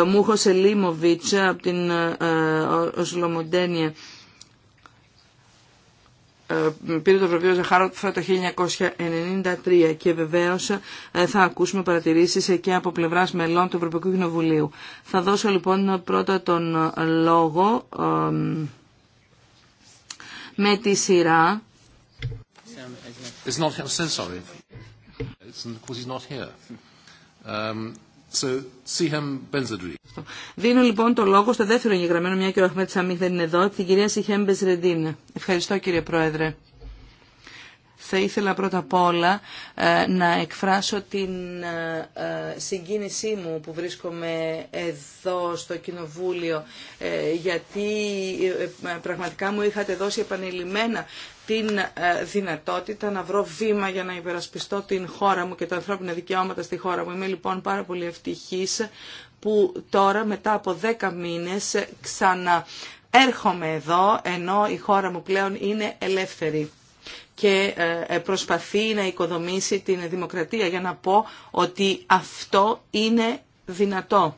[SPEAKER 3] Μούχο Ελίμοβιτς από την Οσλομοντένια ε, πήρε το βραβείο Ζαχάρο το 1993 και βεβαίω ε, θα ακούσουμε παρατηρήσεις και από πλευρά μελών του Ευρωπαϊκού Κοινοβουλίου. Θα δώσω λοιπόν πρώτα τον λόγο με τη σειρά. Δίνω λοιπόν το λόγο στο δεύτερο εγγεγραμμένο, μια και ο Αχμέτ Σαμίχ δεν είναι εδώ, την κυρία Σιχέμ Μπεζρεντίν. Ευχαριστώ κύριε Πρόεδρε. Θα ήθελα πρώτα απ' όλα ε, να εκφράσω την ε, ε, συγκίνησή μου που βρίσκομαι εδώ στο Κοινοβούλιο γιατί πραγματικά μου είχατε δώσει επανειλημμένα την ε, δυνατότητα να βρω βήμα για να υπερασπιστώ την χώρα μου και τα ανθρώπινα δικαιώματα στη χώρα μου. Είμαι λοιπόν πάρα πολύ ευτυχής που τώρα μετά από δέκα μήνες ξανά εδώ ενώ η χώρα μου πλέον είναι ελεύθερη και ε, ε, προσπαθεί να οικοδομήσει την δημοκρατία για να πω ότι αυτό είναι δυνατό.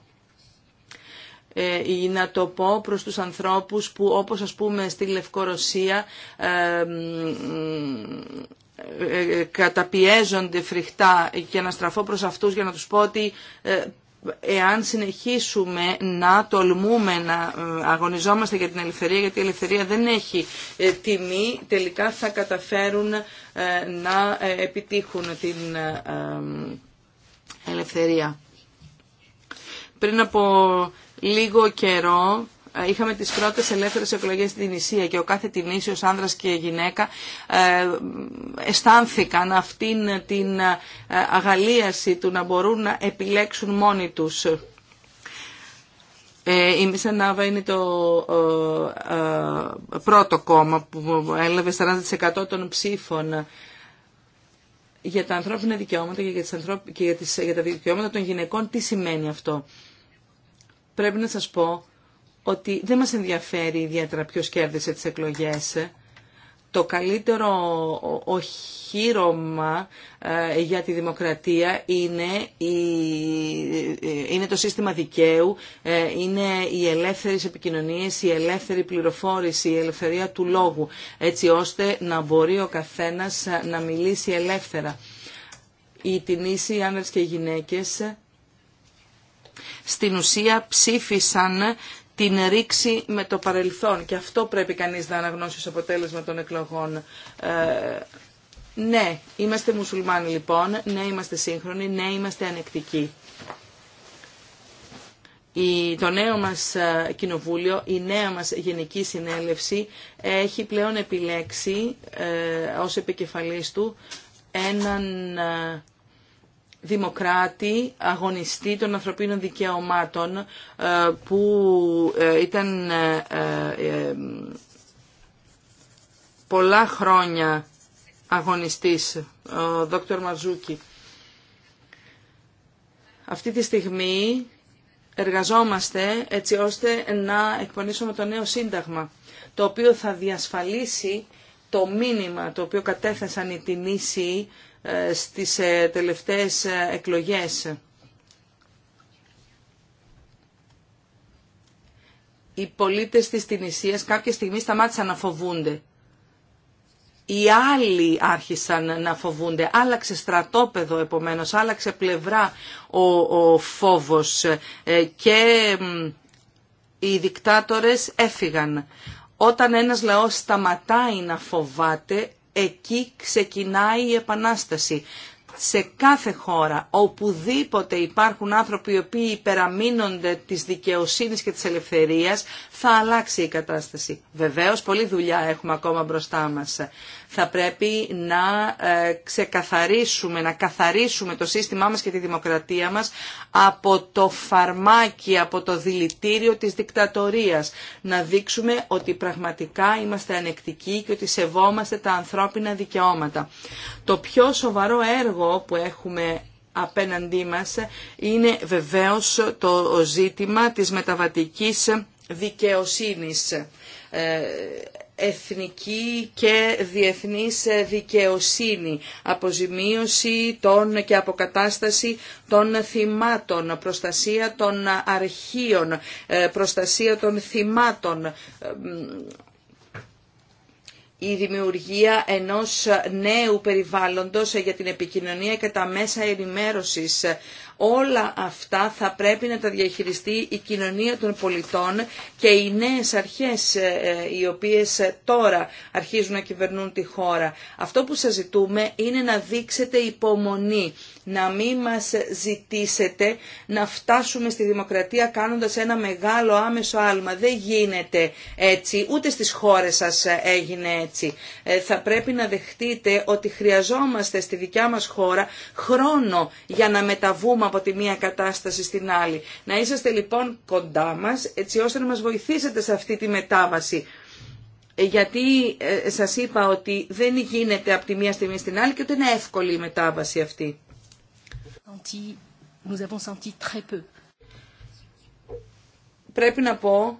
[SPEAKER 3] Ε, ή να το πω προς τους ανθρώπους που όπως ας πούμε στη Λευκορωσία ε, ε, καταπιέζονται φρικτά και να στραφώ προς αυτούς για να τους πω ότι εάν συνεχίσουμε να τολμούμε να αγωνιζόμαστε για την ελευθερία, γιατί η ελευθερία δεν έχει τιμή, τελικά θα καταφέρουν να επιτύχουν την ελευθερία. Πριν από λίγο καιρό ε, είχαμε τις πρώτες ελεύθερες εκλογές στην Ισία και ο κάθε τιμήσιος άνδρας και γυναίκα ε, αισθάνθηκαν αυτήν την ε, αγαλίαση του να μπορούν να επιλέξουν μόνοι τους. Η Μισανάβα είναι το πρώτο κόμμα που έλαβε 40% των ψήφων για τα ανθρώπινα δικαιώματα και για, τις, για τα δικαιώματα των γυναικών. Τι σημαίνει αυτό πρέπει να σας πω ότι δεν μας ενδιαφέρει ιδιαίτερα ποιος κέρδισε τις εκλογές. Το καλύτερο οχύρωμα ε, για τη δημοκρατία είναι, ε, είναι το σύστημα δικαίου, ε, είναι οι ελεύθερες επικοινωνίες, η ελεύθερη πληροφόρηση, η ελευθερία του λόγου, έτσι ώστε να μπορεί ο καθένας να μιλήσει ελεύθερα. Οι τινήσιοι άνδρες και γυναίκες στην ουσία ψήφισαν την ρήξη με το παρελθόν και αυτό πρέπει κανείς να αναγνώσει ως αποτέλεσμα των εκλογών. Ε, ναι, είμαστε μουσουλμάνοι λοιπόν, ναι είμαστε σύγχρονοι, ναι είμαστε ανεκτικοί. Η, το νέο μας ε, κοινοβούλιο, η νέα μας γενική συνέλευση έχει πλέον επιλέξει ε, ως επικεφαλής του έναν ε, δημοκράτη, αγωνιστή των ανθρωπίνων δικαιωμάτων ε, που ε, ήταν ε, πολλά χρόνια αγωνιστής, ο Δόκτωρ Μαζούκη. Αυτή τη στιγμή εργαζόμαστε έτσι ώστε να εκπονήσουμε το νέο σύνταγμα, το οποίο θα διασφαλίσει το μήνυμα το οποίο κατέθεσαν οι Τινήσιοι ε, στις ε, τελευταίες ε, εκλογές. Οι πολίτες της Τινησίας κάποια στιγμή σταμάτησαν να φοβούνται. Οι άλλοι άρχισαν να φοβούνται. Άλλαξε στρατόπεδο επομένως, άλλαξε πλευρά ο, φόβος και οι δικτάτορες έφυγαν. Όταν ένας λαός σταματάει να φοβάται, Εκεί ξεκινάει η Επανάσταση σε κάθε χώρα, οπουδήποτε υπάρχουν άνθρωποι οι οποίοι υπεραμείνονται της δικαιοσύνης και της ελευθερίας, θα αλλάξει η κατάσταση. Βεβαίως, πολλή δουλειά έχουμε ακόμα μπροστά μας. Θα πρέπει να ε, ξεκαθαρίσουμε, να καθαρίσουμε το σύστημά μας και τη δημοκρατία μας από το φαρμάκι, από το δηλητήριο της δικτατορίας. Να δείξουμε ότι πραγματικά είμαστε ανεκτικοί και ότι σεβόμαστε τα ανθρώπινα δικαιώματα. Το πιο σοβαρό έργο που έχουμε απέναντί μας είναι βεβαίως το ζήτημα της μεταβατικής δικαιοσύνης ε, εθνική και διεθνής δικαιοσύνη, αποζημίωση των και αποκατάσταση των θυμάτων, προστασία των αρχείων, ε, προστασία των θυμάτων, ε, η δημιουργία ενός νέου περιβάλλοντος για την επικοινωνία και τα μέσα ενημέρωσης Όλα αυτά θα πρέπει να τα διαχειριστεί η κοινωνία των πολιτών και οι νέες αρχές ε, ε, οι οποίες ε, τώρα αρχίζουν να κυβερνούν τη χώρα. Αυτό που σας ζητούμε είναι να δείξετε υπομονή, να μην μας ζητήσετε να φτάσουμε στη δημοκρατία κάνοντας ένα μεγάλο άμεσο άλμα. Δεν γίνεται έτσι, ούτε στις χώρες σας έγινε έτσι. Θα πρέπει να δεχτείτε ότι χρειαζόμαστε στη δικιά μας χώρα χρόνο για να μεταβούμε από τη μία κατάσταση στην άλλη. Να είσαστε λοιπόν κοντά μας έτσι ώστε να μας βοηθήσετε σε αυτή τη μετάβαση. Γιατί ε, σας είπα ότι δεν γίνεται από τη μία στιγμή στην άλλη και ότι είναι εύκολη η μετάβαση αυτή. Πρέπει να πω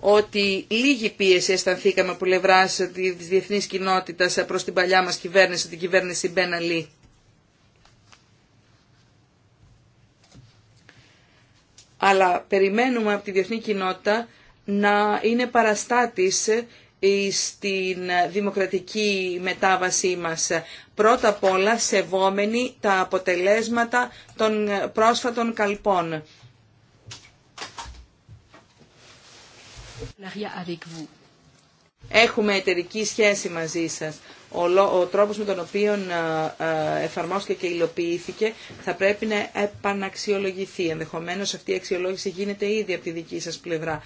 [SPEAKER 3] ότι λίγη πίεση αισθανθήκαμε από πλευρά τη διεθνή κοινότητα προ την παλιά μα κυβέρνηση, την κυβέρνηση Μπέναλι. αλλά περιμένουμε από τη διεθνή κοινότητα να είναι παραστάτης ε, στην δημοκρατική μετάβασή μας. Πρώτα απ' όλα σεβόμενοι τα αποτελέσματα των ε, πρόσφατων καλπών. Έχουμε εταιρική σχέση μαζί σας ο τρόπος με τον οποίο ε, ε, εφαρμόστηκε και υλοποιήθηκε θα πρέπει να επαναξιολογηθεί. Ενδεχομένως αυτή η αξιολόγηση γίνεται ήδη από τη δική σας πλευρά.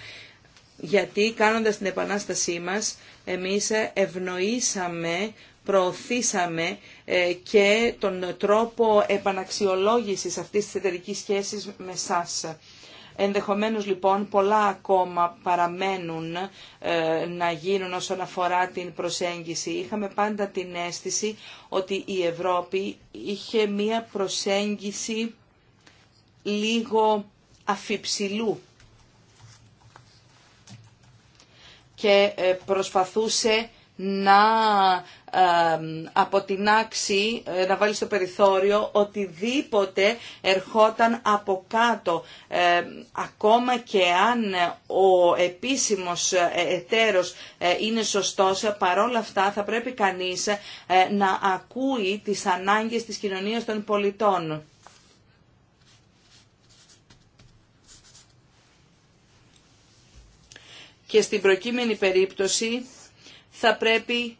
[SPEAKER 3] Γιατί κάνοντας την επανάστασή μας εμείς ε, ευνοήσαμε προωθήσαμε και τον τρόπο επαναξιολόγησης αυτής της εταιρικής σχέσης με σας. Ενδεχομένως λοιπόν πολλά ακόμα παραμένουν ε, να γίνουν όσον αφορά την προσέγγιση. Είχαμε πάντα την αίσθηση ότι η Ευρώπη είχε μία προσέγγιση λίγο αφιψηλού και ε, προσπαθούσε να αποτινάξει, ε, να βάλει στο περιθώριο οτιδήποτε ερχόταν από κάτω. Ακόμα και αν ο επίσημος ε, εταίρος ε, είναι σωστός, παρόλα αυτά θα πρέπει κανείς να ακούει τις ανάγκες της κοινωνίας των πολιτών. Και στην προκείμενη περίπτωση θα πρέπει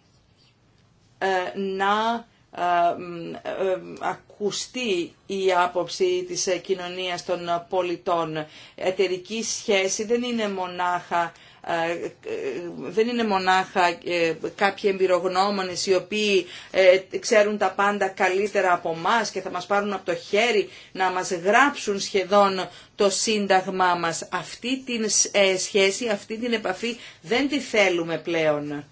[SPEAKER 3] ε, να ε, ε, ακουστεί η άποψη της κοινωνίας των πολιτών. Εταιρική σχέση δεν είναι μονάχα δεν είναι μονάχα κάποιοι εμπειρογνώμονες οι οποίοι ξέρουν τα πάντα καλύτερα από μας και θα μας πάρουν από το χέρι να μας γράψουν σχεδόν το σύνταγμά μας. Αυτή την σχέση, αυτή την επαφή δεν τη θέλουμε πλέον.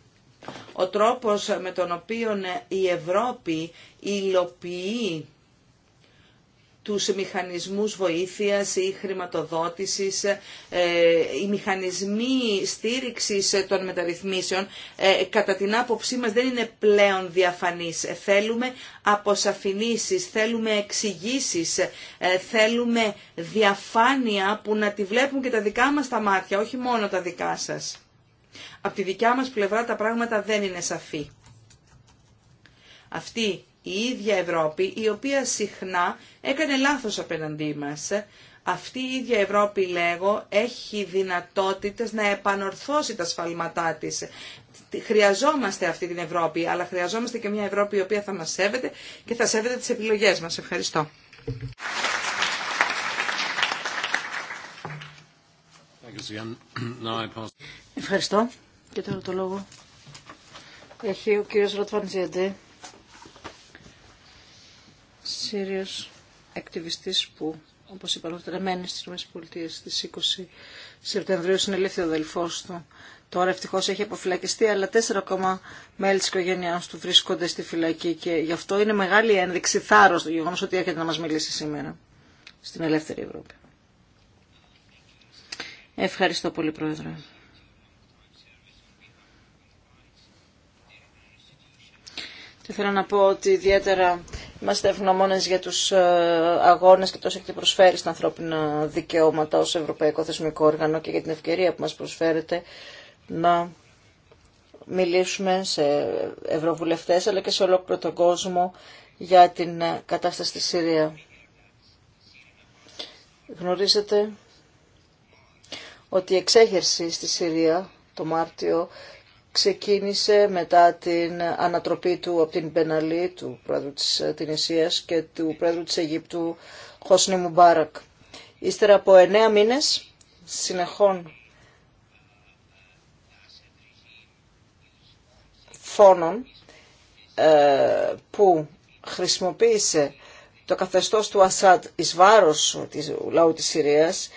[SPEAKER 3] Ο τρόπος με τον οποίο ε, η Ευρώπη υλοποιεί τους μηχανισμούς βοήθειας ή χρηματοδότησης, ε, οι μηχανισμοί στήριξης των μεταρρυθμίσεων, ε, κατά την άποψή μας δεν είναι πλέον διαφανής. Θέλουμε αποσαφηνήσεις, θέλουμε εξηγήσει, θέλουμε διαφάνεια που να τη βλέπουν και τα δικά μας τα μάτια, όχι μόνο τα δικά σας. Από τη δικιά μας πλευρά τα πράγματα δεν είναι σαφή. Αυτή η ίδια Ευρώπη, η οποία συχνά έκανε λάθος απέναντί μας, αυτή η ίδια Ευρώπη, λέγω, έχει δυνατότητες να επανορθώσει τα σφαλματά της. Χρειαζόμαστε αυτή την Ευρώπη, αλλά χρειαζόμαστε και μια Ευρώπη η οποία θα μας σέβεται και θα σέβεται τις επιλογές μας. Ευχαριστώ.
[SPEAKER 2] Ευχαριστώ. Και τώρα το λόγο έχει ο κύριος Ροτφαντζιεντή, Σύριος ακτιβιστής που, όπως είπα, μένει στις ΗΠΑ στις 20 Σεπτεμβρίου συνελήφθη ο αδελφός του. Τώρα ευτυχώς έχει αποφυλακιστεί, αλλά τέσσερα ακόμα μέλη της οικογένειάς του βρίσκονται στη φυλακή και γι' αυτό είναι μεγάλη ένδειξη θάρρος το γεγονός ότι έρχεται να μας μιλήσει σήμερα στην ελεύθερη Ευρώπη. Ευχαριστώ πολύ, Πρόεδρε. Και θέλω να πω ότι ιδιαίτερα είμαστε ευγνωμόνε για του ε, αγώνε και τόσο έχετε προσφέρει στα ανθρώπινα δικαιώματα ω Ευρωπαϊκό Θεσμικό Όργανο και για την ευκαιρία που μα προσφέρετε να μιλήσουμε σε ευρωβουλευτές αλλά και σε ολόκληρο τον κόσμο για την κατάσταση στη Συρία. Γνωρίζετε ότι η εξέγερση στη Συρία το Μάρτιο ξεκίνησε μετά την ανατροπή του από την Πεναλή του πρόεδρου της ε, Τινησίας και του πρόεδρου της Αιγύπτου Χωσνή Μουμπάρακ. Ύστερα από εννέα μήνες συνεχών φόνων ε, που χρησιμοποίησε το καθεστώς του Ασάντ εις βάρος του λαού της Συρίας,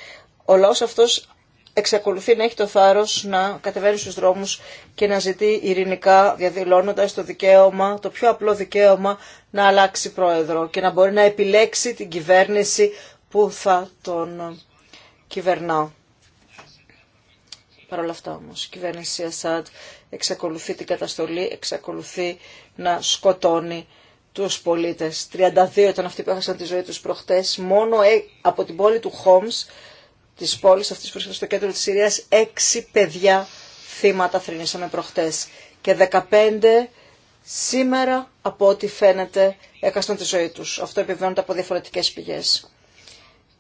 [SPEAKER 2] ο λαός αυτός εξακολουθεί να έχει το θάρρος να κατεβαίνει στους δρόμους και να ζητεί ειρηνικά διαδηλώνοντας το δικαίωμα, το πιο απλό δικαίωμα να αλλάξει πρόεδρο και να μπορεί να επιλέξει την κυβέρνηση που θα τον κυβερνά. Παρ' όλα αυτά όμως η κυβέρνηση Ασάντ εξακολουθεί την καταστολή, εξακολουθεί να σκοτώνει τους πολίτες. 32 ήταν αυτοί που έχασαν τη ζωή τους προχτές, μόνο ε- από την πόλη του Χόμς Τη πόλη αυτή που βρίσκεται στο κέντρο τη, Συρία, έξι παιδιά θύματα θρυνήσαμε προχτέ. και 15 σήμερα από ό,τι φαίνεται έκαστον τη ζωή του. Αυτό επιβεβαιώνεται από διαφορετικέ πηγέ.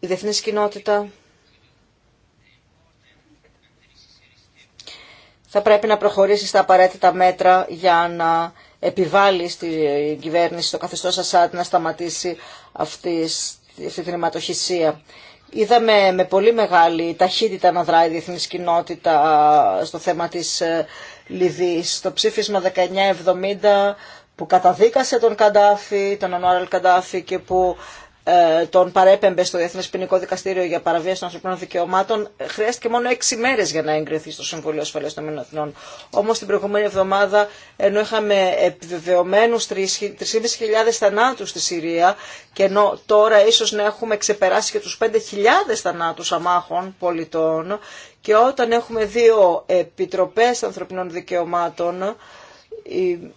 [SPEAKER 2] Η διεθνή κοινότητα θα πρέπει να προχωρήσει στα απαραίτητα μέτρα για να επιβάλλει στην κυβέρνηση, το καθεστώς Ασάτ, να σταματήσει αυτή, αυτή την αιματοχυσία. Είδαμε με πολύ μεγάλη ταχύτητα να δράει η διεθνής κοινότητα στο θέμα της ε, Λιβύης. Το ψήφισμα 1970 που καταδίκασε τον Καντάφη, τον Ανουάρελ Καντάφη και που ε, τον παρέπεμπε στο Διεθνές Ποινικό Δικαστήριο για παραβίαση των ανθρωπίνων δικαιωμάτων, χρειάστηκε μόνο έξι μέρες για να εγκριθεί στο Συμβούλιο Ασφαλείας των Εθνών. Όμως την προηγούμενη εβδομάδα, ενώ είχαμε επιβεβαιωμένους 3.500 θανάτους στη Συρία και ενώ τώρα ίσως να έχουμε ξεπεράσει και τους 5.000 θανάτους αμάχων πολιτών και όταν έχουμε δύο επιτροπές ανθρωπινών δικαιωμάτων,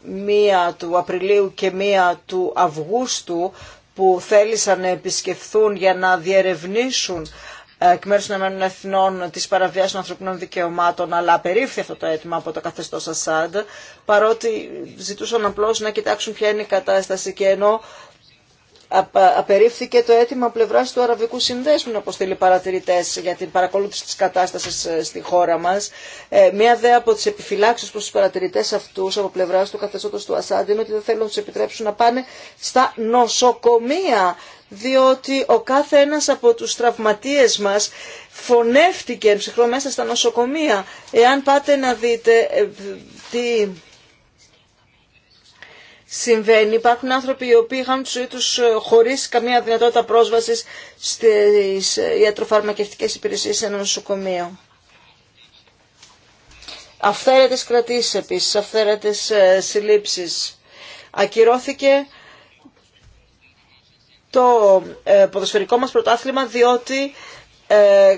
[SPEAKER 2] μία του Απριλίου και μία του Αυγούστου που θέλησαν να επισκεφθούν για να διερευνήσουν ε, εκ μέρους των Εθνών της παραβίαση των ανθρωπινών δικαιωμάτων, αλλά απερίφθη αυτό το αίτημα από το καθεστώς Ασάντ, παρότι ζητούσαν απλώς να κοιτάξουν ποια είναι η κατάσταση και ενώ απερίφθηκε το αίτημα πλευρά του Αραβικού Συνδέσμου να αποστείλει παρατηρητέ για την παρακολούθηση τη κατάσταση ε, στη χώρα μα. Ε, μία δε από τι επιφυλάξει προ του παρατηρητέ αυτού από πλευρά του καθεστώτο του Ασάντ είναι ότι δεν θέλουν να του επιτρέψουν να πάνε στα νοσοκομεία διότι ο κάθε ένα από του τραυματίες μα φωνεύτηκε ψυχρό μέσα στα νοσοκομεία. Εάν πάτε να δείτε ε, τι συμβαίνει. Υπάρχουν άνθρωποι οι οποίοι είχαν τη ζωή τους ε, χωρίς καμία δυνατότητα πρόσβασης στις ε, ιατροφαρμακευτικές υπηρεσίες σε ένα νοσοκομείο. Αυθαίρετες κρατήσεις επίσης, αυθαίρετες ε, συλλήψεις. Ακυρώθηκε το ποδοσφαιρικό μας πρωτάθλημα διότι ε,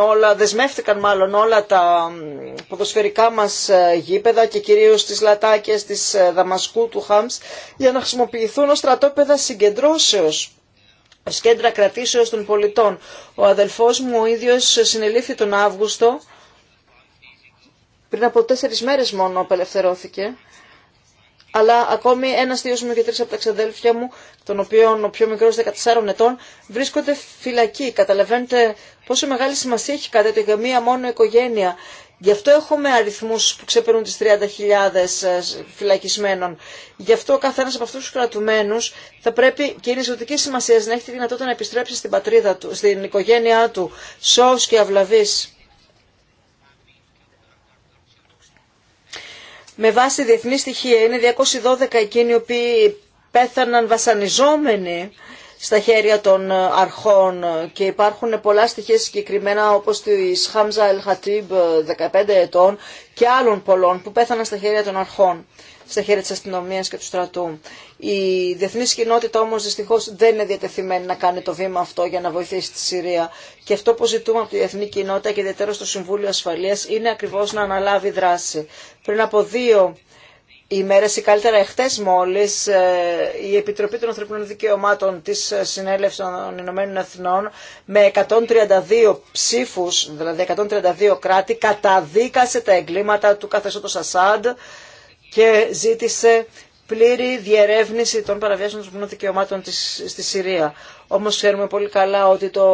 [SPEAKER 2] όλα, δεσμεύτηκαν μάλλον όλα τα ποδοσφαιρικά μας ε, γήπεδα και κυρίως τις λατάκες της ε, Δαμασκού του Χάμς για να χρησιμοποιηθούν ως στρατόπεδα συγκεντρώσεως ως κέντρα κρατήσεως των πολιτών. Ο αδελφός μου ο ίδιος συνελήφθη τον Αύγουστο, πριν από τέσσερις μέρες μόνο απελευθερώθηκε αλλά ακόμη ένα, δύο μου και τρει από τα ξαδέλφια μου, τον οποίων ο πιο μικρό 14 ετών, βρίσκονται φυλακοί. Καταλαβαίνετε πόσο μεγάλη σημασία έχει κάτι τέτοιο για μία μόνο οικογένεια. Γι' αυτό έχουμε αριθμού που ξεπερνούν τις 30.000 ε, φυλακισμένων. Γι' αυτό ο καθένας από αυτού του κρατουμένου θα πρέπει και είναι ζωτική σημασία να έχει τη δυνατότητα να επιστρέψει στην πατρίδα του, στην οικογένειά του, σώος και αυλαβή. με βάση διεθνή στοιχεία. Είναι 212 εκείνοι οι οποίοι πέθαναν βασανιζόμενοι στα χέρια των ε, αρχών και υπάρχουν πολλά στοιχεία συγκεκριμένα όπως τη Χάμζα Ελ Χατίμπ 15 ε, ετών και άλλων πολλών που πέθαναν στα χέρια των αρχών στα χέρια της αστυνομίας και του στρατού. Η διεθνή κοινότητα όμως δυστυχώς δεν είναι διατεθειμένη να κάνει το βήμα αυτό για να βοηθήσει τη Συρία. Και αυτό που ζητούμε από τη διεθνή κοινότητα και ιδιαίτερα στο Συμβούλιο Ασφαλείας είναι ακριβώς να αναλάβει δράση. Πριν από δύο ημέρες ή καλύτερα εχθές μόλις ε, η Επιτροπή των Ανθρωπίνων Δικαιωμάτων τη ε, συνέλευση των Ηνωμένων Εθνών με 132 ψήφου, δηλαδή 132 κράτη, καταδίκασε τα εγκλήματα του καθεστώτο Ασάντ και ζήτησε πλήρη διερεύνηση των παραβιάσεων των δικαιωμάτων της, στη Συρία. Όμως ξέρουμε πολύ καλά ότι το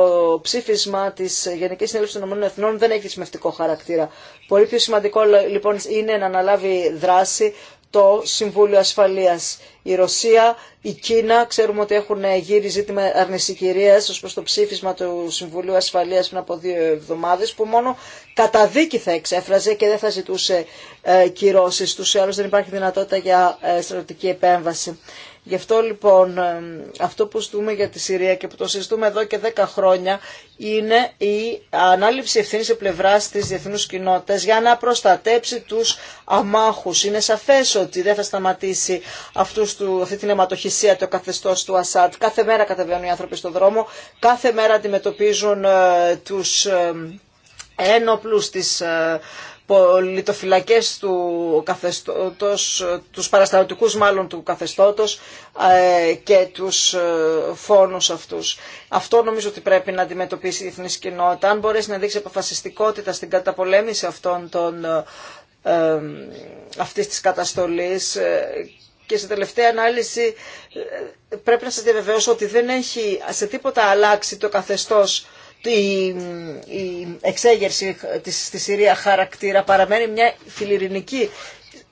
[SPEAKER 2] ψήφισμα τη Γενική Συνέλευσης των Ηνωμένων Εθνών δεν έχει δεσμευτικό χαρακτήρα. Πολύ πιο σημαντικό λοιπόν είναι να αναλάβει δράση το Συμβούλιο Ασφαλείας. Η Ρωσία, η Κίνα, ξέρουμε ότι έχουν γύρει ζήτημα αρνησικυρίας ως προς το ψήφισμα του Συμβουλίου Ασφαλείας πριν από δύο εβδομάδες που μόνο κατά δίκη θα εξέφραζε και δεν θα ζητούσε ε, κυρώσεις τους. Άλλως δεν υπάρχει δυνατότητα για ε, στρατιωτική επέμβαση. Γι' αυτό λοιπόν ε, αυτό που στούμε για τη Συρία και που το συζητούμε εδώ και 10 χρόνια είναι η ανάληψη ευθύνη σε πλευρά τη διεθνού κοινότητα για να προστατέψει του αμάχου. Είναι σαφέ ότι δεν θα σταματήσει αυτούς του, αυτή την αιματοχυσία το καθεστώ του Ασάντ. Κάθε μέρα κατεβαίνουν οι άνθρωποι στον δρόμο, κάθε μέρα αντιμετωπίζουν ε, του ε, ένοπλους, της πολιτοφυλακές του καθεστώτος, τους παραστατικούς μάλλον του καθεστώτος ε, και τους ε, φόνους αυτούς. Αυτό νομίζω ότι πρέπει να αντιμετωπίσει η Εθνική κοινότητα. Αν μπορέσει να δείξει αποφασιστικότητα στην καταπολέμηση αυτών των, ε, αυτής της καταστολής και σε τελευταία ανάλυση πρέπει να σας διαβεβαιώσω ότι δεν έχει σε τίποτα αλλάξει το καθεστώς η εξέγερση της, στη Συρία χαρακτήρα παραμένει μια φιλιρινική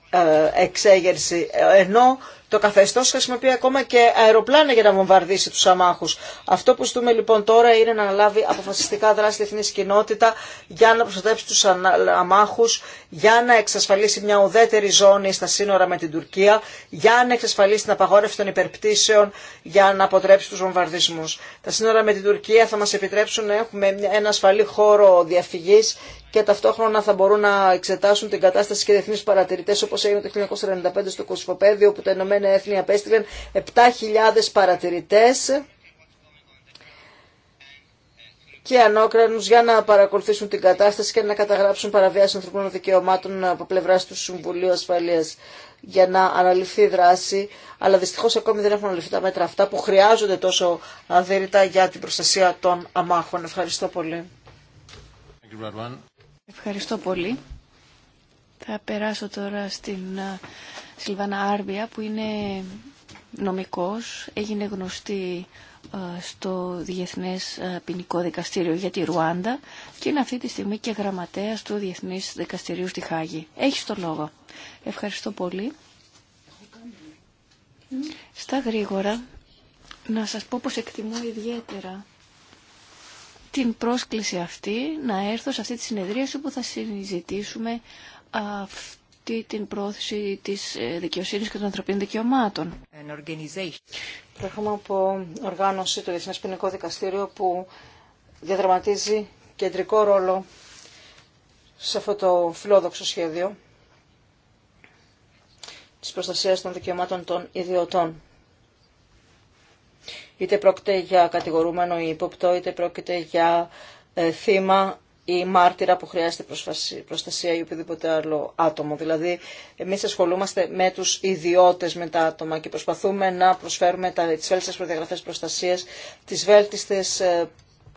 [SPEAKER 2] ε, εξέγερση ενώ το καθεστώ χρησιμοποιεί ακόμα και αεροπλάνα για να βομβαρδίσει του Αμάχου. Αυτό που ζητούμε λοιπόν τώρα είναι να λάβει αποφασιστικά δράση εθνή κοινότητα για να προστατεύσει του Αμάχου, για να εξασφαλίσει μια ουδέτερη ζώνη στα σύνορα με την Τουρκία, για να εξασφαλίσει την απαγόρευση των υπερπτήσεων, για να αποτρέψει του βομβαρδισμού. Τα σύνορα με την Τουρκία θα μα επιτρέψουν να έχουμε ένα ασφαλή χώρο διαφυγής και ταυτόχρονα θα μπορούν να εξετάσουν την κατάσταση και διεθνεί παρατηρητέ όπω έγινε το 1995 στο Κοσμοπέδιο όπου τα Ηνωμένα Έθνη απέστειλαν 7.000 παρατηρητέ και ανώκρανου για να παρακολουθήσουν την κατάσταση και να καταγράψουν παραβιάσει ανθρωπίνων δικαιωμάτων από πλευρά του Συμβουλίου Ασφαλεία για να αναλυφθεί δράση. Αλλά δυστυχώ ακόμη δεν έχουν αναλυθεί τα μέτρα αυτά που χρειάζονται τόσο αδέρυτα για την προστασία των αμάχων. Ευχαριστώ πολύ.
[SPEAKER 4] Ευχαριστώ πολύ. Θα περάσω τώρα στην ε, Σιλβάνα Άρβια που είναι νομικός, έγινε γνωστή ε, στο Διεθνές ε, Ποινικό Δικαστήριο για τη Ρουάντα και είναι αυτή τη στιγμή και γραμματέας του Διεθνής Δικαστηρίου στη Χάγη. Έχει το λόγο. Ευχαριστώ πολύ. Στα γρήγορα να σας πω πως εκτιμώ ιδιαίτερα την πρόσκληση αυτή να έρθω σε αυτή τη συνεδρία όπου θα συζητήσουμε αυτή την πρόθεση της ε, δικαιοσύνης και των ανθρωπίνων δικαιωμάτων.
[SPEAKER 2] Προέρχομαι από οργάνωση του Διεθνές Ποινικού Δικαστήριο που διαδραματίζει κεντρικό ρόλο σε αυτό το φιλόδοξο σχέδιο της προστασίας των δικαιωμάτων των ιδιωτών είτε πρόκειται για κατηγορούμενο ή ύποπτο, είτε πρόκειται για ε, θύμα ή μάρτυρα που χρειάζεται προστασία ή οποιοδήποτε άλλο άτομο. Δηλαδή, εμείς ασχολούμαστε με τους ιδιώτες, με τα άτομα και προσπαθούμε να προσφέρουμε τα, τις βέλτιστες προδιαγραφές προστασίας, τις βέλτιστες ε,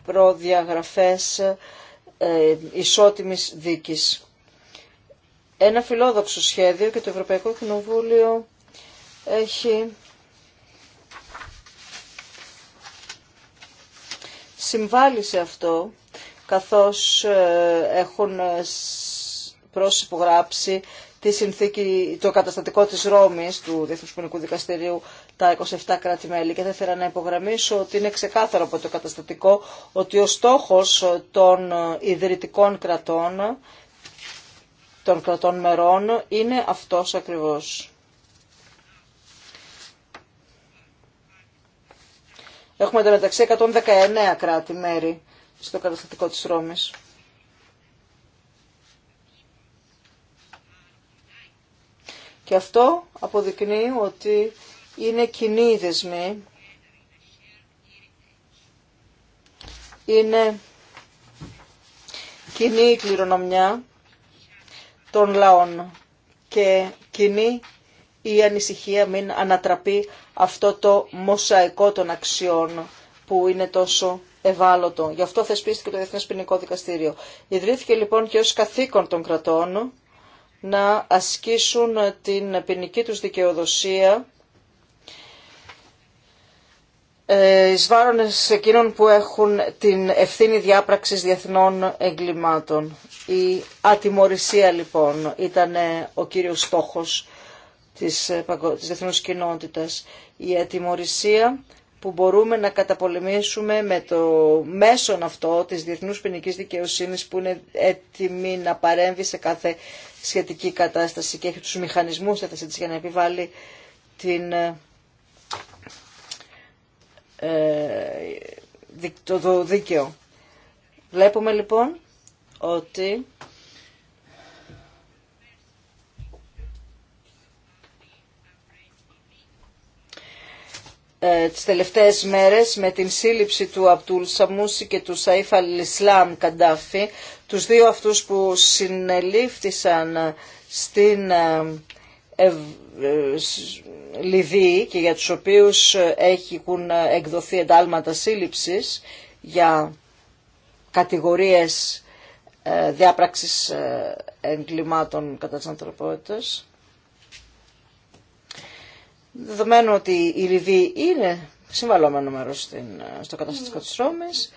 [SPEAKER 2] προδιαγραφές ε, ισότιμης δίκης. Ένα φιλόδοξο σχέδιο και το Ευρωπαϊκό Κοινοβούλιο έχει συμβάλλει σε αυτό, καθώς ε, έχουν ε, προσυπογράψει τη συνθήκη, το καταστατικό της Ρώμης του Διεθνούς Ποινικού Δικαστηρίου τα 27 κράτη-μέλη και θα ήθελα να υπογραμμίσω ότι είναι ξεκάθαρο από το καταστατικό ότι ο στόχος ε, των ιδρυτικών κρατών, των κρατών μερών, είναι αυτός ακριβώς. Έχουμε μεταξύ 119 κράτη-μέρη στο καταστατικό της Ρώμης. Και αυτό αποδεικνύει ότι είναι κοινή οι δεσμοί, είναι κοινή η κληρονομιά των λαών και κοινή η ανησυχία μην ανατραπεί αυτό το μοσαϊκό των αξιών που είναι τόσο ευάλωτο. Γι' αυτό θεσπίστηκε το Διεθνές Ποινικό Δικαστήριο. Ιδρύθηκε λοιπόν και ως καθήκον των κρατών να ασκήσουν την ποινική τους δικαιοδοσία ε, εις βάρονες εκείνων που έχουν την ευθύνη διάπραξης διεθνών εγκλημάτων. Η ατιμορρησία λοιπόν ήταν ο κύριος στόχος της, ε, της διεθνούς κοινότητας. Η ατιμορρησία που μπορούμε να καταπολεμήσουμε με το μέσον αυτό της διεθνούς ποινική δικαιοσύνης που είναι έτοιμη να παρέμβει σε κάθε σχετική κατάσταση και έχει τους μηχανισμούς έθεση για να επιβάλλει την, ε, ε, το δίκαιο. Βλέπουμε λοιπόν ότι Ε, τις τελευταίες μέρες με την σύλληψη του Απτούλ Σαμούση και του Σαΐφ Αλισλάμ Καντάφη, τους δύο αυτούς που συνελήφθησαν στην ε, ε, Λιβύη και για τους οποίους έχουν εκδοθεί εντάλματα σύλληψης για κατηγορίες διάπραξης εγκλημάτων κατά της ανθρωπότητας. Δεδομένου ότι η Λιβύη είναι συμβαλόμενο μέρο στο καταστατικό mm. της Ρώμης,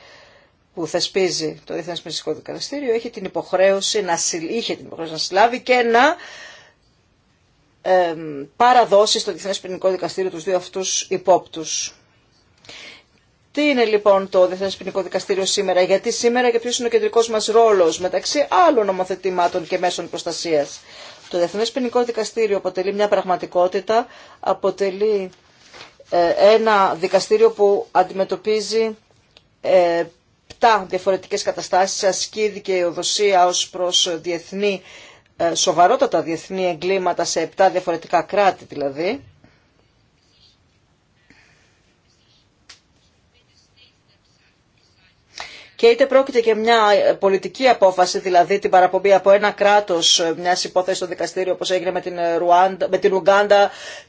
[SPEAKER 2] που θεσπίζει το Διεθνές Ποινικό Δικαστήριο, είχε την υποχρέωση να, είχε την υποχρέωση να συλλάβει και να ε, παραδώσει στο Διεθνές Ποινικό Δικαστήριο τους δύο αυτούς υπόπτους. Τι είναι λοιπόν το Διεθνέ Ποινικό Δικαστήριο σήμερα, γιατί σήμερα και ποιο είναι ο κεντρικό μα ρόλο μεταξύ άλλων νομοθετημάτων και μέσων προστασία. Το Διεθνές Ποινικό Δικαστήριο αποτελεί μια πραγματικότητα, αποτελεί ε, ένα δικαστήριο που αντιμετωπίζει ε, πτά διαφορετικές καταστάσεις, ασκεί δικαιοδοσία ως προς διεθνή, ε, σοβαρότατα διεθνή εγκλήματα σε 7 διαφορετικά κράτη δηλαδή. και είτε πρόκειται και μια πολιτική απόφαση, δηλαδή την παραπομπή από ένα κράτο ε, μια υπόθεση στο δικαστήριο, όπω έγινε με την, ε, Ρουάντα, με την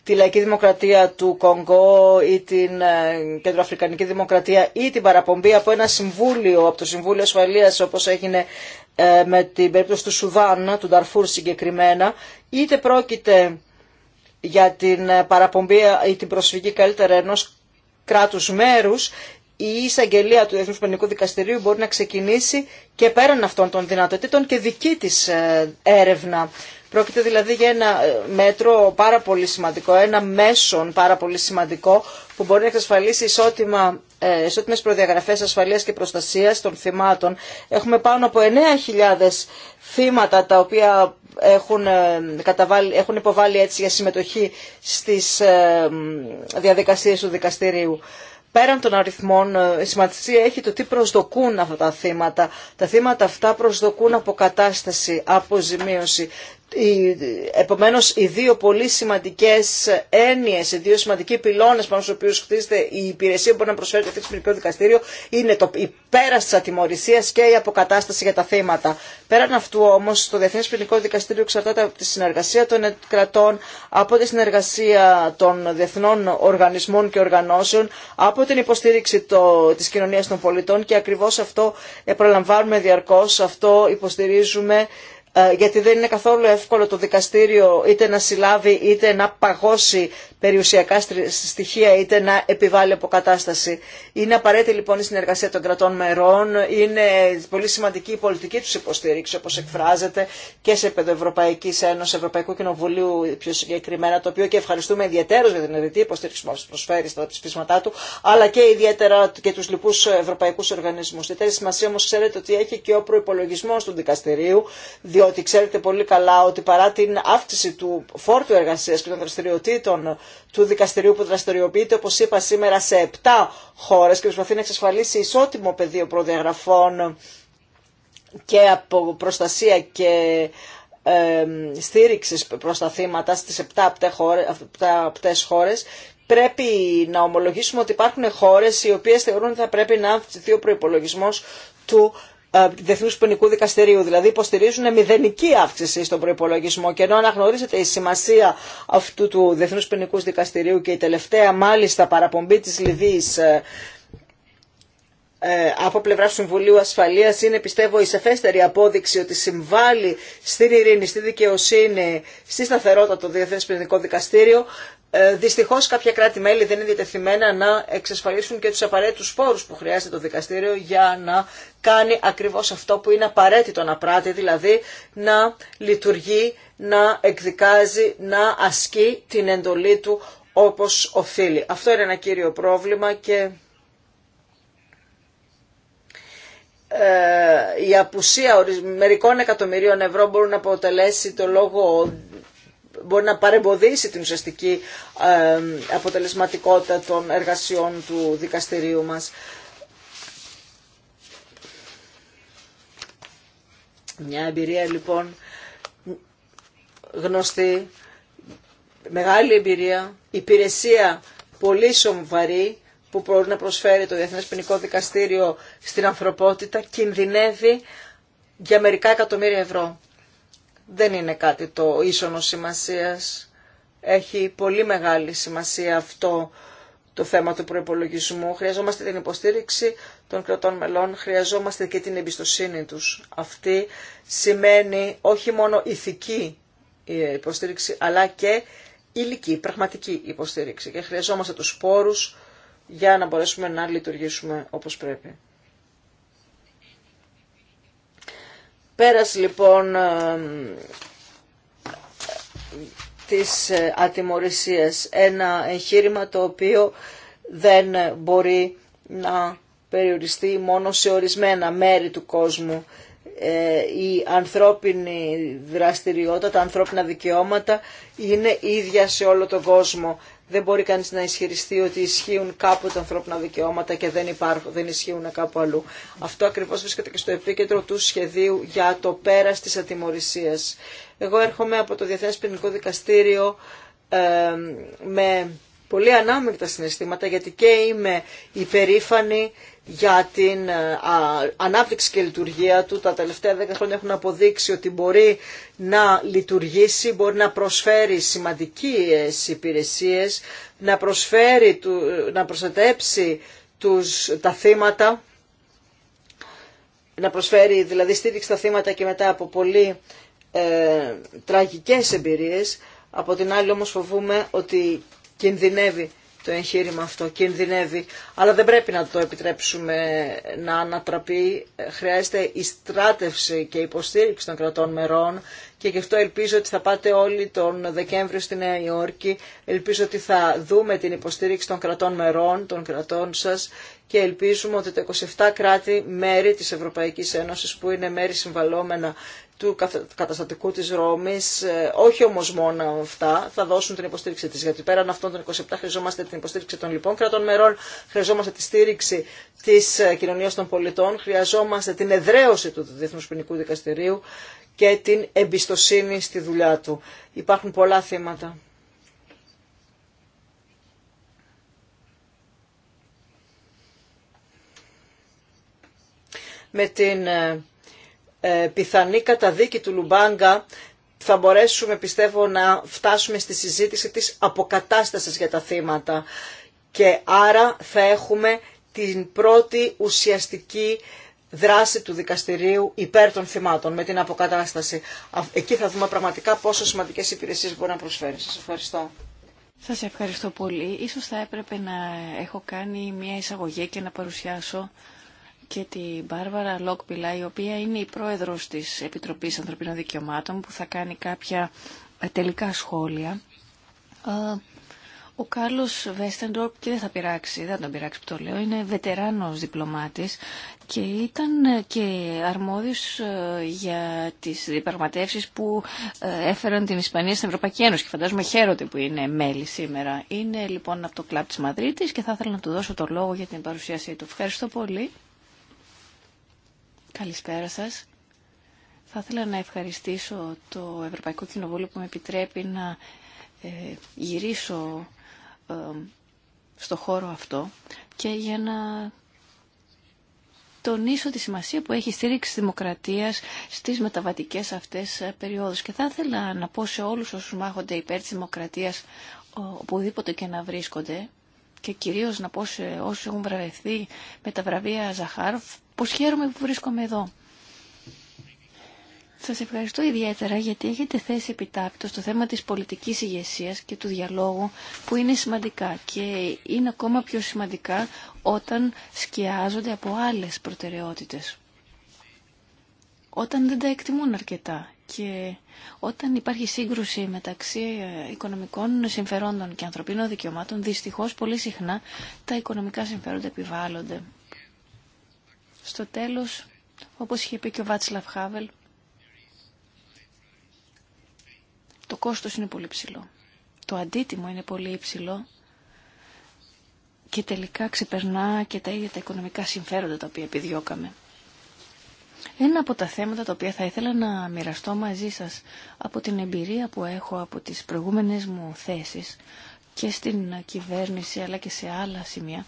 [SPEAKER 2] τη Λαϊκή Δημοκρατία του Κονγκό ή την ε, Κεντροαφρικανική Δημοκρατία, ή την παραπομπή από ένα συμβούλιο, από το Συμβούλιο Ασφαλεία, όπω έγινε με την περίπτωση του Σουδάν, του Νταρφούρ συγκεκριμένα, είτε πρόκειται για την παραπομπή ή την προσφυγή καλύτερα ενό κράτους μέρους η εισαγγελία του Εθνικού Ποινικού Δικαστηρίου μπορεί να ξεκινήσει και πέραν αυτών των δυνατοτήτων και δική τη ε, έρευνα. Πρόκειται δηλαδή για ένα ε, μέτρο πάρα πολύ σημαντικό, ένα μέσον πάρα πολύ σημαντικό που μπορεί να εξασφαλίσει ισότιμα, ε, ισότιμες προδιαγραφές ασφαλείας και προστασίας των θυμάτων. Έχουμε πάνω από 9.000 θύματα τα οποία έχουν, ε, έχουν υποβάλει έτσι για συμμετοχή στις διαδικασίες του δικαστηρίου. Πέραν των αριθμών, ε, η σημασία έχει το τι προσδοκούν αυτά τα θύματα. Τα θύματα αυτά προσδοκούν αποκατάσταση, αποζημίωση. Επομένω, οι δύο πολύ σημαντικέ έννοιε, οι δύο σημαντικοί πυλώνες πάνω στους οποίου χτίζεται η υπηρεσία που μπορεί να προσφέρει το Εθνικό Δικαστήριο είναι το, η πέραση της και η αποκατάσταση για τα θύματα. Πέραν αυτού όμω, το Διεθνέ Ποινικό Δικαστήριο εξαρτάται από τη συνεργασία των ε, κρατών, από τη συνεργασία των διεθνών οργανισμών και οργανώσεων, από την υποστήριξη τη της κοινωνίας των πολιτών και ακριβώ αυτό ε, προλαμβάνουμε διαρκώ αυτό υποστηρίζουμε ε, γιατί δεν είναι καθόλου εύκολο το δικαστήριο είτε να συλλάβει είτε να παγώσει περιουσιακά στοιχεία είτε να επιβάλλει αποκατάσταση. Είναι απαραίτητη λοιπόν η συνεργασία των κρατών μερών, είναι πολύ σημαντική η πολιτική τους υποστήριξη όπως εκφράζεται και σε επίπεδο Ευρωπαϊκής Ένωσης, Ευρωπαϊκού Κοινοβουλίου πιο συγκεκριμένα, το οποίο και ευχαριστούμε ιδιαίτερω για την ερετή υποστήριξη που προσφέρει στα ψηφίσματά του, αλλά και ιδιαίτερα και τους λοιπούς ευρωπαϊκούς οργανισμούς. Η σημασία όμως ξέρετε ότι έχει και ο προπολογισμό του δικαστηρίου, διότι ξέρετε πολύ καλά ότι παρά την αύξηση του φόρτου εργασίας και των δραστηριοτήτων του δικαστηρίου που δραστηριοποιείται, όπως είπα σήμερα, σε 7 χώρες και προσπαθεί να εξασφαλίσει ισότιμο πεδίο προδιαγραφών και από προστασία και ε, στήριξη προς τα θύματα στις 7 αυτές χώρες πρέπει να ομολογήσουμε ότι υπάρχουν χώρες οι οποίες θεωρούν ότι θα πρέπει να αυξηθεί ο προϋπολογισμός του ε, Διεθνού Ποινικού Δικαστηρίου. Δηλαδή υποστηρίζουν μηδενική αύξηση στον προπολογισμό. Και ενώ αναγνωρίζεται η σημασία αυτού του Διεθνού Ποινικού Δικαστηρίου και η τελευταία μάλιστα παραπομπή τη Λιβύη ε, ε, από πλευρά του Συμβουλίου Ασφαλείας είναι πιστεύω η σεφέστερη απόδειξη ότι συμβάλλει στην ειρήνη, στη δικαιοσύνη, στη σταθερότητα το Διεθνέ Ποινικό Δικαστήριο ε, Δυστυχώ κάποια κράτη-μέλη δεν είναι διατεθειμένα να εξασφαλίσουν και του απαραίτητου πόρου που χρειάζεται το δικαστήριο για να κάνει ακριβώ αυτό που είναι απαραίτητο να πράττει, δηλαδή να λειτουργεί, να εκδικάζει, να ασκεί την εντολή του όπω οφείλει. Αυτό είναι ένα κύριο πρόβλημα και ε, η απουσία μερικών εκατομμυρίων ευρώ μπορούν να αποτελέσει το λόγο μπορεί να παρεμποδίσει την ουσιαστική αποτελεσματικότητα των εργασιών του δικαστηρίου μας. Μια εμπειρία λοιπόν γνωστή, μεγάλη εμπειρία, υπηρεσία πολύ σοβαρή που μπορεί να προσφέρει το Διεθνές Ποινικό Δικαστήριο στην ανθρωπότητα κινδυνεύει για μερικά εκατομμύρια ευρώ δεν είναι κάτι το ίσονο σημασίας. Έχει πολύ μεγάλη σημασία αυτό το θέμα του προϋπολογισμού. Χρειαζόμαστε την υποστήριξη των κρατών μελών, χρειαζόμαστε και την εμπιστοσύνη τους. Αυτή σημαίνει όχι μόνο ηθική ε, υποστήριξη, αλλά και υλική, πραγματική υποστήριξη. Και χρειαζόμαστε τους πόρους για να μπορέσουμε να λειτουργήσουμε όπως πρέπει. Πέρας λοιπόν ε, της ε, ατιμορρησίας ένα εγχείρημα το οποίο δεν μπορεί να περιοριστεί μόνο σε ορισμένα μέρη του κόσμου. Ε, η ανθρώπινη δραστηριότητα, τα ανθρώπινα δικαιώματα είναι ίδια σε όλο τον κόσμο δεν μπορεί κανείς να ισχυριστεί ότι ισχύουν κάπου τα ανθρώπινα δικαιώματα και δεν, υπάρχουν, δεν ισχύουν κάπου αλλού. Αυτό ακριβώς βρίσκεται και στο επίκεντρο του σχεδίου για το πέρας της ατιμορρησίας. Εγώ έρχομαι από το Διεθνές Ποινικό Δικαστήριο ε, με πολύ ανάμεικτα συναισθήματα γιατί και είμαι υπερήφανη για την ε, ανάπτυξη και λειτουργία του. Τα τελευταία δέκα χρόνια έχουν αποδείξει ότι μπορεί να λειτουργήσει, μπορεί να προσφέρει σημαντικές υπηρεσίες, να, προσφέρει, να προστατέψει τους, τα θύματα, να προσφέρει δηλαδή στήριξη στα θύματα και μετά από πολύ ε, τραγικές εμπειρίες. Από την άλλη όμως φοβούμε ότι κινδυνεύει το εγχείρημα αυτό κινδυνεύει, αλλά δεν πρέπει να το επιτρέψουμε να ανατραπεί. Χρειάζεται η στράτευση και υποστήριξη των κρατών μερών και γι' αυτό ελπίζω ότι θα πάτε όλοι τον Δεκέμβριο στη Νέα Υόρκη. Ελπίζω ότι θα δούμε την υποστήριξη των κρατών μερών, των κρατών σας και ελπίζουμε ότι τα 27 κράτη μέρη της Ευρωπαϊκής Ένωσης που είναι μέρη συμβαλόμενα του καταστατικού της Ρώμης, ε, όχι όμως μόνο αυτά, θα δώσουν την υποστήριξη της. Γιατί πέραν αυτών των 27 χρειαζόμαστε την υποστήριξη των λοιπών κρατών μερών, χρειαζόμαστε τη στήριξη της ε, κοινωνίας των πολιτών, χρειαζόμαστε την εδραίωση του Διεθνούς Ποινικού Δικαστηρίου και την εμπιστοσύνη στη δουλειά του. Υπάρχουν πολλά θέματα. Με την ε, ε, πιθανή καταδίκη του Λουμπάγκα θα μπορέσουμε πιστεύω να φτάσουμε στη συζήτηση της αποκατάστασης για τα θύματα και άρα θα έχουμε την πρώτη ουσιαστική δράση του δικαστηρίου υπέρ των θυμάτων με την αποκατάσταση. Εκεί θα δούμε πραγματικά πόσο σημαντικές υπηρεσίες μπορεί να προσφέρει. Σας ευχαριστώ.
[SPEAKER 4] Σας ευχαριστώ πολύ. Ίσως θα έπρεπε να έχω κάνει μια εισαγωγή και να παρουσιάσω και την Μπάρβαρα Λόκπιλα, η οποία είναι η πρόεδρος της Επιτροπής Ανθρωπίνων Δικαιωμάτων, που θα κάνει κάποια ε, τελικά σχόλια. Ο Κάρλος Βέστεντορπ, και δεν θα πειράξει, δεν τον πειράξει που το λέω, είναι βετεράνος διπλωμάτης και ήταν ε, και αρμόδιος ε, για τις διαπραγματεύσεις που έφεραν την Ισπανία στην Ευρωπαϊκή Ένωση και φαντάζομαι χαίρονται που είναι μέλη σήμερα. Είναι λοιπόν από το κλαπ της Μαδρίτης και θα ήθελα να του δώσω το λόγο για την παρουσίασή του. Ευχαριστώ πολύ. Καλησπέρα σας. Θα ήθελα να ευχαριστήσω το Ευρωπαϊκό Κοινοβούλιο που με επιτρέπει να ε, γυρίσω ε, στο χώρο αυτό και για να τονίσω τη σημασία που έχει η στήριξη δημοκρατίας στις μεταβατικές αυτές ε, περιόδους. Και θα ήθελα να πω σε όλους όσους μάχονται υπέρ της δημοκρατίας, οπουδήποτε και να βρίσκονται, και κυρίως να πω σε όσους έχουν βραβευθεί με τα βραβεία Ζαχάρ, πως χαίρομαι που βρίσκομαι εδώ. Σας ευχαριστώ ιδιαίτερα γιατί έχετε θέσει επιτάπητο στο θέμα της πολιτικής ηγεσία και του διαλόγου που είναι σημαντικά και είναι ακόμα πιο σημαντικά όταν σκιάζονται από άλλες προτεραιότητες. Όταν δεν τα εκτιμούν αρκετά και όταν υπάρχει σύγκρουση μεταξύ ε, οικονομικών συμφερόντων και ανθρωπίνων δικαιωμάτων, δυστυχώς πολύ συχνά τα οικονομικά συμφέροντα επιβάλλονται. Στο τέλος, όπως είχε πει και ο Βάτσλαβ Χάβελ, το κόστος είναι πολύ ψηλό. Το αντίτιμο είναι πολύ υψηλό και τελικά ξεπερνά και τα ίδια τα οικονομικά συμφέροντα τα οποία επιδιώκαμε. Ένα από τα θέματα τα οποία θα ήθελα να μοιραστώ μαζί σας από την εμπειρία που έχω από τις προηγούμενες μου θέσεις και στην κυβέρνηση αλλά και σε άλλα σημεία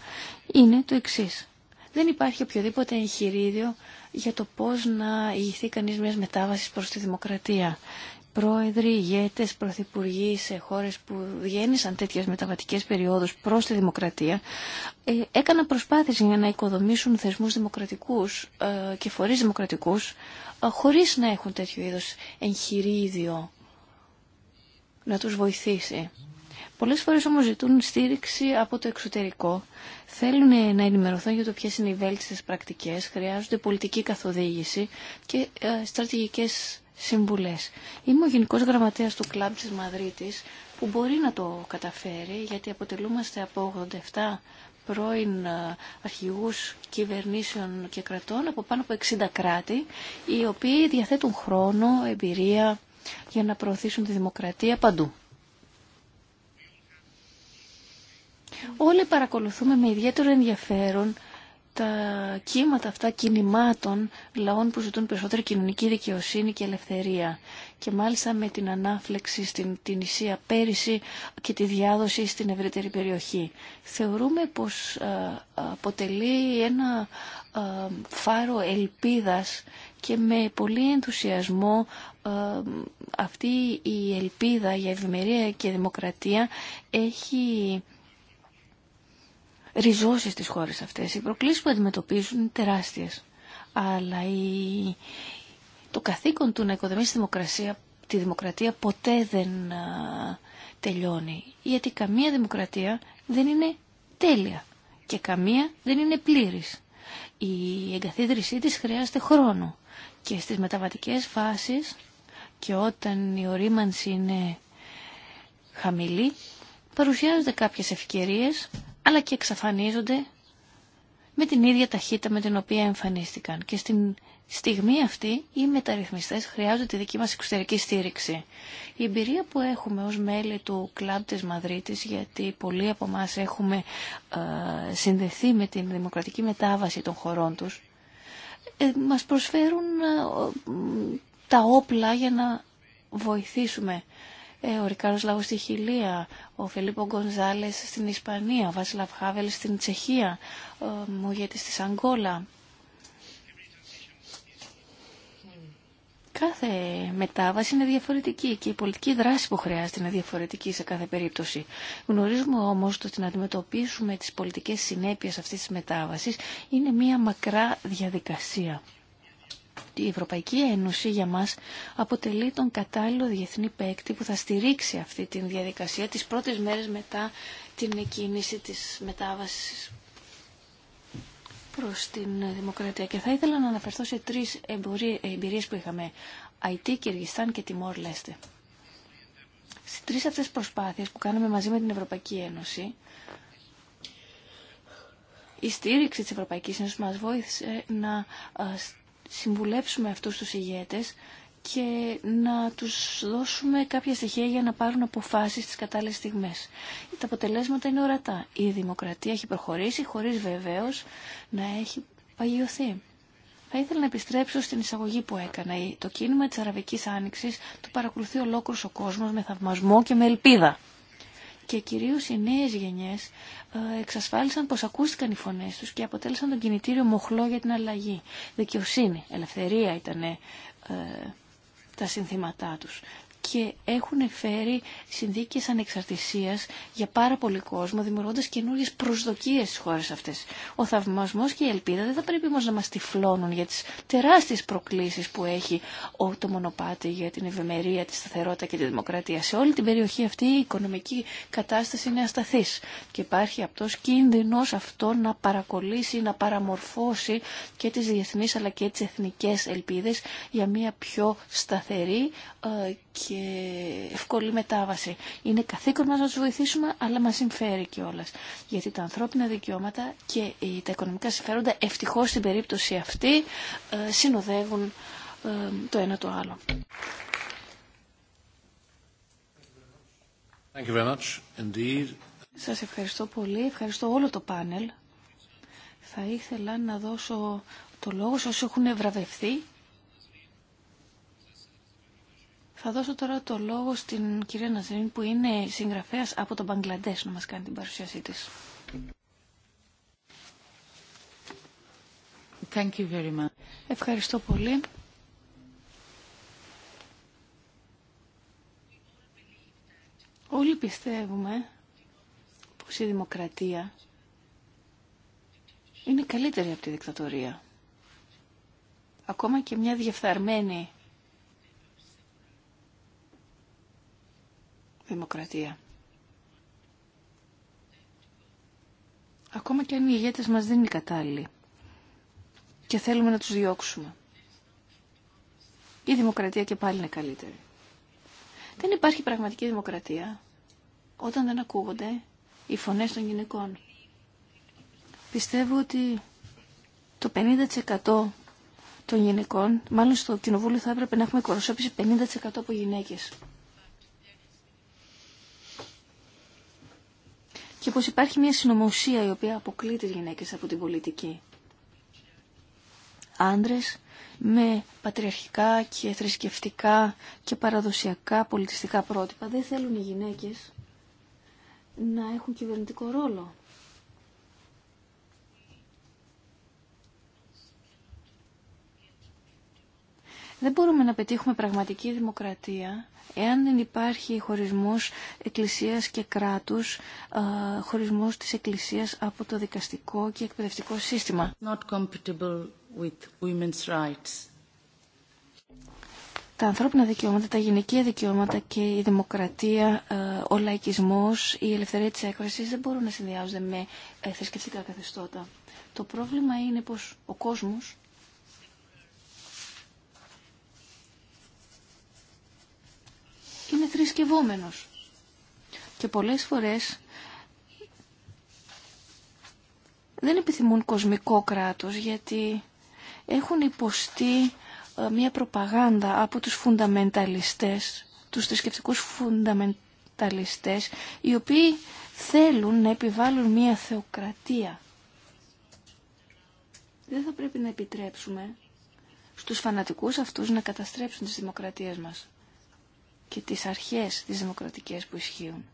[SPEAKER 4] είναι το εξής. Δεν υπάρχει οποιοδήποτε εγχειρίδιο για το πώς να ηγηθεί κανείς μιας μετάβασης προς τη δημοκρατία. Πρόεδροι, ηγέτες, πρωθυπουργοί σε χώρες που γέννησαν τέτοιες μεταβατικές περιόδους προς τη δημοκρατία ε, έκαναν προσπάθειες για να οικοδομήσουν θεσμούς δημοκρατικούς ε, και φορείς δημοκρατικούς ε, χωρίς να έχουν τέτοιο είδος εγχειρίδιο να τους βοηθήσει. Πολλές φορές όμως ζητούν στήριξη από το εξωτερικό. Θέλουν να ενημερωθούν για το ποιες είναι οι βέλτιστες πρακτικές, χρειάζονται πολιτική καθοδήγηση και ε, στρατηγικές συμβουλές. Είμαι ο Γενικός Γραμματέας του Κλαμπ της Μαδρίτης που μπορεί να το καταφέρει γιατί αποτελούμαστε από 87 πρώην ε, αρχηγούς κυβερνήσεων και κρατών από πάνω από 60 κράτη οι οποίοι διαθέτουν χρόνο, εμπειρία για να προωθήσουν τη δημοκρατία παντού. Όλοι παρακολουθούμε με ιδιαίτερο ενδιαφέρον τα κύματα αυτά κινημάτων λαών που ζητούν περισσότερη κοινωνική δικαιοσύνη και ελευθερία. Και μάλιστα με την ανάφλεξη στην την Ισία πέρυσι και τη διάδοση στην ευρύτερη περιοχή. Θεωρούμε πως ε, αποτελεί ένα ε, φάρο ελπίδας και με πολύ ενθουσιασμό ε, αυτή η ελπίδα για ευημερία και δημοκρατία έχει ριζώσει στις χώρες αυτές. Οι προκλήσεις που αντιμετωπίζουν είναι τεράστιες. Αλλά η... το καθήκον του να οικοδομήσει δημοκρασία, τη δημοκρατία ποτέ δεν τελειώνει. Γιατί καμία δημοκρατία δεν είναι τέλεια και καμία δεν είναι πλήρης. Η εγκαθίδρυσή της χρειάζεται χρόνο και στις μεταβατικές φάσεις και όταν η ορίμανση είναι χαμηλή παρουσιάζονται κάποιες ευκαιρίες αλλά και εξαφανίζονται με την ίδια ταχύτητα με την οποία εμφανίστηκαν. Και στην στιγμή αυτή οι μεταρρυθμιστές χρειάζονται τη δική μας εξωτερική στήριξη. Η εμπειρία που έχουμε ως μέλη του κλαμπ της Μαδρίτης, γιατί πολλοί από εμά έχουμε ε, συνδεθεί με την δημοκρατική μετάβαση των χωρών τους, ε, μας προσφέρουν ε, τα όπλα για να βοηθήσουμε ε, ο Ρικάρος Λαγός στη Χιλία, ο Φελίπο Γκονζάλες στην Ισπανία, ο Βάσιλαβ Χάβελ στην Τσεχία, ο Μουγέτης της Αγκόλα. Κάθε μετάβαση είναι διαφορετική και η πολιτική δράση που χρειάζεται είναι διαφορετική σε κάθε περίπτωση. Γνωρίζουμε όμως ότι να αντιμετωπίσουμε τις πολιτικές συνέπειες αυτής της μετάβασης είναι μία μακρά διαδικασία η Ευρωπαϊκή Ένωση για μας αποτελεί τον κατάλληλο διεθνή παίκτη που θα στηρίξει αυτή τη διαδικασία τις πρώτες μέρες μετά την εκκίνηση της μετάβασης προς την δημοκρατία. Και θα ήθελα να αναφερθώ σε τρεις εμπειρίες που είχαμε. Αϊτή, Κυργιστάν και Τιμόρ Λέστε. Στις τρεις αυτές προσπάθειες που κάναμε μαζί με την Ευρωπαϊκή Ένωση, η στήριξη της Ευρωπαϊκής Ένωσης μας βοήθησε να ε, συμβουλέψουμε αυτούς τους ηγέτες και να τους δώσουμε κάποια στοιχεία για να πάρουν αποφάσεις στις κατάλληλες στιγμές. Τα αποτελέσματα είναι ορατά. Η δημοκρατία έχει προχωρήσει χωρίς βεβαίως να έχει παγιωθεί. Θα ήθελα να επιστρέψω στην εισαγωγή που έκανα. Το κίνημα της Αραβικής Άνοιξης το παρακολουθεί ολόκληρος ο κόσμος με θαυμασμό και με ελπίδα και κυρίως οι νέες γενιές ε, εξασφάλισαν πως ακούστηκαν οι φωνές τους και αποτέλεσαν τον κινητήριο μοχλό για την αλλαγή. Δικαιοσύνη, ελευθερία ήταν ε, τα συνθήματά τους και έχουν φέρει συνδίκες ανεξαρτησίας για πάρα πολύ κόσμο, δημιουργώντας καινούριε προσδοκίες στις χώρες αυτές. Ο θαυμασμός και η ελπίδα δεν θα πρέπει όμως να μας τυφλώνουν για τις τεράστιες προκλήσεις που έχει το μονοπάτι για την ευημερία, τη σταθερότητα και τη δημοκρατία. Σε όλη την περιοχή αυτή η οικονομική κατάσταση είναι ασταθής και υπάρχει αυτός κίνδυνος αυτό να παρακολύσει, να παραμορφώσει και τις διεθνείς αλλά και τις εθνικές ελπίδες για μια πιο σταθερή ε, και ευκολή μετάβαση. Είναι καθήκον μας να τους βοηθήσουμε, αλλά μας συμφέρει κιόλα. Γιατί τα ανθρώπινα δικαιώματα και τα οικονομικά συμφέροντα, ευτυχώς στην περίπτωση αυτή, ε, συνοδεύουν ε, το ένα το άλλο. Thank you very much. Σας ευχαριστώ πολύ. Ευχαριστώ όλο το πάνελ. Θα ήθελα να δώσω το λόγο σε όσους έχουν βραβευθεί Θα δώσω τώρα το λόγο στην κυρία Ναζρίν που είναι συγγραφέας από τον Μπαγκλαντές να μας κάνει την παρουσίασή της. Ευχαριστώ πολύ. Όλοι πιστεύουμε πως η δημοκρατία είναι καλύτερη από τη δικτατορία. Ακόμα και μια διεφθαρμένη δημοκρατία. Ακόμα και αν οι ηγέτες μας δεν είναι κατάλληλοι και θέλουμε να τους διώξουμε. Η δημοκρατία και πάλι είναι καλύτερη. Δεν υπάρχει πραγματική δημοκρατία όταν δεν ακούγονται οι φωνές των γυναικών. Πιστεύω ότι το 50% των γυναικών, μάλλον στο κοινοβούλιο θα έπρεπε να έχουμε κοροσώπηση 50% από γυναίκες. και πως υπάρχει μια συνωμοσία η οποία αποκλεί τις γυναίκες από την πολιτική. Άντρες με πατριαρχικά και θρησκευτικά και παραδοσιακά πολιτιστικά πρότυπα δεν θέλουν οι γυναίκες να έχουν κυβερνητικό ρόλο. Δεν μπορούμε να πετύχουμε πραγματική δημοκρατία εάν δεν υπάρχει χωρισμός εκκλησίας και κράτους, χωρισμός της εκκλησίας από το δικαστικό και εκπαιδευτικό σύστημα. Not with Τα ανθρώπινα δικαιώματα, τα γυναικεία δικαιώματα και η δημοκρατία, ο λαϊκισμός, η ελευθερία της έκφρασης δεν μπορούν να συνδυάζονται με ε, θρησκευτικά καθεστώτα. Το πρόβλημα είναι πως ο κόσμος είναι θρησκευόμενος. Και πολλές φορές δεν επιθυμούν κοσμικό κράτος γιατί έχουν υποστεί ε, μια προπαγάνδα από τους φουνταμενταλιστές, τους θρησκευτικού φουνταμενταλιστές, οι οποίοι θέλουν να επιβάλλουν μια θεοκρατία. Δεν θα πρέπει να επιτρέψουμε στους φανατικούς αυτούς να καταστρέψουν τις δημοκρατίες μας και τις αρχές τις δημοκρατικές που ισχύουν.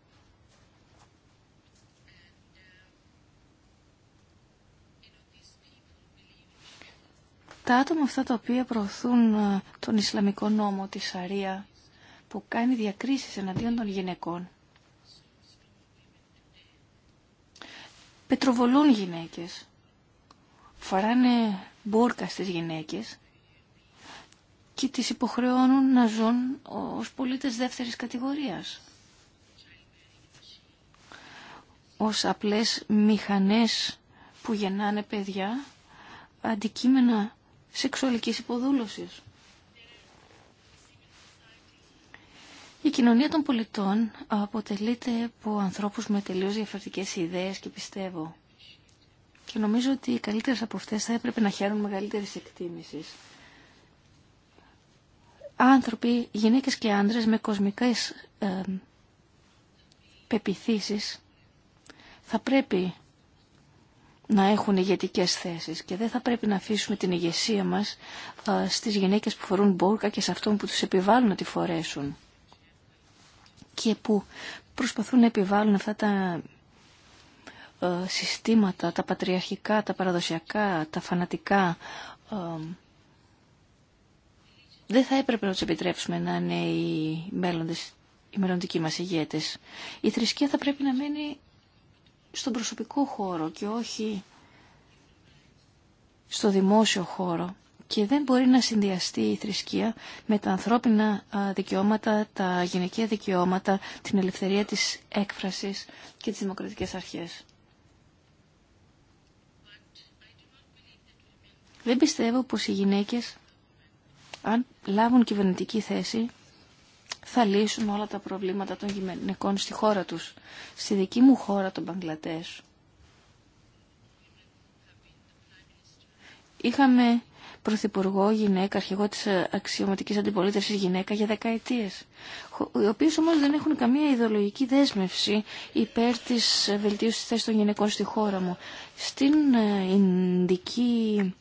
[SPEAKER 4] Τα άτομα αυτά τα οποία προωθούν ε, τον Ισλαμικό νόμο, τη Σαρία, που κάνει διακρίσεις εναντίον των γυναικών, πετροβολούν γυναίκες, φοράνε μπούρκα στις γυναίκες και τις υποχρεώνουν να ζουν ως πολίτες δεύτερης κατηγορίας. Ως απλές μηχανές που γεννάνε παιδιά, αντικείμενα σεξουαλικής υποδούλωσης. Η κοινωνία των πολιτών αποτελείται από ανθρώπους με τελείως διαφορετικές ιδέες και πιστεύω. Και νομίζω ότι οι καλύτερες από αυτές θα έπρεπε να χαίρουν μεγαλύτερης εκτίμησης άνθρωποι, γυναίκες και άντρες με κοσμικές ε, πεπιθήσεις θα πρέπει να έχουν ηγετικέ θέσεις και δεν θα πρέπει να αφήσουμε την ηγεσία μας ε, στις γυναίκες που φορούν μπόρκα και σε αυτόν που τους επιβάλλουν να τη φορέσουν και που προσπαθούν να επιβάλλουν αυτά τα ε, συστήματα, τα πατριαρχικά, τα παραδοσιακά, τα φανατικά ε, δεν θα έπρεπε να του επιτρέψουμε να είναι οι, οι μελλοντικοί μας ηγέτε. Η θρησκεία θα πρέπει να μένει στον προσωπικό χώρο και όχι στο δημόσιο χώρο. Και δεν μπορεί να συνδυαστεί η θρησκεία με τα ανθρώπινα δικαιώματα, τα γυναικεία δικαιώματα, την ελευθερία της έκφρασης και τις δημοκρατικές αρχές. Δεν πιστεύω πως οι γυναίκες αν λάβουν κυβερνητική θέση θα λύσουν όλα τα προβλήματα των γυναικών στη χώρα τους. Στη δική μου χώρα, τον Μπαγκλατές, είχαμε πρωθυπουργό γυναίκα, αρχηγό της αξιωματικής αντιπολίτευσης γυναίκα για δεκαετίες, οι οποίες όμως δεν έχουν καμία ιδεολογική δέσμευση υπέρ της βελτίωσης της θέσης των γυναικών στη χώρα μου. Στην ε, Ινδική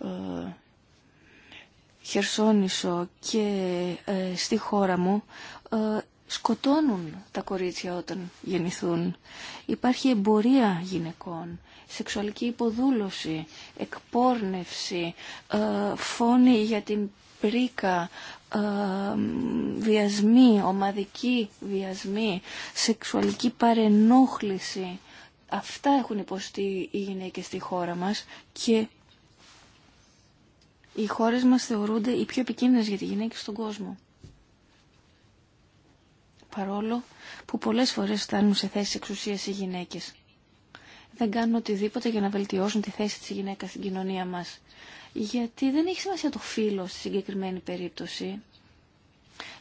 [SPEAKER 4] ε, Χερσόνησο και ε, στη χώρα μου ε, σκοτώνουν τα κορίτσια όταν γεννηθούν. Υπάρχει εμπορία γυναικών, σεξουαλική υποδούλωση, εκπόρνευση, ε, φόνη για την πρίκα, ε, βιασμοί, ομαδικοί βιασμοί, σεξουαλική παρενόχληση. Αυτά έχουν υποστεί οι γυναίκες στη χώρα μας και οι χώρες μας θεωρούνται οι πιο επικίνδυνες για τη γυναίκα στον κόσμο. Παρόλο που πολλές φορές φτάνουν σε θέσεις εξουσίας οι γυναίκες. Δεν κάνουν οτιδήποτε για να βελτιώσουν τη θέση της γυναίκας στην κοινωνία μας. Γιατί δεν έχει σημασία το φύλλο στη συγκεκριμένη περίπτωση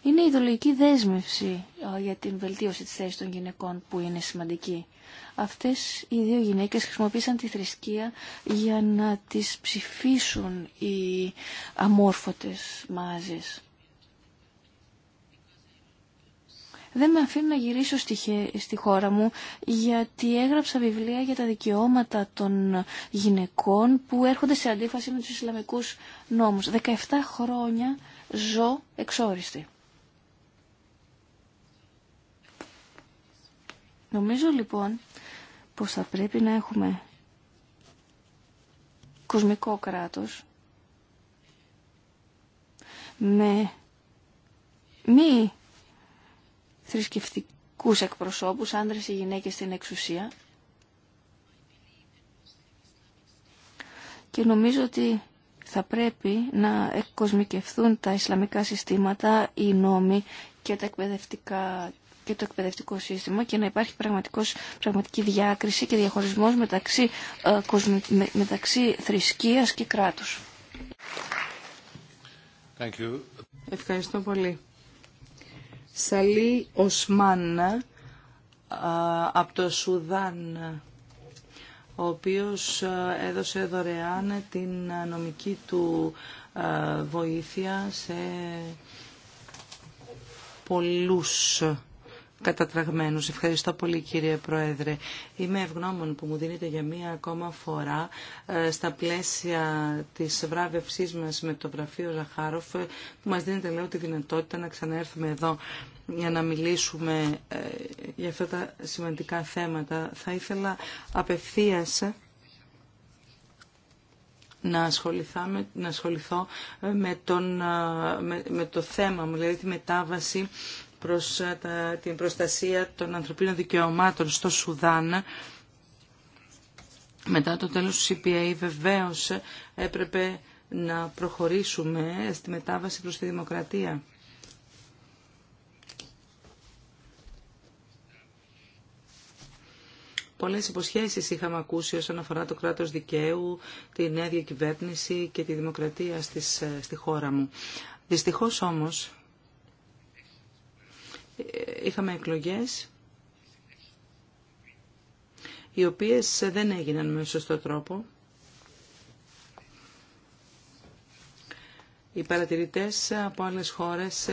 [SPEAKER 4] είναι η ιδεολογική δέσμευση για την βελτίωση της θέσης των γυναικών που είναι σημαντική. Αυτές οι δύο γυναίκες χρησιμοποίησαν τη θρησκεία για να τις ψηφίσουν οι αμόρφωτες μάζες. Δεν με αφήνω να γυρίσω στη χώρα μου γιατί έγραψα βιβλία για τα δικαιώματα των γυναικών που έρχονται σε αντίφαση με τους Ισλαμικούς νόμους. 17 χρόνια ζω εξόριστη. Νομίζω λοιπόν πως θα πρέπει να έχουμε κοσμικό κράτος με μη θρησκευτικούς εκπροσώπους, άντρες ή γυναίκες στην εξουσία. Και νομίζω ότι θα πρέπει να εκκοσμικευθούν τα Ισλαμικά συστήματα, οι νόμοι και τα και το εκπαιδευτικό σύστημα και να υπάρχει πραγματική διάκριση και διαχωρισμός μεταξύ, ε, θρησκείας και κράτους. Ευχαριστώ πολύ. Σαλή
[SPEAKER 3] Οσμάν ε, από το Σουδάν ο οποίος ε, έδωσε δωρεάν την νομική του ε, βοήθεια σε πολλούς κατατραγμένους. Ευχαριστώ πολύ κύριε Πρόεδρε. Είμαι ευγνώμων που μου δίνετε για μία ακόμα φορά ε, στα πλαίσια της βράβευσής μας με το γραφείο Ζαχάροφ που μας δίνετε λέω τη δυνατότητα να ξαναέρθουμε εδώ για να μιλήσουμε ε, για αυτά τα σημαντικά θέματα. Θα ήθελα απευθείας να, να ασχοληθώ ε, με, τον, ε, με, το θέμα μου, δηλαδή τη μετάβαση προς την προστασία των ανθρωπίνων δικαιωμάτων στο Σουδάν. Μετά το τέλος του CPA βεβαίως έπρεπε να προχωρήσουμε στη μετάβαση προς τη δημοκρατία. πολλές υποσχέσεις είχαμε ακούσει όσον αφορά το κράτος δικαίου, τη νέα διακυβέρνηση και τη δημοκρατία στις, ε, στη χώρα μου. Δυστυχώς όμως ε, είχαμε εκλογές οι οποίες δεν έγιναν με σωστό τρόπο. Οι παρατηρητές από άλλες χώρες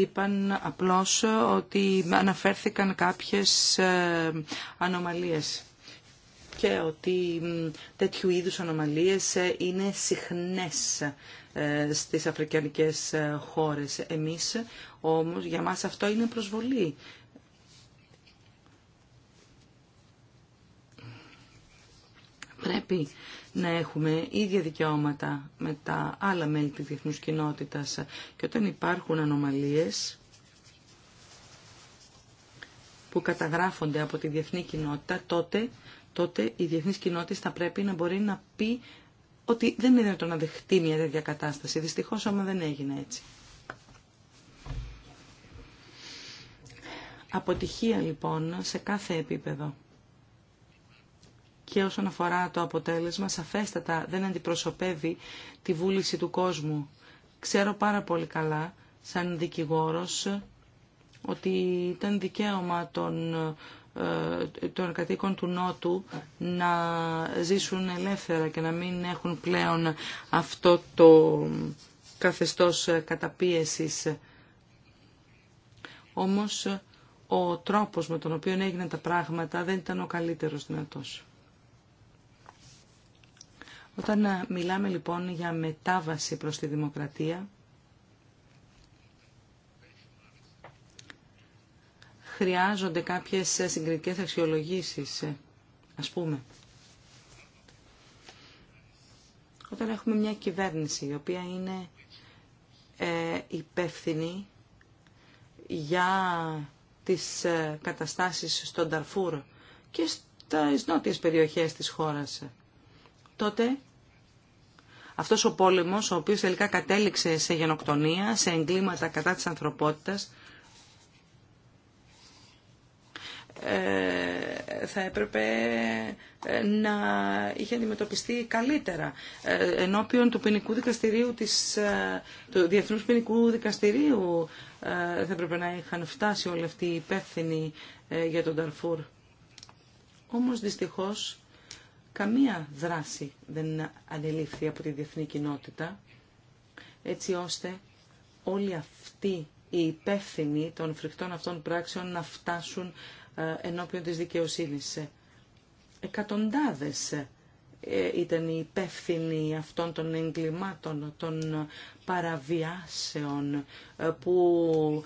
[SPEAKER 3] είπαν απλώς ότι αναφέρθηκαν κάποιες ε, ανομαλίες και ότι τέτοιου είδους ανομαλίες ε, είναι συχνές ε, στις αφρικανικές χώρες. Εμείς όμως, για μας αυτό είναι προσβολή. πρέπει να έχουμε ίδια δικαιώματα με τα άλλα μέλη της διεθνούς κοινότητας και όταν υπάρχουν ανομαλίες που καταγράφονται από τη διεθνή κοινότητα, τότε, τότε η διεθνή κοινότητα θα πρέπει να μπορεί να πει ότι δεν είναι το να δεχτεί μια τέτοια κατάσταση. Δυστυχώς όμως δεν έγινε έτσι. Αποτυχία λοιπόν σε κάθε επίπεδο και όσον αφορά το αποτέλεσμα, σαφέστατα δεν αντιπροσωπεύει τη βούληση του κόσμου. Ξέρω πάρα πολύ καλά, σαν δικηγόρος, ότι ήταν δικαίωμα των, ε, των κατοίκων του Νότου να ζήσουν ελεύθερα και να μην έχουν πλέον αυτό το καθεστώς καταπίεσης. Όμως ο τρόπος με τον οποίο έγιναν τα πράγματα δεν ήταν ο καλύτερος δυνατός. Όταν ε, μιλάμε λοιπόν για μετάβαση προς τη δημοκρατία, χρειάζονται κάποιες ε, συγκριτικές αξιολογήσεις, ε, ας πούμε. Όταν έχουμε μια κυβέρνηση η οποία είναι υπεύθυνη για τις καταστάσεις στον Ταρφούρ και στις νότιες περιοχές της χώρας, τότε αυτό ο πόλεμος, ο οποίος τελικά κατέληξε σε γενοκτονία, σε εγκλήματα κατά της ανθρωπότητας, ε, θα έπρεπε ε, να είχε αντιμετωπιστεί καλύτερα ε, ενώπιον του ποινικού δικαστηρίου της, του Διεθνούς Ποινικού Δικαστηρίου θα έπρεπε να είχαν φτάσει όλοι αυτοί οι υπεύθυνοι για τον Ταρφούρ. Όμως δυστυχώς καμία δράση δεν ανελήφθη από τη διεθνή κοινότητα, έτσι ώστε όλοι αυτοί οι υπεύθυνοι των φρικτών αυτών πράξεων να φτάσουν ε, ενώπιον της δικαιοσύνης. Εκατοντάδες ε, ήταν οι υπεύθυνοι αυτών των εγκλημάτων, των παραβιάσεων ε, που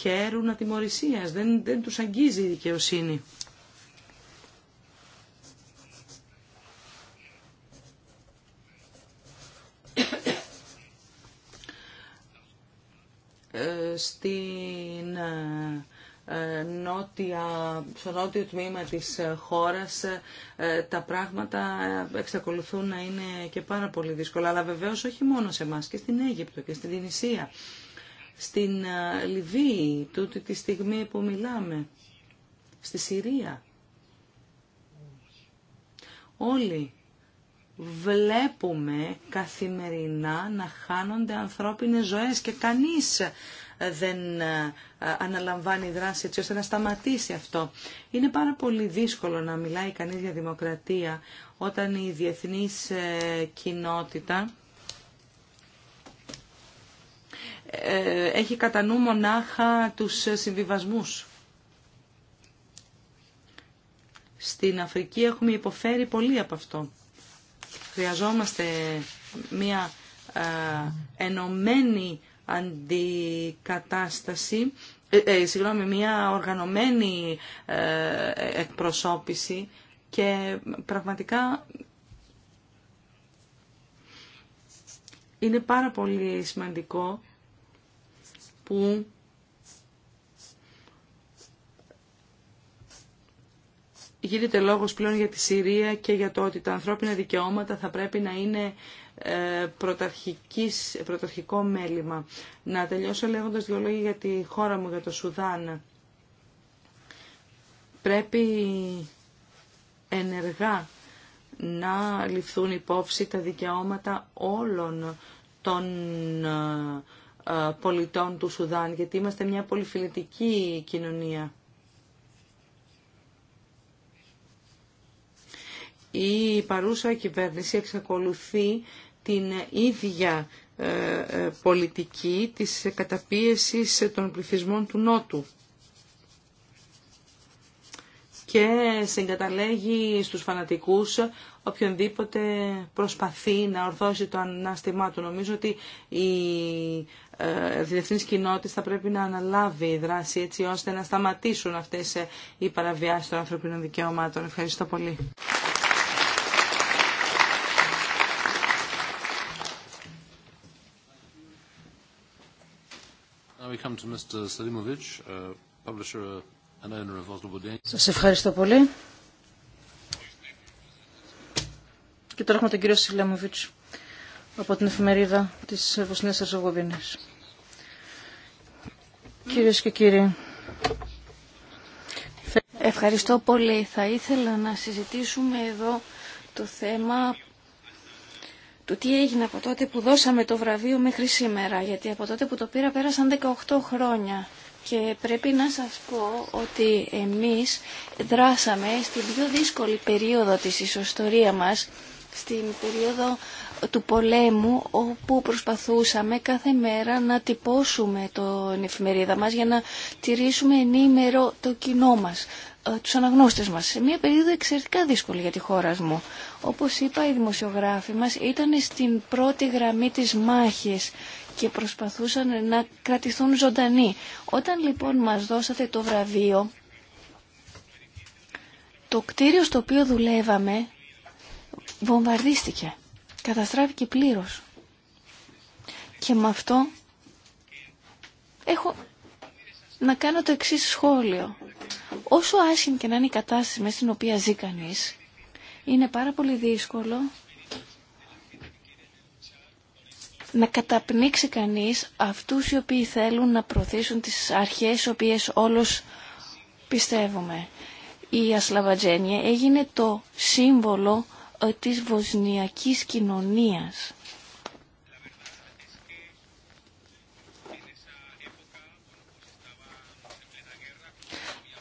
[SPEAKER 3] χαίρουν ατιμορρησίας, δεν, δεν τους αγγίζει η δικαιοσύνη. Ε, στην ε, ε, νότια, στο νότιο τμήμα της χώρας τα πράγματα εξακολουθούν να είναι και πάρα πολύ δύσκολα, αλλά βεβαίως όχι μόνο σε εμάς και στην Αίγυπτο και στην Ινσία, στην Λιβύη τούτη τη στιγμή που μιλάμε, στη Συρία. Όλοι βλέπουμε καθημερινά να χάνονται ανθρώπινες ζωές και κανείς ε, δεν ε, αναλαμβάνει δράση έτσι ώστε να σταματήσει αυτό. Είναι πάρα πολύ δύσκολο να μιλάει κανείς για δημοκρατία όταν η διεθνής ε, κοινότητα έχει κατά νου μονάχα τους συμβιβασμούς. Στην Αφρική έχουμε υποφέρει πολύ από αυτό. Χρειαζόμαστε μια ε, ενωμένη αντικατάσταση, ε, ε συγγνώμη, μια οργανωμένη ε, εκπροσώπηση και πραγματικά είναι πάρα πολύ σημαντικό που γίνεται λόγος πλέον για τη Συρία και για το ότι τα ανθρώπινα δικαιώματα θα πρέπει να είναι ε, πρωταρχικό μέλημα. Να τελειώσω λέγοντας δύο λόγια για τη χώρα μου, για το Σουδάν. Πρέπει ενεργά να ληφθούν υπόψη τα δικαιώματα όλων των ε, ε, πολιτών του Σουδάν, γιατί είμαστε μια πολυφιλετική κοινωνία. η παρούσα κυβέρνηση εξακολουθεί την ίδια ε, ε, πολιτική της καταπίεσης των πληθυσμών του Νότου και συγκαταλέγει στους φανατικούς οποιονδήποτε προσπαθεί να ορθώσει το ανάστημά του. Νομίζω ότι η ε, διεθνής κοινότητα θα πρέπει να αναλάβει δράση έτσι ώστε να σταματήσουν αυτές οι παραβιάσεις των ανθρωπίνων δικαιωμάτων. Ευχαριστώ πολύ.
[SPEAKER 4] Σας
[SPEAKER 1] ευχαριστώ πολύ.
[SPEAKER 2] Και τώρα έχουμε τον κύριο Σιλέμοβιτ από την εφημερίδα της Βοσνίας
[SPEAKER 4] Αρζογοβίνης. Κυρίες και κύριοι, Ευχαριστώ πολύ. Θα ήθελα να συζητήσουμε εδώ το θέμα του τι έγινε από τότε που δώσαμε το βραβείο μέχρι σήμερα, γιατί από τότε που το πήρα πέρασαν 18 χρόνια. Και πρέπει να σας πω ότι εμείς δράσαμε στην πιο δύσκολη περίοδο της ισοστορία μας, στην περίοδο του πολέμου όπου προσπαθούσαμε κάθε μέρα να τυπώσουμε την εφημερίδα μας για να τηρήσουμε ενήμερο το κοινό μας. Ε, τους αναγνώστες μας. Μια περίοδο εξαιρετικά δύσκολη για τη χώρα μου. Όπως είπα, οι δημοσιογράφοι μας ήταν στην πρώτη γραμμή της μάχης και προσπαθούσαν να κρατηθούν ζωντανοί. Όταν λοιπόν μας δώσατε το βραβείο, το κτίριο στο οποίο δουλεύαμε βομβαρδίστηκε. Καταστράφηκε πλήρως. Και με αυτό έχω να κάνω το εξής σχόλιο. Όσο άσχημη και να είναι η κατάσταση μέσα στην οποία ζει κανεί, είναι πάρα πολύ δύσκολο να καταπνίξει κανείς αυτούς οι οποίοι θέλουν να προωθήσουν τις αρχές οι οποίες όλος πιστεύουμε. Η Ασλαβατζένια έγινε το σύμβολο ε, της βοσνιακής κοινωνίας.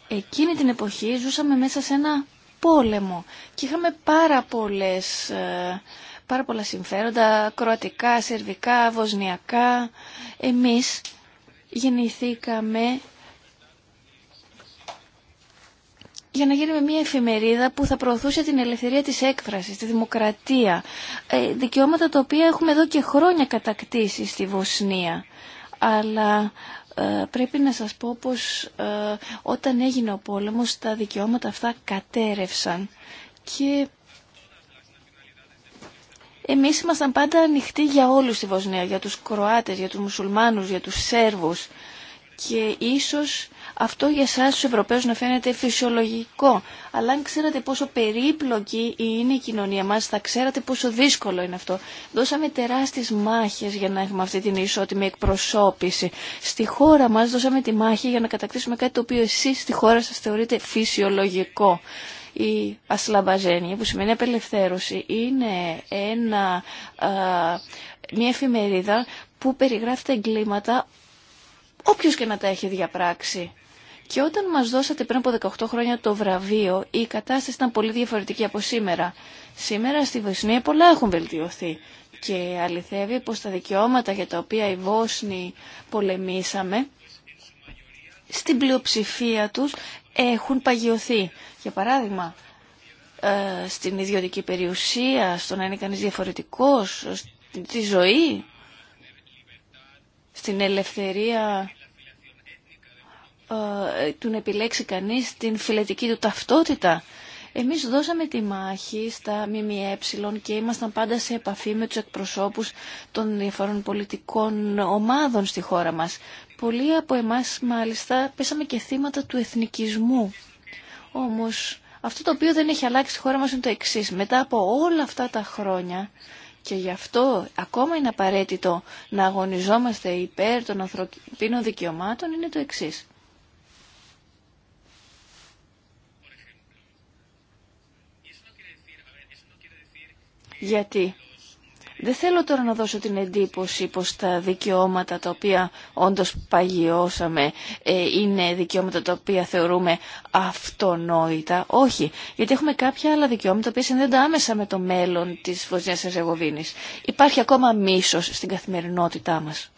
[SPEAKER 4] Εκείνη την εποχή ζούσαμε μέσα σε ένα πόλεμο και είχαμε πάρα, πολλές, ε, πάρα πολλά συμφέροντα, κροατικά, σερβικά, βοσνιακά. Εμείς γεννηθήκαμε για να γίνουμε μια εφημερίδα που θα προωθούσε την ελευθερία της έκφρασης, τη δημοκρατία, ε, δικαιώματα τα οποία έχουμε εδώ και χρόνια κατακτήσει στη Βοσνία. Αλλά ε, πρέπει να σας πω πως ε, όταν έγινε ο πόλεμος τα δικαιώματα αυτά κατέρευσαν και εμείς ήμασταν πάντα ανοιχτοί για όλους στη Βοσνία, για τους Κροάτες, για τους Μουσουλμάνους, για τους Σέρβους και ίσως αυτό για εσά του Ευρωπαίου να φαίνεται φυσιολογικό. Αλλά αν ξέρατε πόσο περίπλοκη είναι η κοινωνία μα, θα ξέρατε πόσο δύσκολο είναι αυτό. Δώσαμε τεράστιε μάχε για να έχουμε αυτή την ισότιμη εκπροσώπηση. Στη χώρα μα δώσαμε τη μάχη για να κατακτήσουμε κάτι το οποίο εσεί στη χώρα σα θεωρείτε φυσιολογικό. Η ασλαμπαζένια, που σημαίνει απελευθέρωση, είναι ένα, α, μια εφημερίδα που περιγράφει τα εγκλήματα όποιος και να τα έχει διαπράξει. Και όταν μας δώσατε πριν από 18 χρόνια το βραβείο, η κατάσταση ήταν πολύ διαφορετική από σήμερα. Σήμερα στη Βοσνία πολλά έχουν βελτιωθεί. Και αληθεύει πως τα δικαιώματα για τα οποία οι Βόσνοι πολεμήσαμε, στην πλειοψηφία τους έχουν παγιωθεί. Για παράδειγμα, ε, στην ιδιωτική περιουσία, στο να είναι κανείς διαφορετικός, στη ζωή, στην ελευθερία ε, του να επιλέξει κανείς την φυλετική του ταυτότητα. Εμείς δώσαμε τη μάχη στα ΜΜΕ και ήμασταν πάντα σε επαφή με τους εκπροσώπους των διαφορών πολιτικών ομάδων στη χώρα μας. Πολλοί από εμάς μάλιστα πέσαμε και θύματα του εθνικισμού. Όμως αυτό το οποίο δεν έχει αλλάξει στη χώρα μας είναι το εξή. Μετά από όλα αυτά τα χρόνια και γι' αυτό ακόμα είναι απαραίτητο να αγωνιζόμαστε υπέρ των ανθρωπίνων δικαιωμάτων είναι το εξής. Γιατί δεν θέλω τώρα να δώσω την εντύπωση πως τα δικαιώματα τα οποία όντως παγιώσαμε ε, είναι δικαιώματα τα οποία θεωρούμε αυτονόητα. Όχι, γιατί έχουμε κάποια άλλα δικαιώματα που συνδέονται άμεσα με το μέλλον της Βοσνίας Ερζεγοβίνης. Υπάρχει ακόμα μίσος στην καθημερινότητά μας.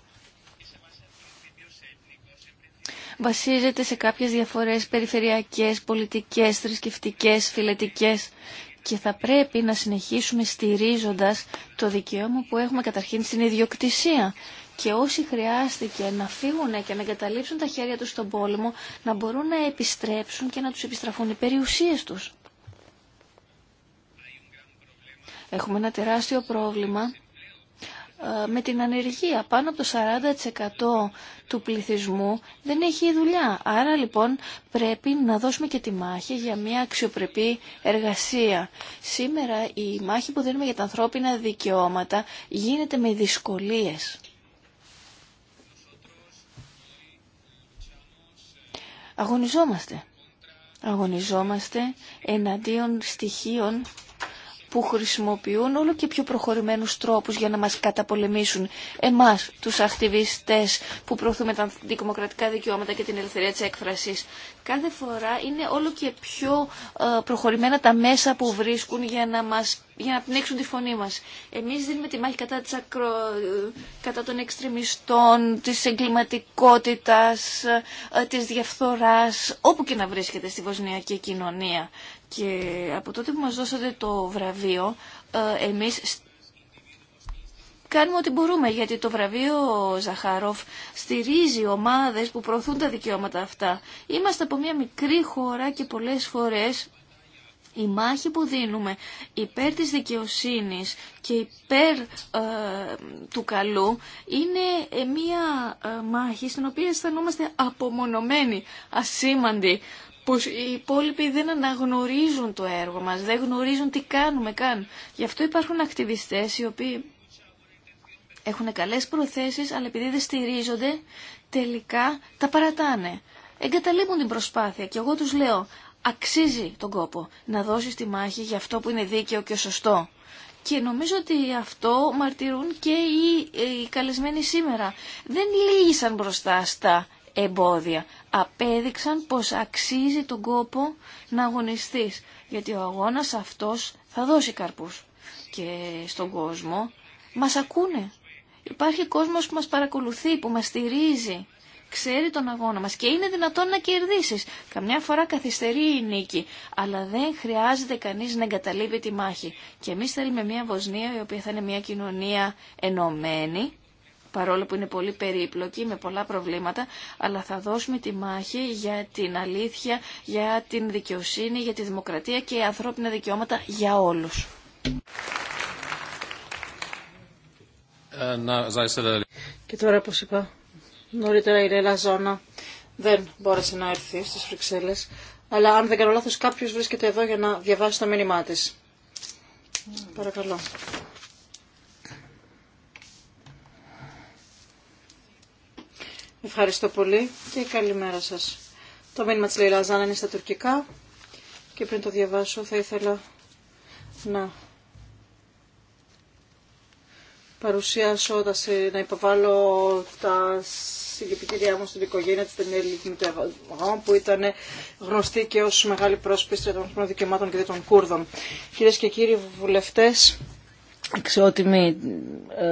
[SPEAKER 4] Βασίζεται σε κάποιες διαφορές περιφερειακές, πολιτικές, θρησκευτικές, φιλετικές και θα πρέπει να συνεχίσουμε στηρίζοντας το δικαίωμα που έχουμε καταρχήν στην ιδιοκτησία και όσοι χρειάστηκε να φύγουν και να εγκαταλείψουν τα χέρια τους στον πόλεμο να μπορούν να επιστρέψουν και να τους επιστραφούν οι περιουσίες τους. Έχουμε ένα τεράστιο πρόβλημα ε, με την ανεργία. Πάνω από το 40% του πληθυσμού δεν έχει δουλειά. Άρα λοιπόν πρέπει να δώσουμε και τη μάχη για μια αξιοπρεπή εργασία. Σήμερα η μάχη που δίνουμε για τα ανθρώπινα δικαιώματα γίνεται με δυσκολίες. Αγωνιζόμαστε. Αγωνιζόμαστε εναντίον στοιχείων που χρησιμοποιούν όλο και πιο προχωρημένους τρόπους για να μας καταπολεμήσουν εμάς τους ακτιβιστές που προωθούμε τα δημοκρατικά δικαιώματα και την ελευθερία της έκφρασης. Κάθε φορά είναι όλο και πιο ε, προχωρημένα τα μέσα που βρίσκουν για να, μας, για να πνίξουν τη φωνή μας. Εμείς δίνουμε τη μάχη κατά, ε, κατά των εξτρεμιστών, της εγκληματικότητας, ε, της διαφθοράς, όπου και να βρίσκεται στη βοσνιακή κοινωνία. Και από τότε που μας δώσατε το βραβείο, ε, εμείς κάνουμε ό,τι μπορούμε, γιατί το βραβείο Ζαχάροφ στηρίζει ομάδες που προωθούν τα δικαιώματα αυτά. Είμαστε από μια μικρή χώρα και πολλές φορές η μάχη που δίνουμε υπέρ της δικαιοσύνης και υπέρ ε, του καλού είναι ε, μια μάχη στην οποία αισθανόμαστε απομονωμένοι, ασήμαντοι πως οι υπόλοιποι δεν αναγνωρίζουν το έργο μας, δεν γνωρίζουν τι κάνουμε καν. Γι' αυτό υπάρχουν ακτιβιστές οι οποίοι έχουν καλές προθέσεις, αλλά επειδή δεν στηρίζονται, τελικά τα παρατάνε. Εγκαταλείπουν την προσπάθεια και εγώ τους λέω, αξίζει τον κόπο να δώσεις τη μάχη για αυτό που είναι δίκαιο και σωστό. Και νομίζω ότι αυτό μαρτυρούν και οι, ε, οι καλεσμένοι σήμερα. Δεν λύγησαν μπροστά στα εμπόδια. Απέδειξαν πως αξίζει τον κόπο να αγωνιστείς, γιατί ο αγώνας αυτός θα δώσει καρπούς. Και στον κόσμο μας ακούνε. Υπάρχει κόσμος που μας παρακολουθεί, που μας στηρίζει. Ξέρει τον αγώνα μας και είναι δυνατόν να κερδίσεις. Καμιά φορά καθυστερεί η νίκη, αλλά δεν χρειάζεται κανείς να εγκαταλείπει τη μάχη. Και εμείς θέλουμε μια Βοσνία η οποία θα είναι μια κοινωνία ενωμένη, παρόλο που είναι πολύ περίπλοκη, με πολλά προβλήματα, αλλά θα δώσουμε τη μάχη για την αλήθεια, για την δικαιοσύνη, για τη δημοκρατία και ανθρώπινα δικαιώματα για όλους. Ε,
[SPEAKER 1] και
[SPEAKER 2] τώρα, όπως είπα, νωρίτερα η Ρέλα Ζώνα δεν μπόρεσε να έρθει στις Φρυξέλλες, αλλά αν δεν κάνω λάθος κάποιος βρίσκεται εδώ για να διαβάσει το μήνυμά της. Παρακαλώ. Ευχαριστώ πολύ και καλημέρα σας. Το μήνυμα της Ζάνα είναι στα τουρκικά και πριν το διαβάσω θα ήθελα να παρουσιάσω, να υποβάλω τα συλληπιτήριά μου στην οικογένεια της Τενέλη Μητεβαγών που ήταν γνωστή και ως μεγάλη πρόσπιση των δικαιωμάτων και των Κούρδων. Κυρίες και κύριοι βουλευτές, αξιότιμοι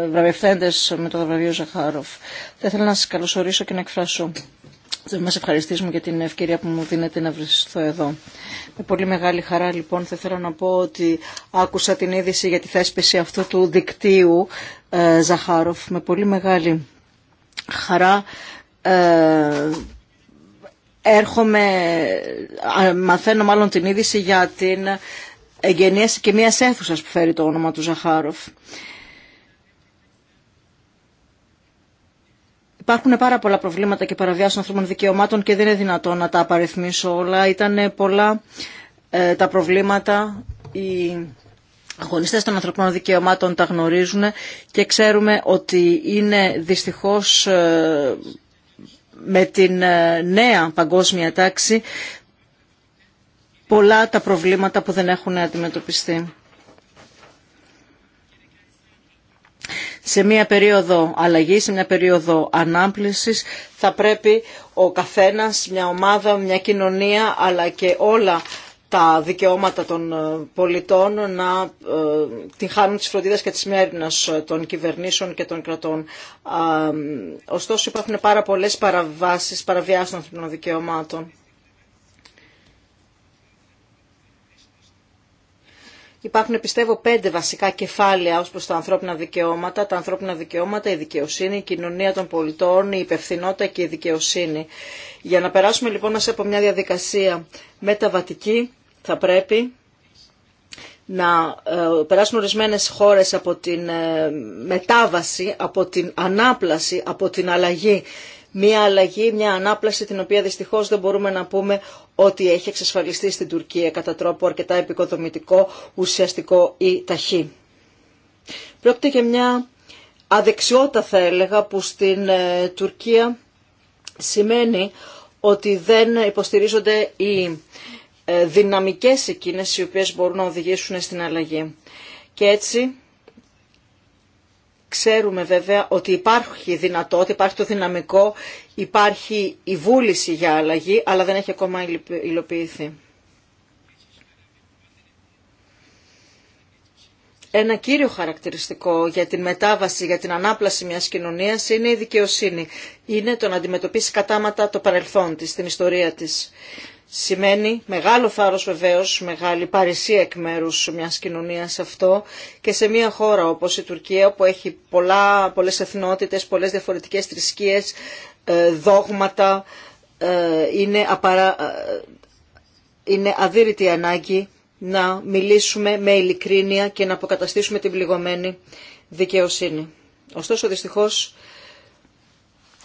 [SPEAKER 2] ε, βραβευτέντες με το βραβείο Ζαχάροφ. Θα ήθελα να σας καλωσορίσω και να εκφράσω να μας ευχαριστήσουμε για την ευκαιρία που μου δίνετε να βρισκώ εδώ. Με πολύ μεγάλη χαρά λοιπόν θα ήθελα να πω ότι άκουσα την είδηση για τη θέσπιση αυτού του δικτύου ε, Ζαχάροφ. Με πολύ μεγάλη χαρά ε, έρχομαι, μαθαίνω μάλλον την είδηση για την εγγενείας και μία αίθουσα που φέρει το όνομα του Ζαχάροφ. Υπάρχουν πάρα πολλά προβλήματα και παραβιάσεις ανθρώπων δικαιωμάτων και δεν είναι δυνατόν να τα απαριθμίσω όλα. Ήταν πολλά ε, τα προβλήματα, οι αγωνιστές των ανθρωπίνων δικαιωμάτων τα γνωρίζουν και ξέρουμε ότι είναι δυστυχώς... Ε, με την ε, νέα παγκόσμια τάξη πολλά τα προβλήματα που δεν έχουν αντιμετωπιστεί. σε μια περίοδο αλλαγής, σε μια περίοδο ανάπλησης θα πρέπει ο καθένας, μια ομάδα, μια κοινωνία αλλά και όλα τα δικαιώματα των ε, πολιτών να ε, την χάνουν τις φροντίδες και τις μέρημνας των κυβερνήσεων και των κρατών. ωστόσο υπάρχουν πάρα πολλές παραβάσεις, παραβιάσεις των δικαιωμάτων. Υπάρχουν, πιστεύω, πέντε βασικά κεφάλαια ως προς τα ανθρώπινα δικαιώματα. Τα ανθρώπινα δικαιώματα, η δικαιοσύνη, η κοινωνία των πολιτών, η υπευθυνότητα και η δικαιοσύνη. Για να περάσουμε λοιπόν μέσα από μια διαδικασία μεταβατική θα πρέπει να ε, περάσουν ορισμένες χώρες από την ε, μετάβαση, από την ανάπλαση, από την αλλαγή μια αλλαγή, μια ανάπλαση την οποία δυστυχώς δεν μπορούμε να πούμε ότι έχει εξασφαλιστεί στην Τουρκία κατά τρόπο αρκετά επικοδομητικό, ουσιαστικό ή ταχύ. Πρόκειται για μια αδεξιότητα θα έλεγα που στην ε, Τουρκία σημαίνει ότι δεν υποστηρίζονται οι ε, δυναμικές εκείνες οι οποίες μπορούν να οδηγήσουν στην αλλαγή. Και έτσι Ξέρουμε βέβαια ότι υπάρχει δυνατότητα, υπάρχει το δυναμικό, υπάρχει η βούληση για αλλαγή, αλλά δεν έχει ακόμα υλοποιηθεί. Ένα κύριο χαρακτηριστικό για την μετάβαση, για την ανάπλαση μιας κοινωνίας είναι η δικαιοσύνη. Είναι το να αντιμετωπίσει κατάματα το παρελθόν της, την ιστορία της. Σημαίνει μεγάλο θάρρος βεβαίως, μεγάλη παρησία εκ μέρους μιας κοινωνίας αυτό και σε μια χώρα όπως η Τουρκία που έχει πολλά, πολλές εθνότητες, πολλές διαφορετικές θρησκείες, ε, δόγματα, ε, είναι, απαρα... Ε, είναι ανάγκη να μιλήσουμε με ειλικρίνεια και να αποκαταστήσουμε την πληγωμένη δικαιοσύνη. Ωστόσο δυστυχώς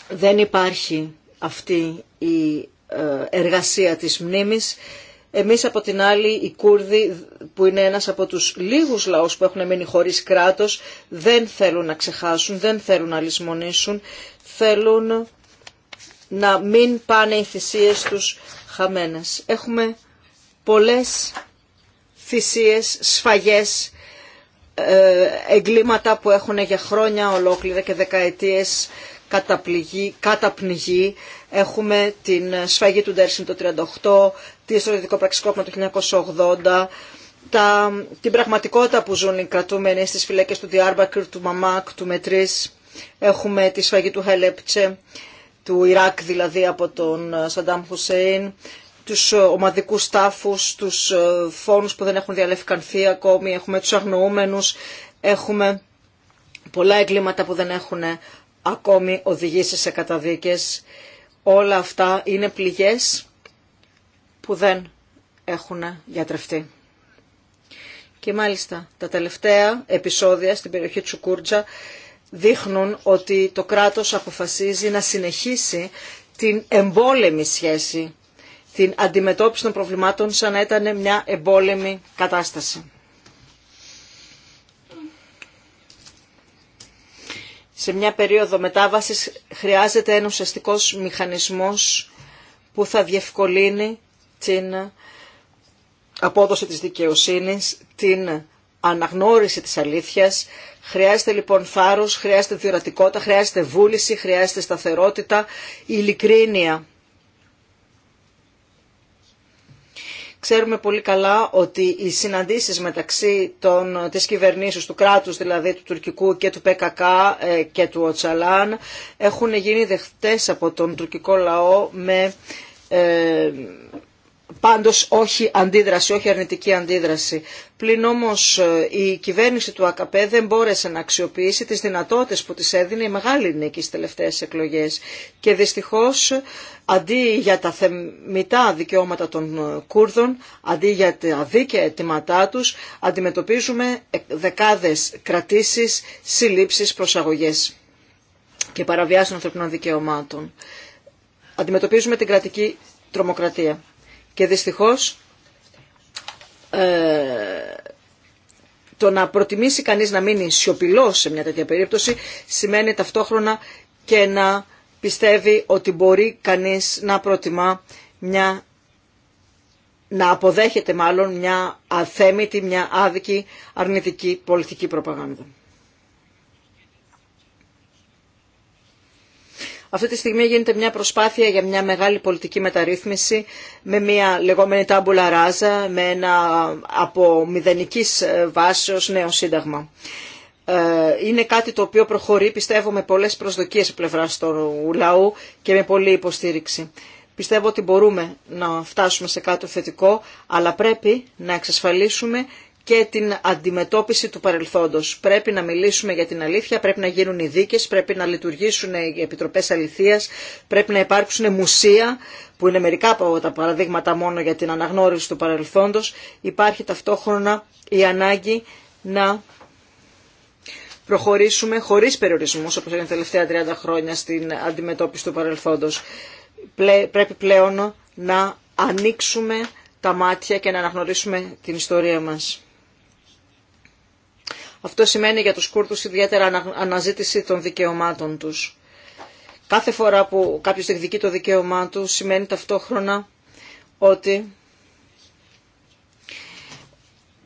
[SPEAKER 2] δεν υπάρχει αυτή η ε, εργασία της μνήμης. Εμείς από την άλλη οι Κούρδοι που είναι ένας από τους λίγους λαούς που έχουν μείνει χωρίς κράτος δεν θέλουν να ξεχάσουν, δεν θέλουν να λησμονήσουν, θέλουν να μην πάνε οι θυσίες τους χαμένες. Έχουμε πολλές θυσίες, σφαγές, ε, εγκλήματα που έχουν για χρόνια ολόκληρα και δεκαετίες καταπληγή, Έχουμε την σφαγή του Ντέρσιν το 1938, τη ιστορικό πραξικόπημα το 1980, τα, την πραγματικότητα που ζουν οι κρατούμενοι στις φυλακές του Διάρμπακρ, του Μαμάκ, του Μετρίς. Έχουμε τη σφαγή του Χελέπτσε, του Ιράκ δηλαδή από τον ε, Σαντάμ Χουσέιν, τους ε, ομαδικούς τάφους, τους ε, φόνους που δεν έχουν διαλευκανθεί ακόμη, έχουμε τους αγνοούμενους, έχουμε πολλά εγκλήματα που δεν έχουν ακόμη οδηγήσει σε καταδίκες Όλα αυτά είναι πληγές που δεν έχουν γιατρευτεί. Και μάλιστα τα τελευταία επεισόδια στην περιοχή Τσουκούρτζα δείχνουν ότι το κράτος αποφασίζει να συνεχίσει την εμπόλεμη σχέση, την αντιμετώπιση των προβλημάτων σαν να ήταν μια εμπόλεμη κατάσταση. σε μια περίοδο μετάβασης χρειάζεται ένα ουσιαστικό μηχανισμός που θα διευκολύνει την απόδοση της δικαιοσύνης, την αναγνώριση της αλήθειας. Χρειάζεται λοιπόν θάρρος, χρειάζεται διορατικότητα, χρειάζεται βούληση, χρειάζεται σταθερότητα, ειλικρίνεια Ξέρουμε πολύ καλά ότι οι συναντήσεις μεταξύ των, της κυβερνήσεως του κράτους, δηλαδή του τουρκικού και του ΠΚΚ ε, και του Οτσαλάν, έχουν γίνει δεχτές από τον τουρκικό λαό με ε, πάντως όχι αντίδραση, όχι αρνητική αντίδραση. Πλην όμως ε, η κυβέρνηση του ΑΚΠ δεν μπόρεσε να αξιοποιήσει τις δυνατότητες που της έδινε η μεγάλη νίκη στις τελευταίες εκλογές και δυστυχώς αντί για τα θεμητά δικαιώματα των ε, Κούρδων, αντί για τα δίκαια αιτήματά τους, αντιμετωπίζουμε δεκάδες κρατήσεις, συλλήψεις, προσαγωγές και παραβιάσεις των ανθρωπινών δικαιωμάτων. Αντιμετωπίζουμε την κρατική τρομοκρατία. Και δυστυχώς ε, το να προτιμήσει κανείς να μείνει σιωπηλό σε μια τέτοια περίπτωση σημαίνει ταυτόχρονα και να πιστεύει ότι μπορεί κανείς να προτιμά μια να αποδέχεται μάλλον μια αθέμητη, μια άδικη, αρνητική πολιτική προπαγάνδα. Αυτή τη στιγμή γίνεται μια προσπάθεια για μια μεγάλη πολιτική μεταρρύθμιση με μια λεγόμενη τάμπουλα ράζα, με ένα από μηδενική ε, βάσεως νέο σύνταγμα. Ε, είναι κάτι το οποίο προχωρεί, πιστεύω, με πολλές προσδοκίες από πλευρά του λαού και με πολλή υποστήριξη. Πιστεύω ότι μπορούμε να φτάσουμε σε κάτι θετικό, αλλά πρέπει να εξασφαλίσουμε και την αντιμετώπιση του παρελθόντος. Πρέπει να μιλήσουμε για την αλήθεια, πρέπει να γίνουν οι δίκες, πρέπει να λειτουργήσουν οι επιτροπές αληθείας, πρέπει να υπάρξουν μουσεία, που είναι μερικά από τα παραδείγματα μόνο για την αναγνώριση του παρελθόντος. Υπάρχει ταυτόχρονα η ανάγκη να προχωρήσουμε χωρίς περιορισμούς, όπως έγινε τα τελευταία 30 χρόνια, στην αντιμετώπιση του παρελθόντος. Πρέπει πλέον να ανοίξουμε τα μάτια και να αναγνωρίσουμε την ιστορία μας. Αυτό σημαίνει για τους Κούρδους ιδιαίτερα αναζήτηση των δικαιωμάτων τους. Κάθε φορά που κάποιος διεκδικεί το δικαίωμά του σημαίνει ταυτόχρονα ότι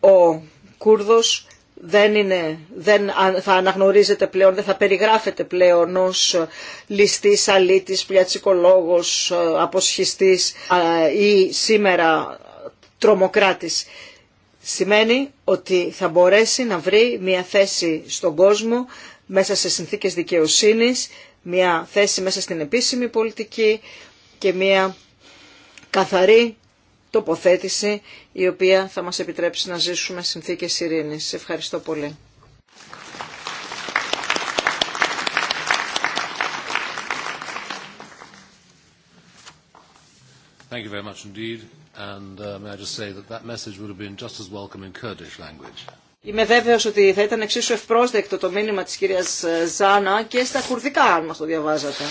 [SPEAKER 2] ο Κούρδος δεν, είναι, δεν θα αναγνωρίζεται πλέον, δεν θα περιγράφεται πλέον ως ληστής, αλήτης, πλιατσικολόγος, ε, αποσχιστής ε, ή σήμερα τρομοκράτης σημαίνει ότι θα μπορέσει να βρει μια θέση στον κόσμο μέσα σε συνθήκες δικαιοσύνης, μια θέση μέσα στην επίσημη πολιτική και μια καθαρή τοποθέτηση η οποία θα μας επιτρέψει να ζήσουμε συνθήκες ειρήνης. Ευχαριστώ πολύ.
[SPEAKER 4] Thank you
[SPEAKER 1] Είμαι βέβαιος
[SPEAKER 2] ότι θα ήταν εξίσου ευπρόσδεκτο το μήνυμα της κυρίας ε, Ζάνα και στα κουρδικά αν μας το διαβάζατε.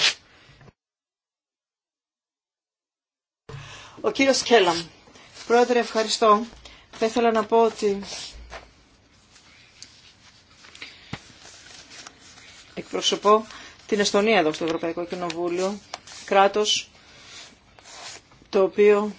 [SPEAKER 2] Ο κύριος Κέλαμ. Πρόεδρε, ευχαριστώ. Θα ήθελα να πω ότι εκπροσωπώ την Εστονία εδώ στο Ευρωπαϊκό Κοινοβούλιο, κράτος το οποίο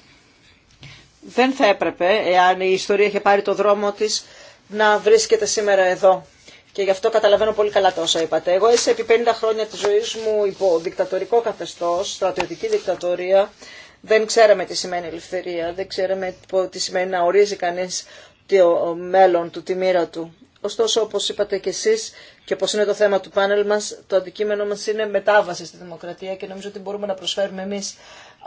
[SPEAKER 2] δεν θα έπρεπε, εάν η ιστορία είχε πάρει το δρόμο της, να βρίσκεται σήμερα εδώ. Και γι' αυτό καταλαβαίνω πολύ καλά τα όσα είπατε. Εγώ είσαι επί 50 χρόνια της ζωής μου υπό δικτατορικό καθεστώς, στρατιωτική δικτατορία. Δεν ξέραμε τι σημαίνει ελευθερία, δεν ξέραμε τι σημαίνει να ορίζει κανείς το μέλλον του, τη μοίρα του. Ωστόσο, όπως είπατε κι εσείς και όπω είναι το θέμα του πάνελ μας, το αντικείμενο μας είναι μετάβαση στη δημοκρατία και νομίζω ότι μπορούμε να προσφέρουμε εμείς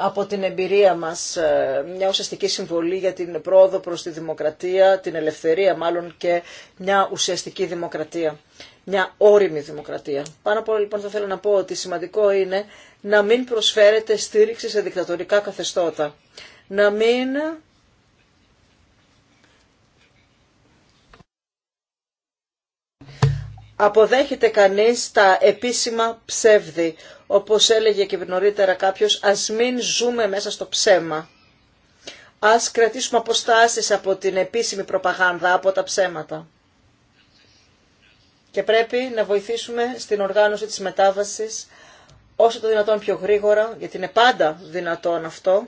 [SPEAKER 2] από την εμπειρία μας ε, μια ουσιαστική συμβολή για την πρόοδο προς τη δημοκρατία, την ελευθερία μάλλον και μια ουσιαστική δημοκρατία, μια όριμη δημοκρατία. Πάνω από όλα λοιπόν θα θέλω να πω ότι σημαντικό είναι να μην προσφέρετε στήριξη σε δικτατορικά καθεστώτα, να μην αποδέχεται κανείς τα επίσημα ψεύδη όπως έλεγε και νωρίτερα κάποιος, ας μην ζούμε μέσα στο ψέμα. Ας κρατήσουμε αποστάσεις από την επίσημη προπαγάνδα, από τα ψέματα. Και πρέπει να βοηθήσουμε στην οργάνωση της μετάβασης όσο το δυνατόν πιο γρήγορα, γιατί είναι πάντα δυνατόν αυτό.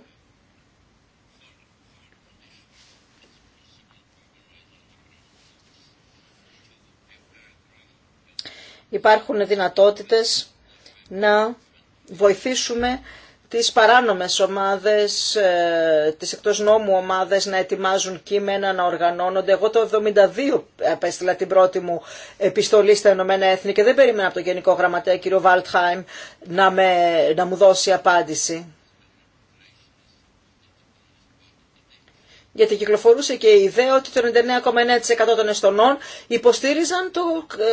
[SPEAKER 2] Υπάρχουν δυνατότητες να βοηθήσουμε τις παράνομες ομάδες, ε, τις εκτός νόμου ομάδες να ετοιμάζουν κείμενα, να οργανώνονται. Εγώ το 72 απέστειλα την πρώτη μου επιστολή στα Ηνωμένα Έθνη και δεν περίμενα από τον Γενικό Γραμματέα κύριο Βάλτχάιμ να, να μου δώσει απάντηση. γιατί κυκλοφορούσε και η ιδέα ότι το 99,9% των Εστονών υποστήριζαν το ε,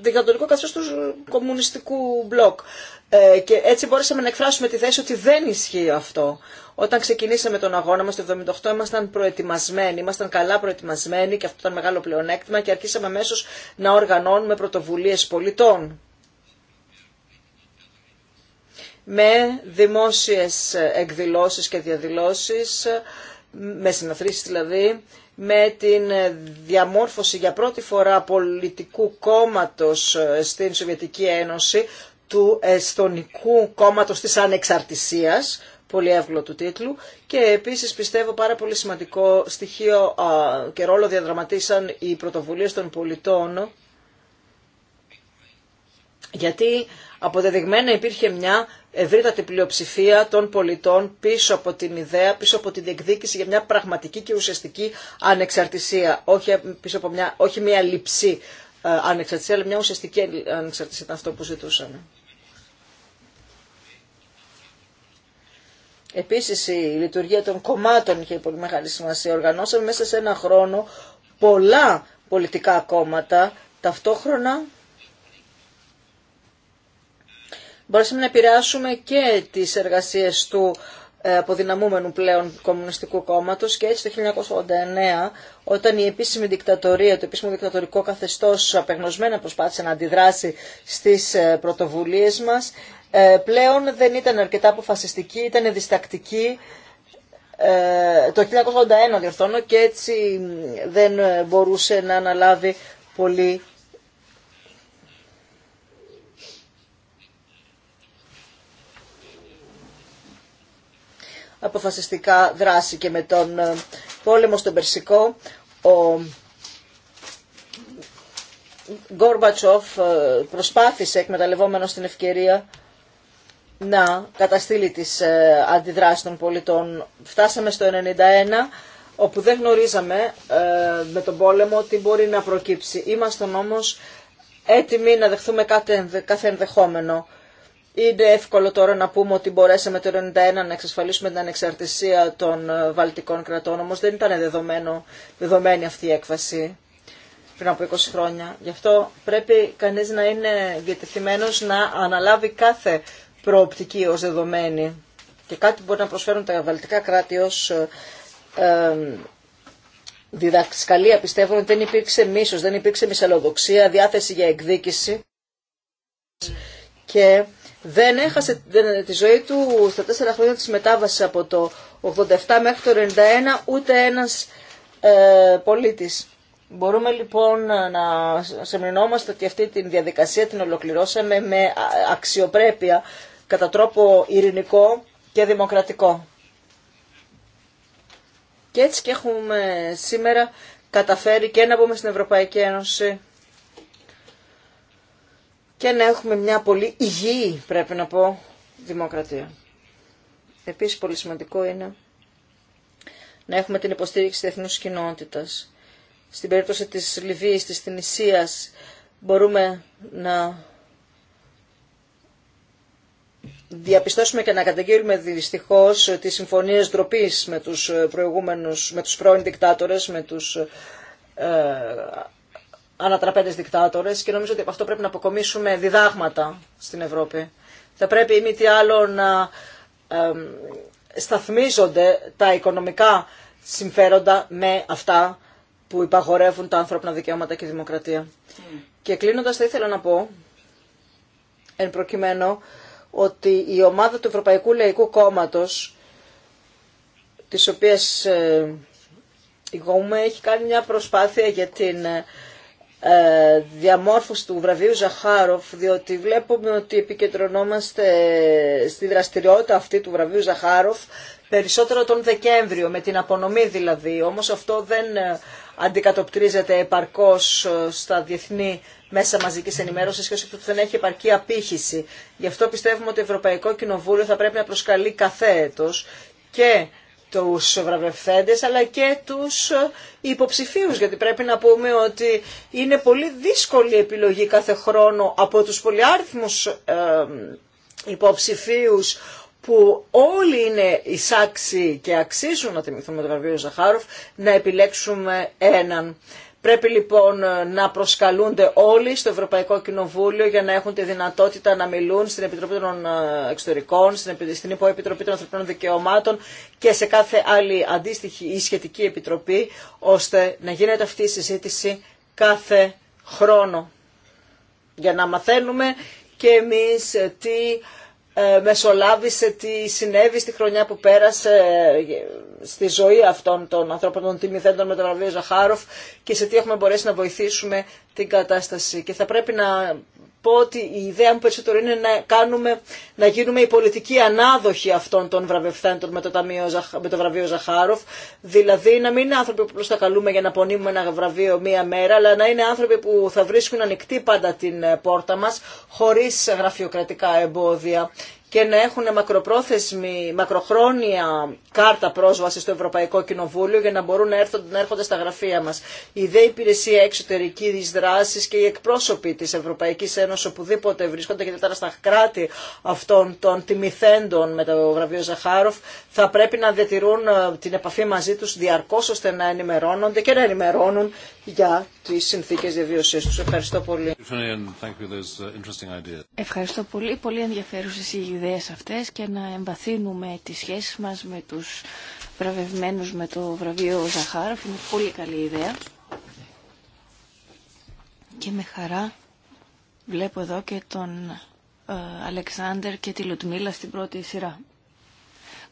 [SPEAKER 2] δικτατορικό καθεστώς του κομμουνιστικού μπλοκ. Ε, και έτσι μπορέσαμε να εκφράσουμε τη θέση ότι δεν ισχύει αυτό. Όταν ξεκινήσαμε τον αγώνα μας το 1978 ήμασταν προετοιμασμένοι, ήμασταν καλά προετοιμασμένοι και αυτό ήταν μεγάλο πλεονέκτημα και αρχίσαμε αμέσω να οργανώνουμε πρωτοβουλίες πολιτών. Με δημόσιες εκδηλώσεις και διαδηλώσεις, με συναθρήσεις δηλαδή, με την διαμόρφωση για πρώτη φορά πολιτικού κόμματος ε, στην Σοβιετική Ένωση, του εσθονικού Κόμματος της Ανεξαρτησίας, πολύ του τίτλου, και επίσης πιστεύω πάρα πολύ σημαντικό στοιχείο και ρόλο διαδραματίσαν οι πρωτοβουλίες των πολιτών, γιατί αποδεδειγμένα υπήρχε μια ευρύτατη πλειοψηφία των πολιτών πίσω από την ιδέα, πίσω από την διεκδίκηση για μια πραγματική και ουσιαστική ανεξαρτησία, όχι, πίσω από μια, όχι μια λυψή ε, ανεξαρτησία, αλλά μια ουσιαστική ανεξαρτησία ήταν αυτό που ζητούσαμε. Επίσης η λειτουργία των κομμάτων είχε πολύ μεγάλη σημασία. Οργανώσαμε μέσα σε ένα χρόνο πολλά πολιτικά κόμματα ταυτόχρονα μπορέσαμε να επηρεάσουμε και τις εργασίες του ε, αποδυναμούμενου πλέον Κομμουνιστικού Κόμματος και έτσι το 1989 όταν η επίσημη δικτατορία, το επίσημο δικτατορικό καθεστώς απεγνωσμένα προσπάθησε να αντιδράσει στις ε, πρωτοβουλίες μας ε, πλέον δεν ήταν αρκετά αποφασιστική, ήταν διστακτική το 1981 διορθώνω και έτσι δεν μπορούσε να αναλάβει πολύ αποφασιστικά δράση και με τον ε, πόλεμο στον Περσικό ο Γκόρμπατσοφ ε, προσπάθησε εκμεταλλευόμενος την ευκαιρία να καταστήλει τις ε, αντιδράσεις των πολιτών. Φτάσαμε στο 1991 όπου δεν γνωρίζαμε με τον πόλεμο τι μπορεί να προκύψει. Είμαστε όμως έτοιμοι να δεχθούμε κάθε ενδεχόμενο. Είναι εύκολο τώρα να πούμε ότι μπορέσαμε το 1991 να εξασφαλίσουμε την ανεξαρτησία των ε, βαλτικών κρατών, όμως δεν ήταν δεδομένο, δεδομένη αυτή η έκφαση πριν από 20 χρόνια. Γι' αυτό πρέπει κανείς να είναι διατεθειμένος να αναλάβει κάθε προοπτική ως δεδομένη και κάτι μπορεί να προσφέρουν τα βαλτικά κράτη ως ε, ε διδασκαλία πιστεύω ότι δεν υπήρξε μίσος, δεν υπήρξε μυσαλλοδοξία, διάθεση για εκδίκηση και δεν έχασε τη ζωή του στα τέσσερα χρόνια της μετάβασης από το 87 μέχρι το 91 ούτε ένας ε, πολίτης. Μπορούμε λοιπόν ε, να σεμνινόμαστε ότι αυτή τη διαδικασία την ολοκληρώσαμε με αξιοπρέπεια κατά τρόπο ειρηνικό και δημοκρατικό. Και έτσι και έχουμε σήμερα καταφέρει και να μπούμε στην Ευρωπαϊκή Ένωση και να έχουμε μια πολύ υγιή, πρέπει να πω, δημοκρατία. Επίσης πολύ σημαντικό είναι να έχουμε την υποστήριξη της εθνούς κοινότητας. Στην περίπτωση της Λιβύης, της Τινησίας, μπορούμε να διαπιστώσουμε και να καταγγείλουμε δυστυχώ τις συμφωνίες ντροπή με τους προηγούμενους, με τους πρώην δικτάτορες, με τους ε, Ανατραπέντε δικτάτορε και νομίζω ότι από αυτό πρέπει να αποκομίσουμε διδάγματα στην Ευρώπη. Θα πρέπει ή μη τι άλλο να σταθμίζονται τα οικονομικά συμφέροντα με αυτά που υπαγορεύουν τα ανθρώπινα δικαιώματα και η δημοκρατία. Και κλείνοντα θα ήθελα να πω, εν προκειμένου, ότι η ομάδα του Ευρωπαϊκού Λαϊκού Κόμματος, της οποίας ε, η ΓΟΜΕ έχει κάνει μια προσπάθεια για την ε, ε, διαμόρφωση του βραβείου Ζαχάροφ, διότι βλέπουμε ότι επικεντρωνόμαστε στη δραστηριότητα αυτή του βραβείου Ζαχάροφ περισσότερο τον Δεκέμβριο, με την απονομή δηλαδή. Όμως αυτό δεν ε, αντικατοπτρίζεται επαρκώς ε, στα διεθνή μέσα μαζικής ενημέρωσης και όσο δεν έχει επαρκή απήχηση. Γι' αυτό πιστεύουμε ότι το Ευρωπαϊκό Κοινοβούλιο θα πρέπει να προσκαλεί κάθε και τους βραβευθέντες αλλά και τους υποψηφίους γιατί πρέπει να πούμε ότι είναι πολύ δύσκολη επιλογή κάθε χρόνο από τους πολυάριθμους ε, υποψηφίους που όλοι είναι εισάξιοι και αξίζουν να τιμηθούμε το βραβείο Ζαχάροφ να επιλέξουμε έναν. Πρέπει λοιπόν ε, να προσκαλούνται όλοι στο Ευρωπαϊκό Κοινοβούλιο για να έχουν τη δυνατότητα να μιλούν στην Επιτροπή των ε, Εξωτερικών, στην Υποεπιτροπή των Ανθρωπίνων Δικαιωμάτων και σε κάθε άλλη αντίστοιχη ή σχετική επιτροπή, ώστε να γίνεται αυτή η συζήτηση κάθε χρόνο. Για να μαθαίνουμε και εμείς ε, τι ε, μεσολάβησε τι συνέβη στη χρονιά που πέρασε ε, στη ζωή αυτών των ανθρώπων των τιμηθέντων με τον βραβείο Ζαχάροφ και σε τι έχουμε μπορέσει να βοηθήσουμε την κατάσταση. Και θα πρέπει να πω ότι η ιδέα μου περισσότερο είναι να, κάνουμε, να γίνουμε η πολιτική ανάδοχη αυτών των βραβευθέντων με το, ταμείο, με το βραβείο Ζαχάροφ. Δηλαδή να μην είναι άνθρωποι που απλώ τα καλούμε για να πονίμουμε ένα βραβείο μία μέρα, αλλά να είναι άνθρωποι που θα βρίσκουν ανοιχτή πάντα την ε, πόρτα μας, χωρίς γραφειοκρατικά εμπόδια και να έχουν μακροπρόθεσμη, μακροχρόνια κάρτα πρόσβαση στο Ευρωπαϊκό Κοινοβούλιο για να μπορούν να, έρθουν, να έρχονται στα γραφεία μας. Η ΔΕ Υπηρεσία εξωτερική δράση και οι εκπρόσωποι της Ευρωπαϊκής Ένωσης οπουδήποτε βρίσκονται και τώρα στα κράτη αυτών των τιμηθέντων με το βραβείο Ζαχάροφ θα πρέπει να διατηρούν ε, την επαφή μαζί του διαρκώ ώστε να ενημερώνονται και να ενημερώνουν για τις συνθήκες διαβίωσης τους.
[SPEAKER 4] Ευχαριστώ πολύ.
[SPEAKER 2] Uh,
[SPEAKER 4] Ευχαριστώ πολύ. Πολύ ενδιαφέρουσες οι ιδέες αυτές και να εμβαθύνουμε τις σχέσεις μας με τους βραβευμένους με το βραβείο Ζαχάροφ. Είναι πολύ καλή ιδέα. Και με χαρά βλέπω εδώ και τον ε, Αλεξάνδερ και τη Λουτμίλα στην πρώτη σειρά.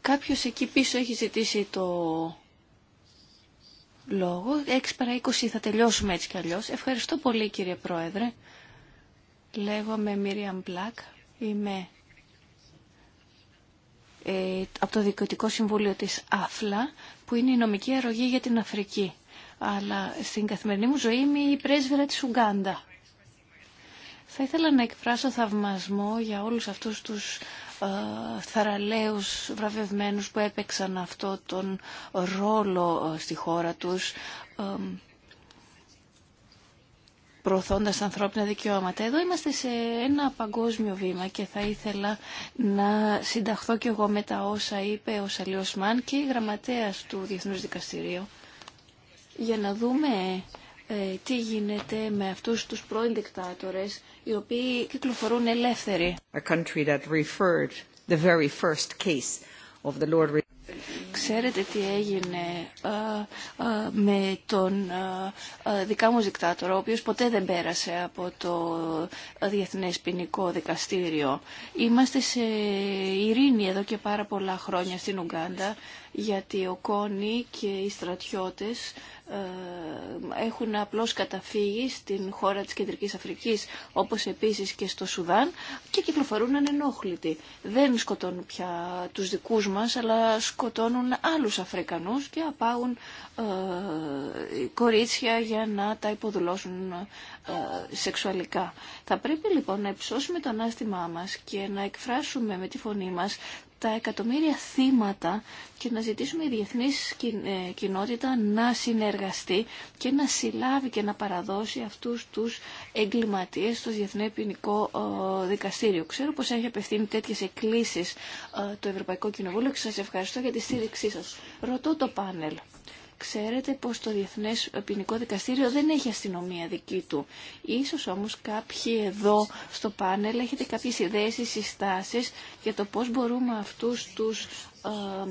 [SPEAKER 4] Κάποιος εκεί πίσω έχει ζητήσει το λόγο. 6 παρά 20 θα τελειώσουμε έτσι κι αλλιώς. Ευχαριστώ πολύ κύριε Πρόεδρε. Λέγομαι Μίριαμ Μπλακ. Είμαι ε, από το Διοικητικό Συμβούλιο της ΑΦΛΑ, που είναι η νομική αρρωγή για την Αφρική. Αλλά στην καθημερινή μου ζωή είμαι η πρέσβερα της Ουγκάντα. Θα ήθελα να εκφράσω θαυμασμό για όλους αυτούς τους θαραλέους βραβευμένους που έπαιξαν αυτό τον ρόλο στη χώρα τους προωθώντας ανθρώπινα δικαιώματα. Εδώ είμαστε σε ένα παγκόσμιο βήμα και θα ήθελα να συνταχθώ και εγώ με τα όσα είπε ο Σαλίος Μάν και η γραμματέας του Διεθνούς Δικαστηρίου για να δούμε ε, τι γίνεται με αυτούς τους πρώην δικτάτορες οι οποίοι κυκλοφορούν ελεύθεροι. A country Ξέρετε τι έγινε ε, ε, με τον α, δικά μου δικτάτορα, ο οποίος ποτέ δεν πέρασε από το Διεθνές Ποινικό Δικαστήριο. Είμαστε σε ειρήνη εδώ και πάρα πολλά χρόνια στην Ουγγάντα γιατί ο Κόνη και οι στρατιώτες ε, έχουν απλώς καταφύγει στην χώρα της Κεντρικής Αφρικής όπως επίσης και στο Σουδάν και κυκλοφορούν ανενόχλητοι. Δεν σκοτώνουν πια τους δικούς μας αλλά σκοτώνουν άλλους Αφρικανούς και απάγουν ε, κορίτσια για να τα υποδουλώσουν ε, σεξουαλικά. Θα πρέπει λοιπόν να υψώσουμε το ανάστημά μας και να εκφράσουμε με τη φωνή μας τα εκατομμύρια θύματα και να ζητήσουμε η διεθνής ε, κοινότητα να συνεργαστεί και να συλλάβει και να παραδώσει αυτούς τους εγκληματίες στο Διεθνέ Ποινικό ε, Δικαστήριο. Ξέρω πως έχει απευθύνει τέτοιες εκκλήσεις ε, το Ευρωπαϊκό Κοινοβούλιο και σας ευχαριστώ για τη στήριξή σας. Ρωτώ το πάνελ. Ξέρετε πως το Διεθνές Ποινικό Δικαστήριο δεν έχει αστυνομία δική του. Ίσως όμως κάποιοι εδώ στο πάνελ έχετε κάποιες ιδέες ή συστάσεις για το πώς μπορούμε αυτούς τους ε,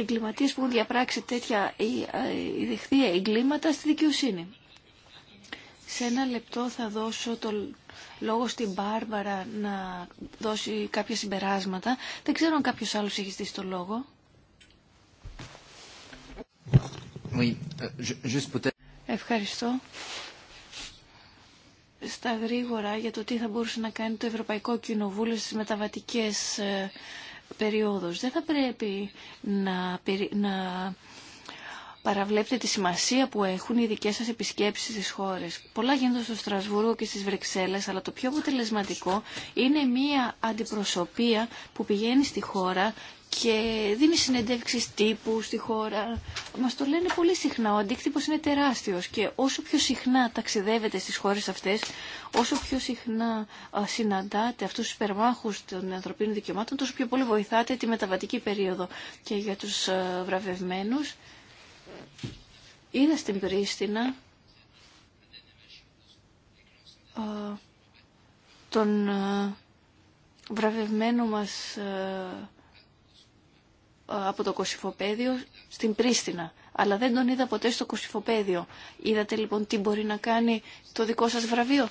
[SPEAKER 4] εγκληματίες που έχουν διαπράξει τέτοια ή ε, ε, δεχθεί εγκλήματα στη δικαιοσύνη. Σε ένα λεπτό θα δώσω το λόγο στην Μπάρμπαρα να δώσει κάποια συμπεράσματα. Δεν ξέρω αν κάποιος άλλος έχει στήσει το λόγο.
[SPEAKER 2] Euh,
[SPEAKER 4] Ευχαριστώ. Στα γρήγορα για το τι θα μπορούσε να κάνει το Ευρωπαϊκό Κοινοβούλιο στις μεταβατικές ε, περιόδους. Δεν θα πρέπει να, να παραβλέπετε τη σημασία που έχουν οι δικές σας επισκέψεις στις χώρες. Πολλά γίνονται στο Στρασβούργο και στις Βρυξέλλε, αλλά το πιο αποτελεσματικό είναι μία αντιπροσωπεία που πηγαίνει στη χώρα και δίνει συνεντεύξει τύπου στη χώρα. Μα το λένε πολύ συχνά. Ο αντίκτυπο είναι τεράστιο και όσο πιο συχνά ταξιδεύετε στι χώρε αυτέ, όσο πιο συχνά συναντάτε αυτού του υπερμάχου των ανθρωπίνων δικαιωμάτων, τόσο πιο πολύ βοηθάτε τη μεταβατική περίοδο. Και για του βραβευμένου, Είδα στην Πρίστινα τον ε, βραβευμένο μας ε, ε, από το Κωσυφοπαίδιο στην Πρίστινα. Αλλά δεν τον είδα ποτέ στο Κωσυφοπαίδιο. Είδατε λοιπόν τι μπορεί να κάνει το δικό σας βραβείο.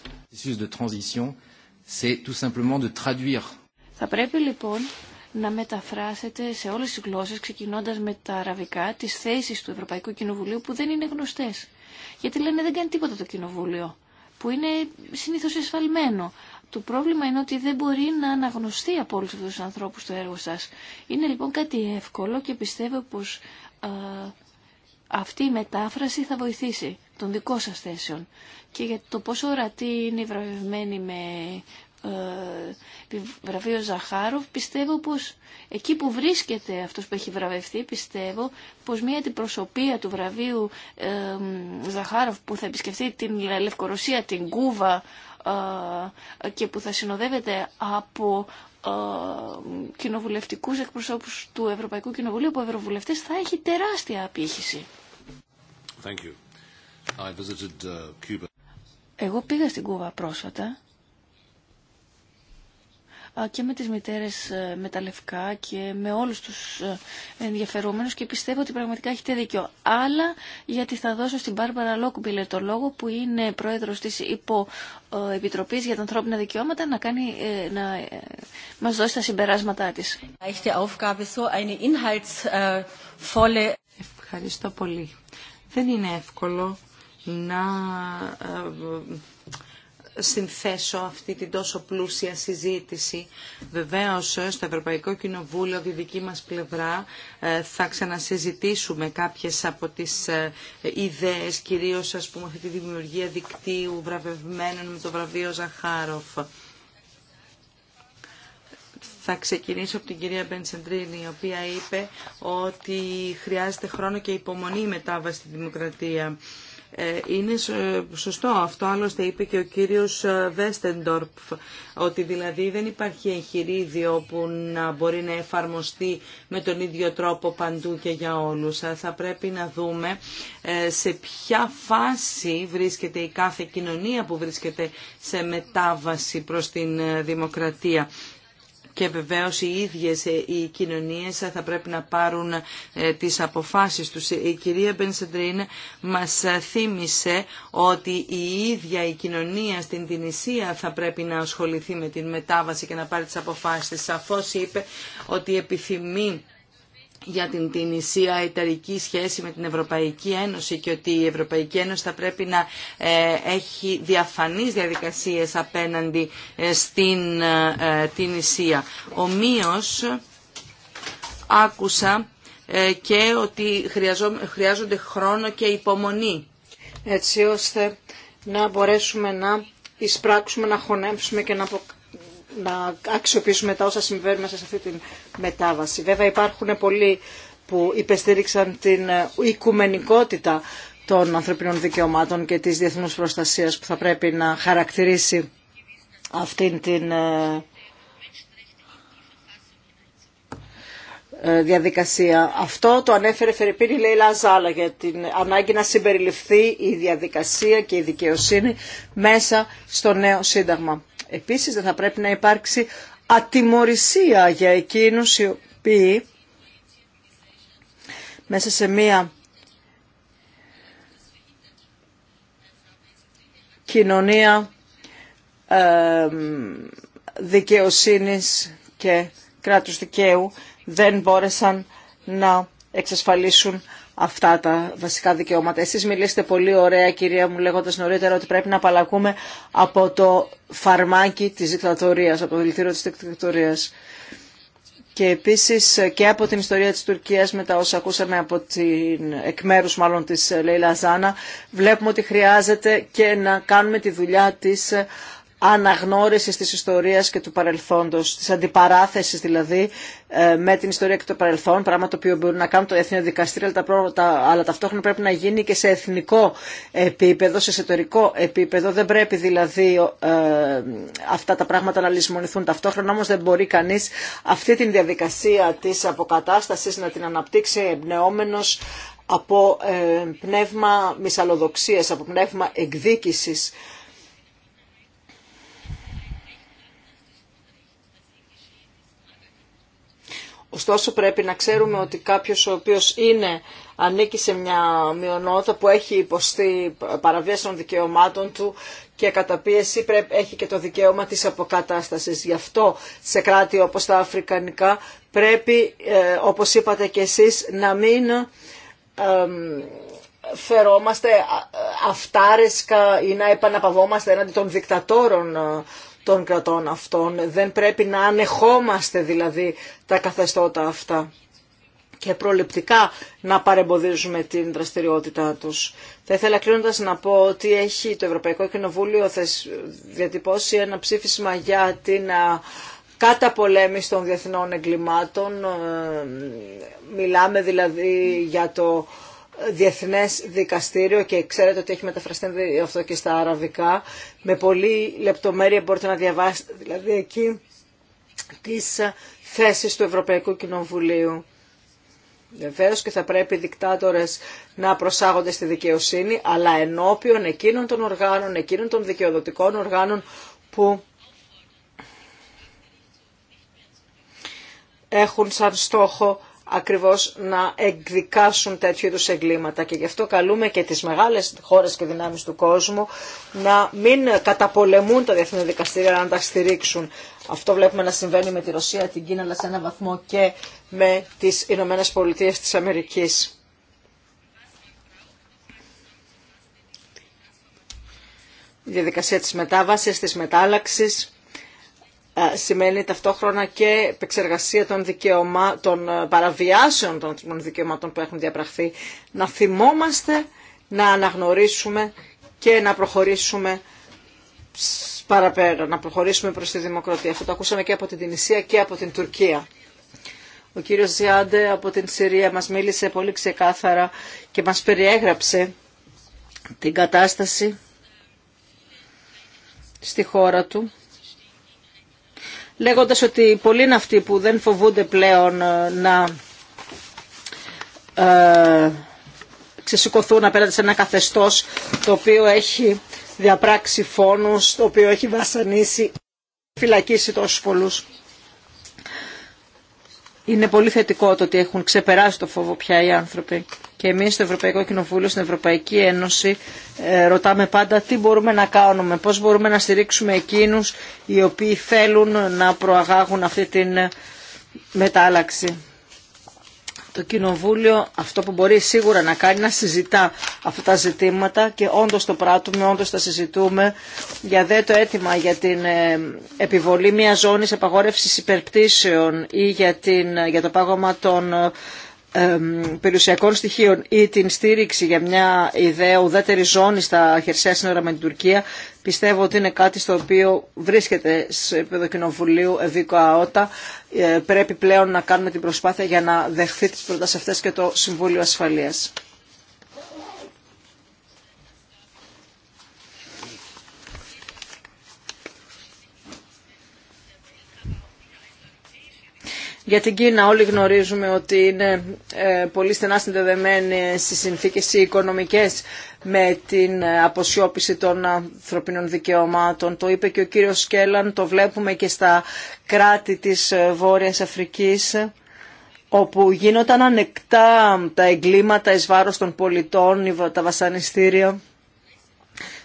[SPEAKER 4] Θα πρέπει λοιπόν να μεταφράσετε σε όλες τις γλώσσες, ξεκινώντας με τα αραβικά, τις θέσεις του Ευρωπαϊκού Κοινοβουλίου που δεν είναι γνωστές. Γιατί λένε δεν κάνει τίποτα το Κοινοβούλιο, που είναι συνήθως εσφαλμένο. Το πρόβλημα είναι ότι δεν μπορεί να αναγνωστεί από όλους αυτούς τους ανθρώπους το έργο σας. Είναι λοιπόν κάτι εύκολο και πιστεύω πως α, αυτή η μετάφραση θα βοηθήσει των δικών σας θέσεων. Και για το πόσο ορατή είναι βραβευμένη με ε, βραβείο Ζαχάροφ, πιστεύω πως εκεί που βρίσκεται αυτός που έχει βραβευτεί, πιστεύω πως μια αντιπροσωπεία του βραβείου ε, Ζαχάροφ που θα επισκεφθεί την Λευκορωσία, την Κούβα ε, και που θα συνοδεύεται από κοινοβουλευτικούς εκπροσώπους του Ευρωπαϊκού Κοινοβουλίου, από ευρωβουλευτές, θα έχει τεράστια απήχηση. Uh, Εγώ πήγα στην Κούβα πρόσφατα και με τις μητέρες ε, με τα λευκά και με όλους τους ε, ενδιαφερόμενους και πιστεύω ότι πραγματικά έχετε δίκιο. Αλλά γιατί θα δώσω στην Μπάρμπαρα Λόκουμπιλερ το λόγο που είναι πρόεδρος της υπό Επιτροπής για τα Ανθρώπινα Δικαιώματα να, κάνει, ε, να μας δώσει τα συμπεράσματά της. Ευχαριστώ πολύ. Δεν είναι εύκολο να
[SPEAKER 3] συνθέσω αυτή την τόσο πλούσια συζήτηση. Βεβαίως στο Ευρωπαϊκό Κοινοβούλιο από τη δική μας πλευρά ε, θα ξανασυζητήσουμε κάποιες από τις ε, ιδέες, κυρίως ας πούμε αυτή τη δημιουργία δικτύου βραβευμένων με το βραβείο Ζαχάροφ. Θα ξεκινήσω από την κυρία Μπεντσεντρίνη, η οποία είπε ότι χρειάζεται χρόνο και υπομονή η μετάβαση στη δημοκρατία. Ε, είναι ε, σωστό αυτό, άλλωστε είπε και ο κύριος ε, Βέστεντορπ, ότι δηλαδή δεν υπάρχει εγχειρίδιο που να μπορεί να εφαρμοστεί με τον ίδιο τρόπο παντού και για όλους. Θα πρέπει να δούμε σε ποια φάση βρίσκεται η κάθε κοινωνία που βρίσκεται σε μετάβαση προς την δημοκρατία και βεβαίως οι ίδιες ε, οι κοινωνίες θα πρέπει να πάρουν ε, τις αποφάσεις τους. Ε, η κυρία Μπενσεντρίν μας θύμισε ότι η ίδια η κοινωνία στην Τινησία θα πρέπει να ασχοληθεί με την μετάβαση και να πάρει τις αποφάσεις. Σαφώς είπε ότι επιθυμεί για την Τινησία εταιρική σχέση με την Ευρωπαϊκή Ένωση και ότι η Ευρωπαϊκή Ένωση θα πρέπει να ε, έχει διαφανείς διαδικασίες απέναντι ε, στην ε, Τινησία. Ομοίως άκουσα και ότι
[SPEAKER 2] χρειάζονται χρόνο και υπομονή. Έτσι ώστε να μπορέσουμε να εισπράξουμε, να χωνέψουμε και να να αξιοποιήσουμε τα όσα συμβαίνουν μέσα σε αυτή τη μετάβαση. Βέβαια υπάρχουν πολλοί που υπεστήριξαν την οικουμενικότητα των ανθρωπινών δικαιωμάτων και της διεθνούς προστασίας που θα πρέπει να χαρακτηρίσει αυτήν την ε, ε, διαδικασία. Αυτό το ανέφερε Φερρυπίνη λέει Λαζάλα για την ανάγκη να συμπεριληφθεί η διαδικασία και η δικαιοσύνη μέσα στο νέο σύνταγμα. Επίσης δεν θα πρέπει να υπάρξει ατιμορρησία για εκείνους οι οποίοι μέσα σε μία κοινωνία ε, δικαιοσύνης και κράτους δικαίου δεν μπόρεσαν να εξασφαλίσουν αυτά τα βασικά δικαιώματα. Εσείς μιλήσετε πολύ ωραία κυρία μου λέγοντας νωρίτερα ότι πρέπει να απαλλακούμε από το φαρμάκι της δικτατορίας, από το δηλητήριο της δικτατορίας. Και επίσης και από την ιστορία της Τουρκίας με τα όσα ακούσαμε από την εκ μέρους μάλλον της Λέιλα Ζάνα βλέπουμε ότι χρειάζεται και να κάνουμε τη δουλειά της Αναγνώριση της ιστορίας και του παρελθόντος, της αντιπαράθεσης δηλαδή ε, με την ιστορία και το παρελθόν, πράγμα το οποίο μπορεί να κάνουν το Εθνικό Δικαστήριο, αλλά, ταυτόχρονα πρέπει να γίνει και σε εθνικό επίπεδο, σε εσωτερικό επίπεδο. Δεν πρέπει δηλαδή ε, αυτά τα πράγματα να λησμονηθούν ταυτόχρονα, όμως δεν μπορεί κανείς αυτή την διαδικασία της αποκατάστασης να την αναπτύξει εμπνεόμενος από ε, πνεύμα μυσαλλοδοξίας, από πνεύμα εκδίκησης Ωστόσο πρέπει να ξέρουμε ότι κάποιος ο οποίος είναι, ανήκει σε μια μειονότητα που έχει υποστεί παραβίαση των δικαιωμάτων του και καταπίεση πρέπει, έχει και το δικαίωμα της αποκατάστασης. Γι' αυτό σε κράτη όπως τα αφρικανικά πρέπει, ε, όπως είπατε και εσείς, να μην... φερόμαστε ε, αυτάρεσκα ή να επαναπαυόμαστε έναντι των δικτατόρων ε, των κρατών αυτών. Δεν πρέπει να ανεχόμαστε δηλαδή τα καθεστώτα αυτά και προληπτικά να παρεμποδίζουμε την δραστηριότητά τους. Θα ήθελα κλείνοντα να πω ότι έχει το Ευρωπαϊκό Κοινοβούλιο θες διατυπώσει ένα ψήφισμα για την καταπολέμηση των διεθνών εγκλημάτων. Ε, μιλάμε δηλαδή για το διεθνές δικαστήριο και ξέρετε ότι έχει μεταφραστεί αυτό και στα αραβικά. Με πολλή λεπτομέρεια μπορείτε να διαβάσετε δηλαδή εκεί τις θέσεις του Ευρωπαϊκού Κοινοβουλίου. Βεβαίω και θα πρέπει οι δικτάτορες να προσάγονται στη δικαιοσύνη, αλλά ενώπιον εκείνων των οργάνων, εκείνων των δικαιοδοτικών οργάνων που έχουν σαν στόχο ακριβώς να εκδικάσουν τέτοιου είδους εγκλήματα και γι' αυτό καλούμε και τις μεγάλες χώρες και δυνάμεις του κόσμου να μην καταπολεμούν τα διεθνή δικαστήρια, να τα στηρίξουν. Αυτό βλέπουμε να συμβαίνει με τη Ρωσία, την Κίνα, αλλά σε έναν βαθμό και με τις Ηνωμένες Πολιτείες της Αμερικής. Η διαδικασία της μετάβασης, της μετάλλαξης σημαίνει ταυτόχρονα και επεξεργασία των, των ε, παραβιάσεων των ανθρωπινών δικαιωμάτων που έχουν διαπραχθεί, να θυμόμαστε, να αναγνωρίσουμε και να προχωρήσουμε παραπέρα, να προχωρήσουμε προς τη δημοκρατία. Αυτό το ακούσαμε και από την Τινησία και από την Τουρκία. Ο κύριος Ζιάντε από την Συρία μας μίλησε πολύ ξεκάθαρα και μας περιέγραψε την κατάσταση στη χώρα του λέγοντας ότι πολλοί είναι αυτοί που δεν φοβούνται πλέον ε, να ε, ξεσηκωθούν απέναντι σε ένα καθεστώς το οποίο έχει διαπράξει φόνους, το οποίο έχει βασανίσει, φυλακίσει τόσους πολλούς. Είναι πολύ θετικό το ότι έχουν ξεπεράσει το φόβο πια οι άνθρωποι και εμείς στο Ευρωπαϊκό Κοινοβούλιο, στην Ευρωπαϊκή Ένωση, ε, ρωτάμε πάντα τι μπορούμε να κάνουμε, πώς μπορούμε να στηρίξουμε εκείνους οι οποίοι θέλουν να προαγάγουν αυτή την ε, μετάλλαξη. Το Κοινοβούλιο αυτό που μπορεί σίγουρα να κάνει να συζητά αυτά τα ζητήματα και όντως το πράττουμε, όντως τα συζητούμε για δε το αίτημα για την ε, επιβολή μιας ζώνης απαγόρευσης υπερπτήσεων ή για, την, για το πάγωμα των περιουσιακών στοιχείων ή την στήριξη για μια ιδέα ουδέτερη ζώνη στα χερσαία σύνορα με την Τουρκία πιστεύω ότι είναι κάτι στο οποίο βρίσκεται σε επίπεδο κοινοβουλίου Ευήκο ΑΟΤΑ. Ε, πρέπει πλέον να κάνουμε την προσπάθεια για να δεχθεί τις προτάσεις αυτές και το Συμβούλιο Ασφαλείας. Για την Κίνα όλοι γνωρίζουμε ότι είναι ε, πολύ στενά συνδεδεμένη οι συνθήκες οι οικονομικές με την ε, αποσιώπηση των ανθρωπίνων δικαιωμάτων. Το είπε και ο κύριος Σκέλαν, το βλέπουμε και στα κράτη της ε, Βόρειας Αφρικής όπου γίνονταν ανεκτά τα εγκλήματα εις βάρος των πολιτών, τα βασανιστήρια,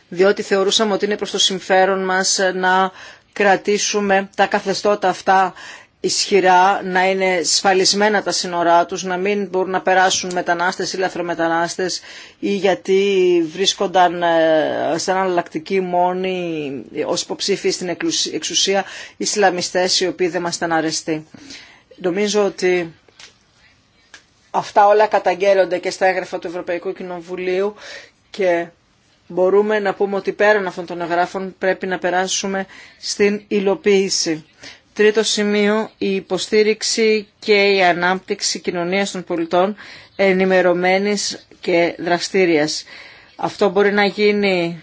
[SPEAKER 2] διότι θεωρούσαμε ότι είναι προς το συμφέρον μας να κρατήσουμε τα καθεστώτα αυτά ισχυρά, να είναι σφαλισμένα τα σύνορά τους, να μην μπορούν να περάσουν μετανάστες ή λαθρομετανάστες ή γιατί βρίσκονταν ε, σαν αλλακτική μόνοι ως υποψήφοι στην εξουσία Ισλαμιστές οι οποίοι δεν μας ήταν αρεστοί. Νομίζω ότι αυτά όλα καταγγέλλονται και στα έγγραφα του Ευρωπαϊκού Κοινοβουλίου και μπορούμε να πούμε ότι πέραν αυτών των εγγράφων πρέπει να περάσουμε στην υλοποίηση. Τρίτο σημείο, η υποστήριξη και η ανάπτυξη κοινωνίας των πολιτών ενημερωμένης και δραστήριας. Αυτό μπορεί να γίνει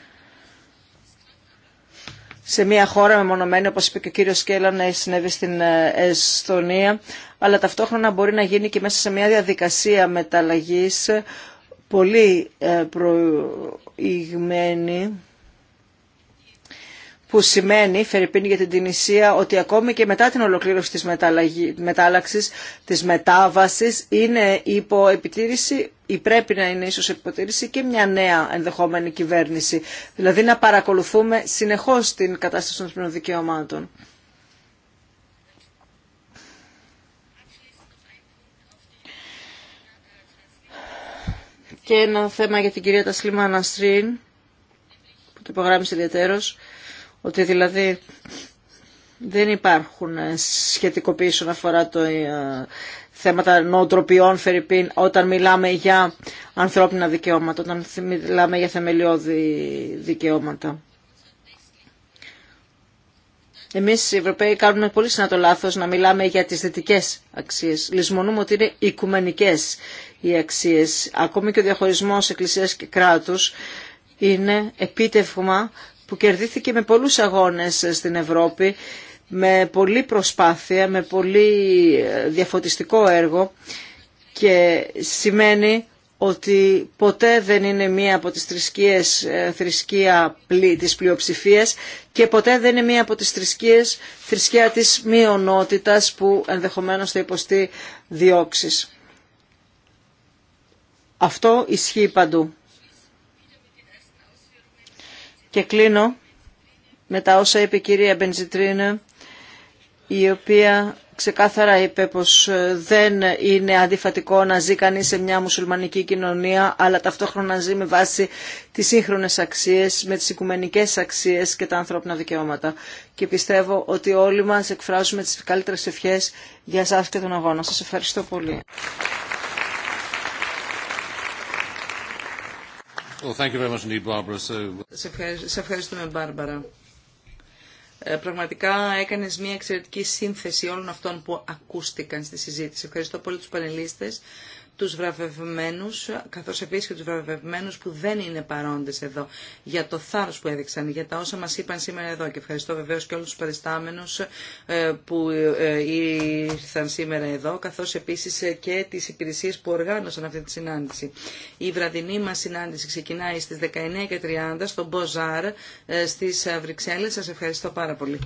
[SPEAKER 2] σε μια χώρα μεμονωμένη, όπως είπε και ο κύριος Σκέλα, να συνέβη στην ε, Εστονία, αλλά ταυτόχρονα μπορεί να γίνει και μέσα σε μια διαδικασία μεταλλαγής πολύ ε, προηγμένη που σημαίνει, Φερρυπίνη για την Τινησία, ότι ακόμη και μετά την ολοκλήρωση της μετάλλαξης, της μετάβασης, είναι υπό επιτήρηση ή πρέπει να είναι ίσως υποτήρηση και μια νέα ενδεχόμενη κυβέρνηση. Δηλαδή να παρακολουθούμε συνεχώς την κατάσταση των ανθρώπινων δικαιωμάτων. Και ένα θέμα για την κυρία Τασλίμα Αναστρίν, που το υπογράμμισε ιδιαίτερος. Ότι δηλαδή δεν υπάρχουν ε, σχετικοποίηση όσον αφορά το ε, θέματα νοοτροπιών, Φερρυπίν, όταν μιλάμε για ανθρώπινα δικαιώματα, όταν μιλάμε για θεμελιώδη δικαιώματα. Εμείς οι Ευρωπαίοι κάνουμε πολύ συχνά το λάθος να μιλάμε για τις δυτικές αξίες. Λυσμονούμε ότι είναι οικουμενικές οι αξίες. Ακόμη και ο διαχωρισμός εκκλησίας και κράτους είναι επίτευγμα που κερδίθηκε με πολλούς αγώνες στην Ευρώπη, με πολλή προσπάθεια, με πολύ ε, διαφωτιστικό έργο και σημαίνει ότι ποτέ δεν είναι μία από τις θρησκείες ε, θρησκεία της πλειοψηφίας και ποτέ δεν είναι μία από τις θρησκείες θρησκεία της μειονότητας που ενδεχομένως θα υποστεί διώξεις. Αυτό ισχύει παντού. Και κλείνω με τα όσα είπε η κυρία Μπενζιτρίνε, η οποία ξεκάθαρα είπε πως ε, δεν είναι αντιφατικό να ζει κανεί σε μια μουσουλμανική κοινωνία, αλλά ταυτόχρονα ζει με βάση τις σύγχρονες αξίες, με τις οικουμενικές αξίες και τα ανθρώπινα δικαιώματα. Και πιστεύω ότι όλοι μας εκφράζουμε τις καλύτερες ευχές για σας και τον αγώνα. Σας ευχαριστώ πολύ. Σε ευχαριστούμε, Μπάρμπαρα.
[SPEAKER 3] Ε, πραγματικά έκανες μια εξαιρετική σύνθεση όλων αυτών που ακούστηκαν στη συζήτηση. Ευχαριστώ πολύ τους πανελίστε τους βραβευμένους, καθώς επίσης και τους βραβευμένους που δεν είναι παρόντες εδώ, για το θάρρος που έδειξαν, για τα όσα μας είπαν σήμερα εδώ. Και ευχαριστώ βεβαίως και όλους τους παριστάμενους ε, που ε, ήρθαν σήμερα εδώ, καθώς επίσης ε, και τις υπηρεσίες που οργάνωσαν αυτή τη συνάντηση. Η βραδινή μας συνάντηση ξεκινάει στις 19.30 στο Μποζάρ στις Βρυξέλλες. Σας ευχαριστώ πάρα πολύ.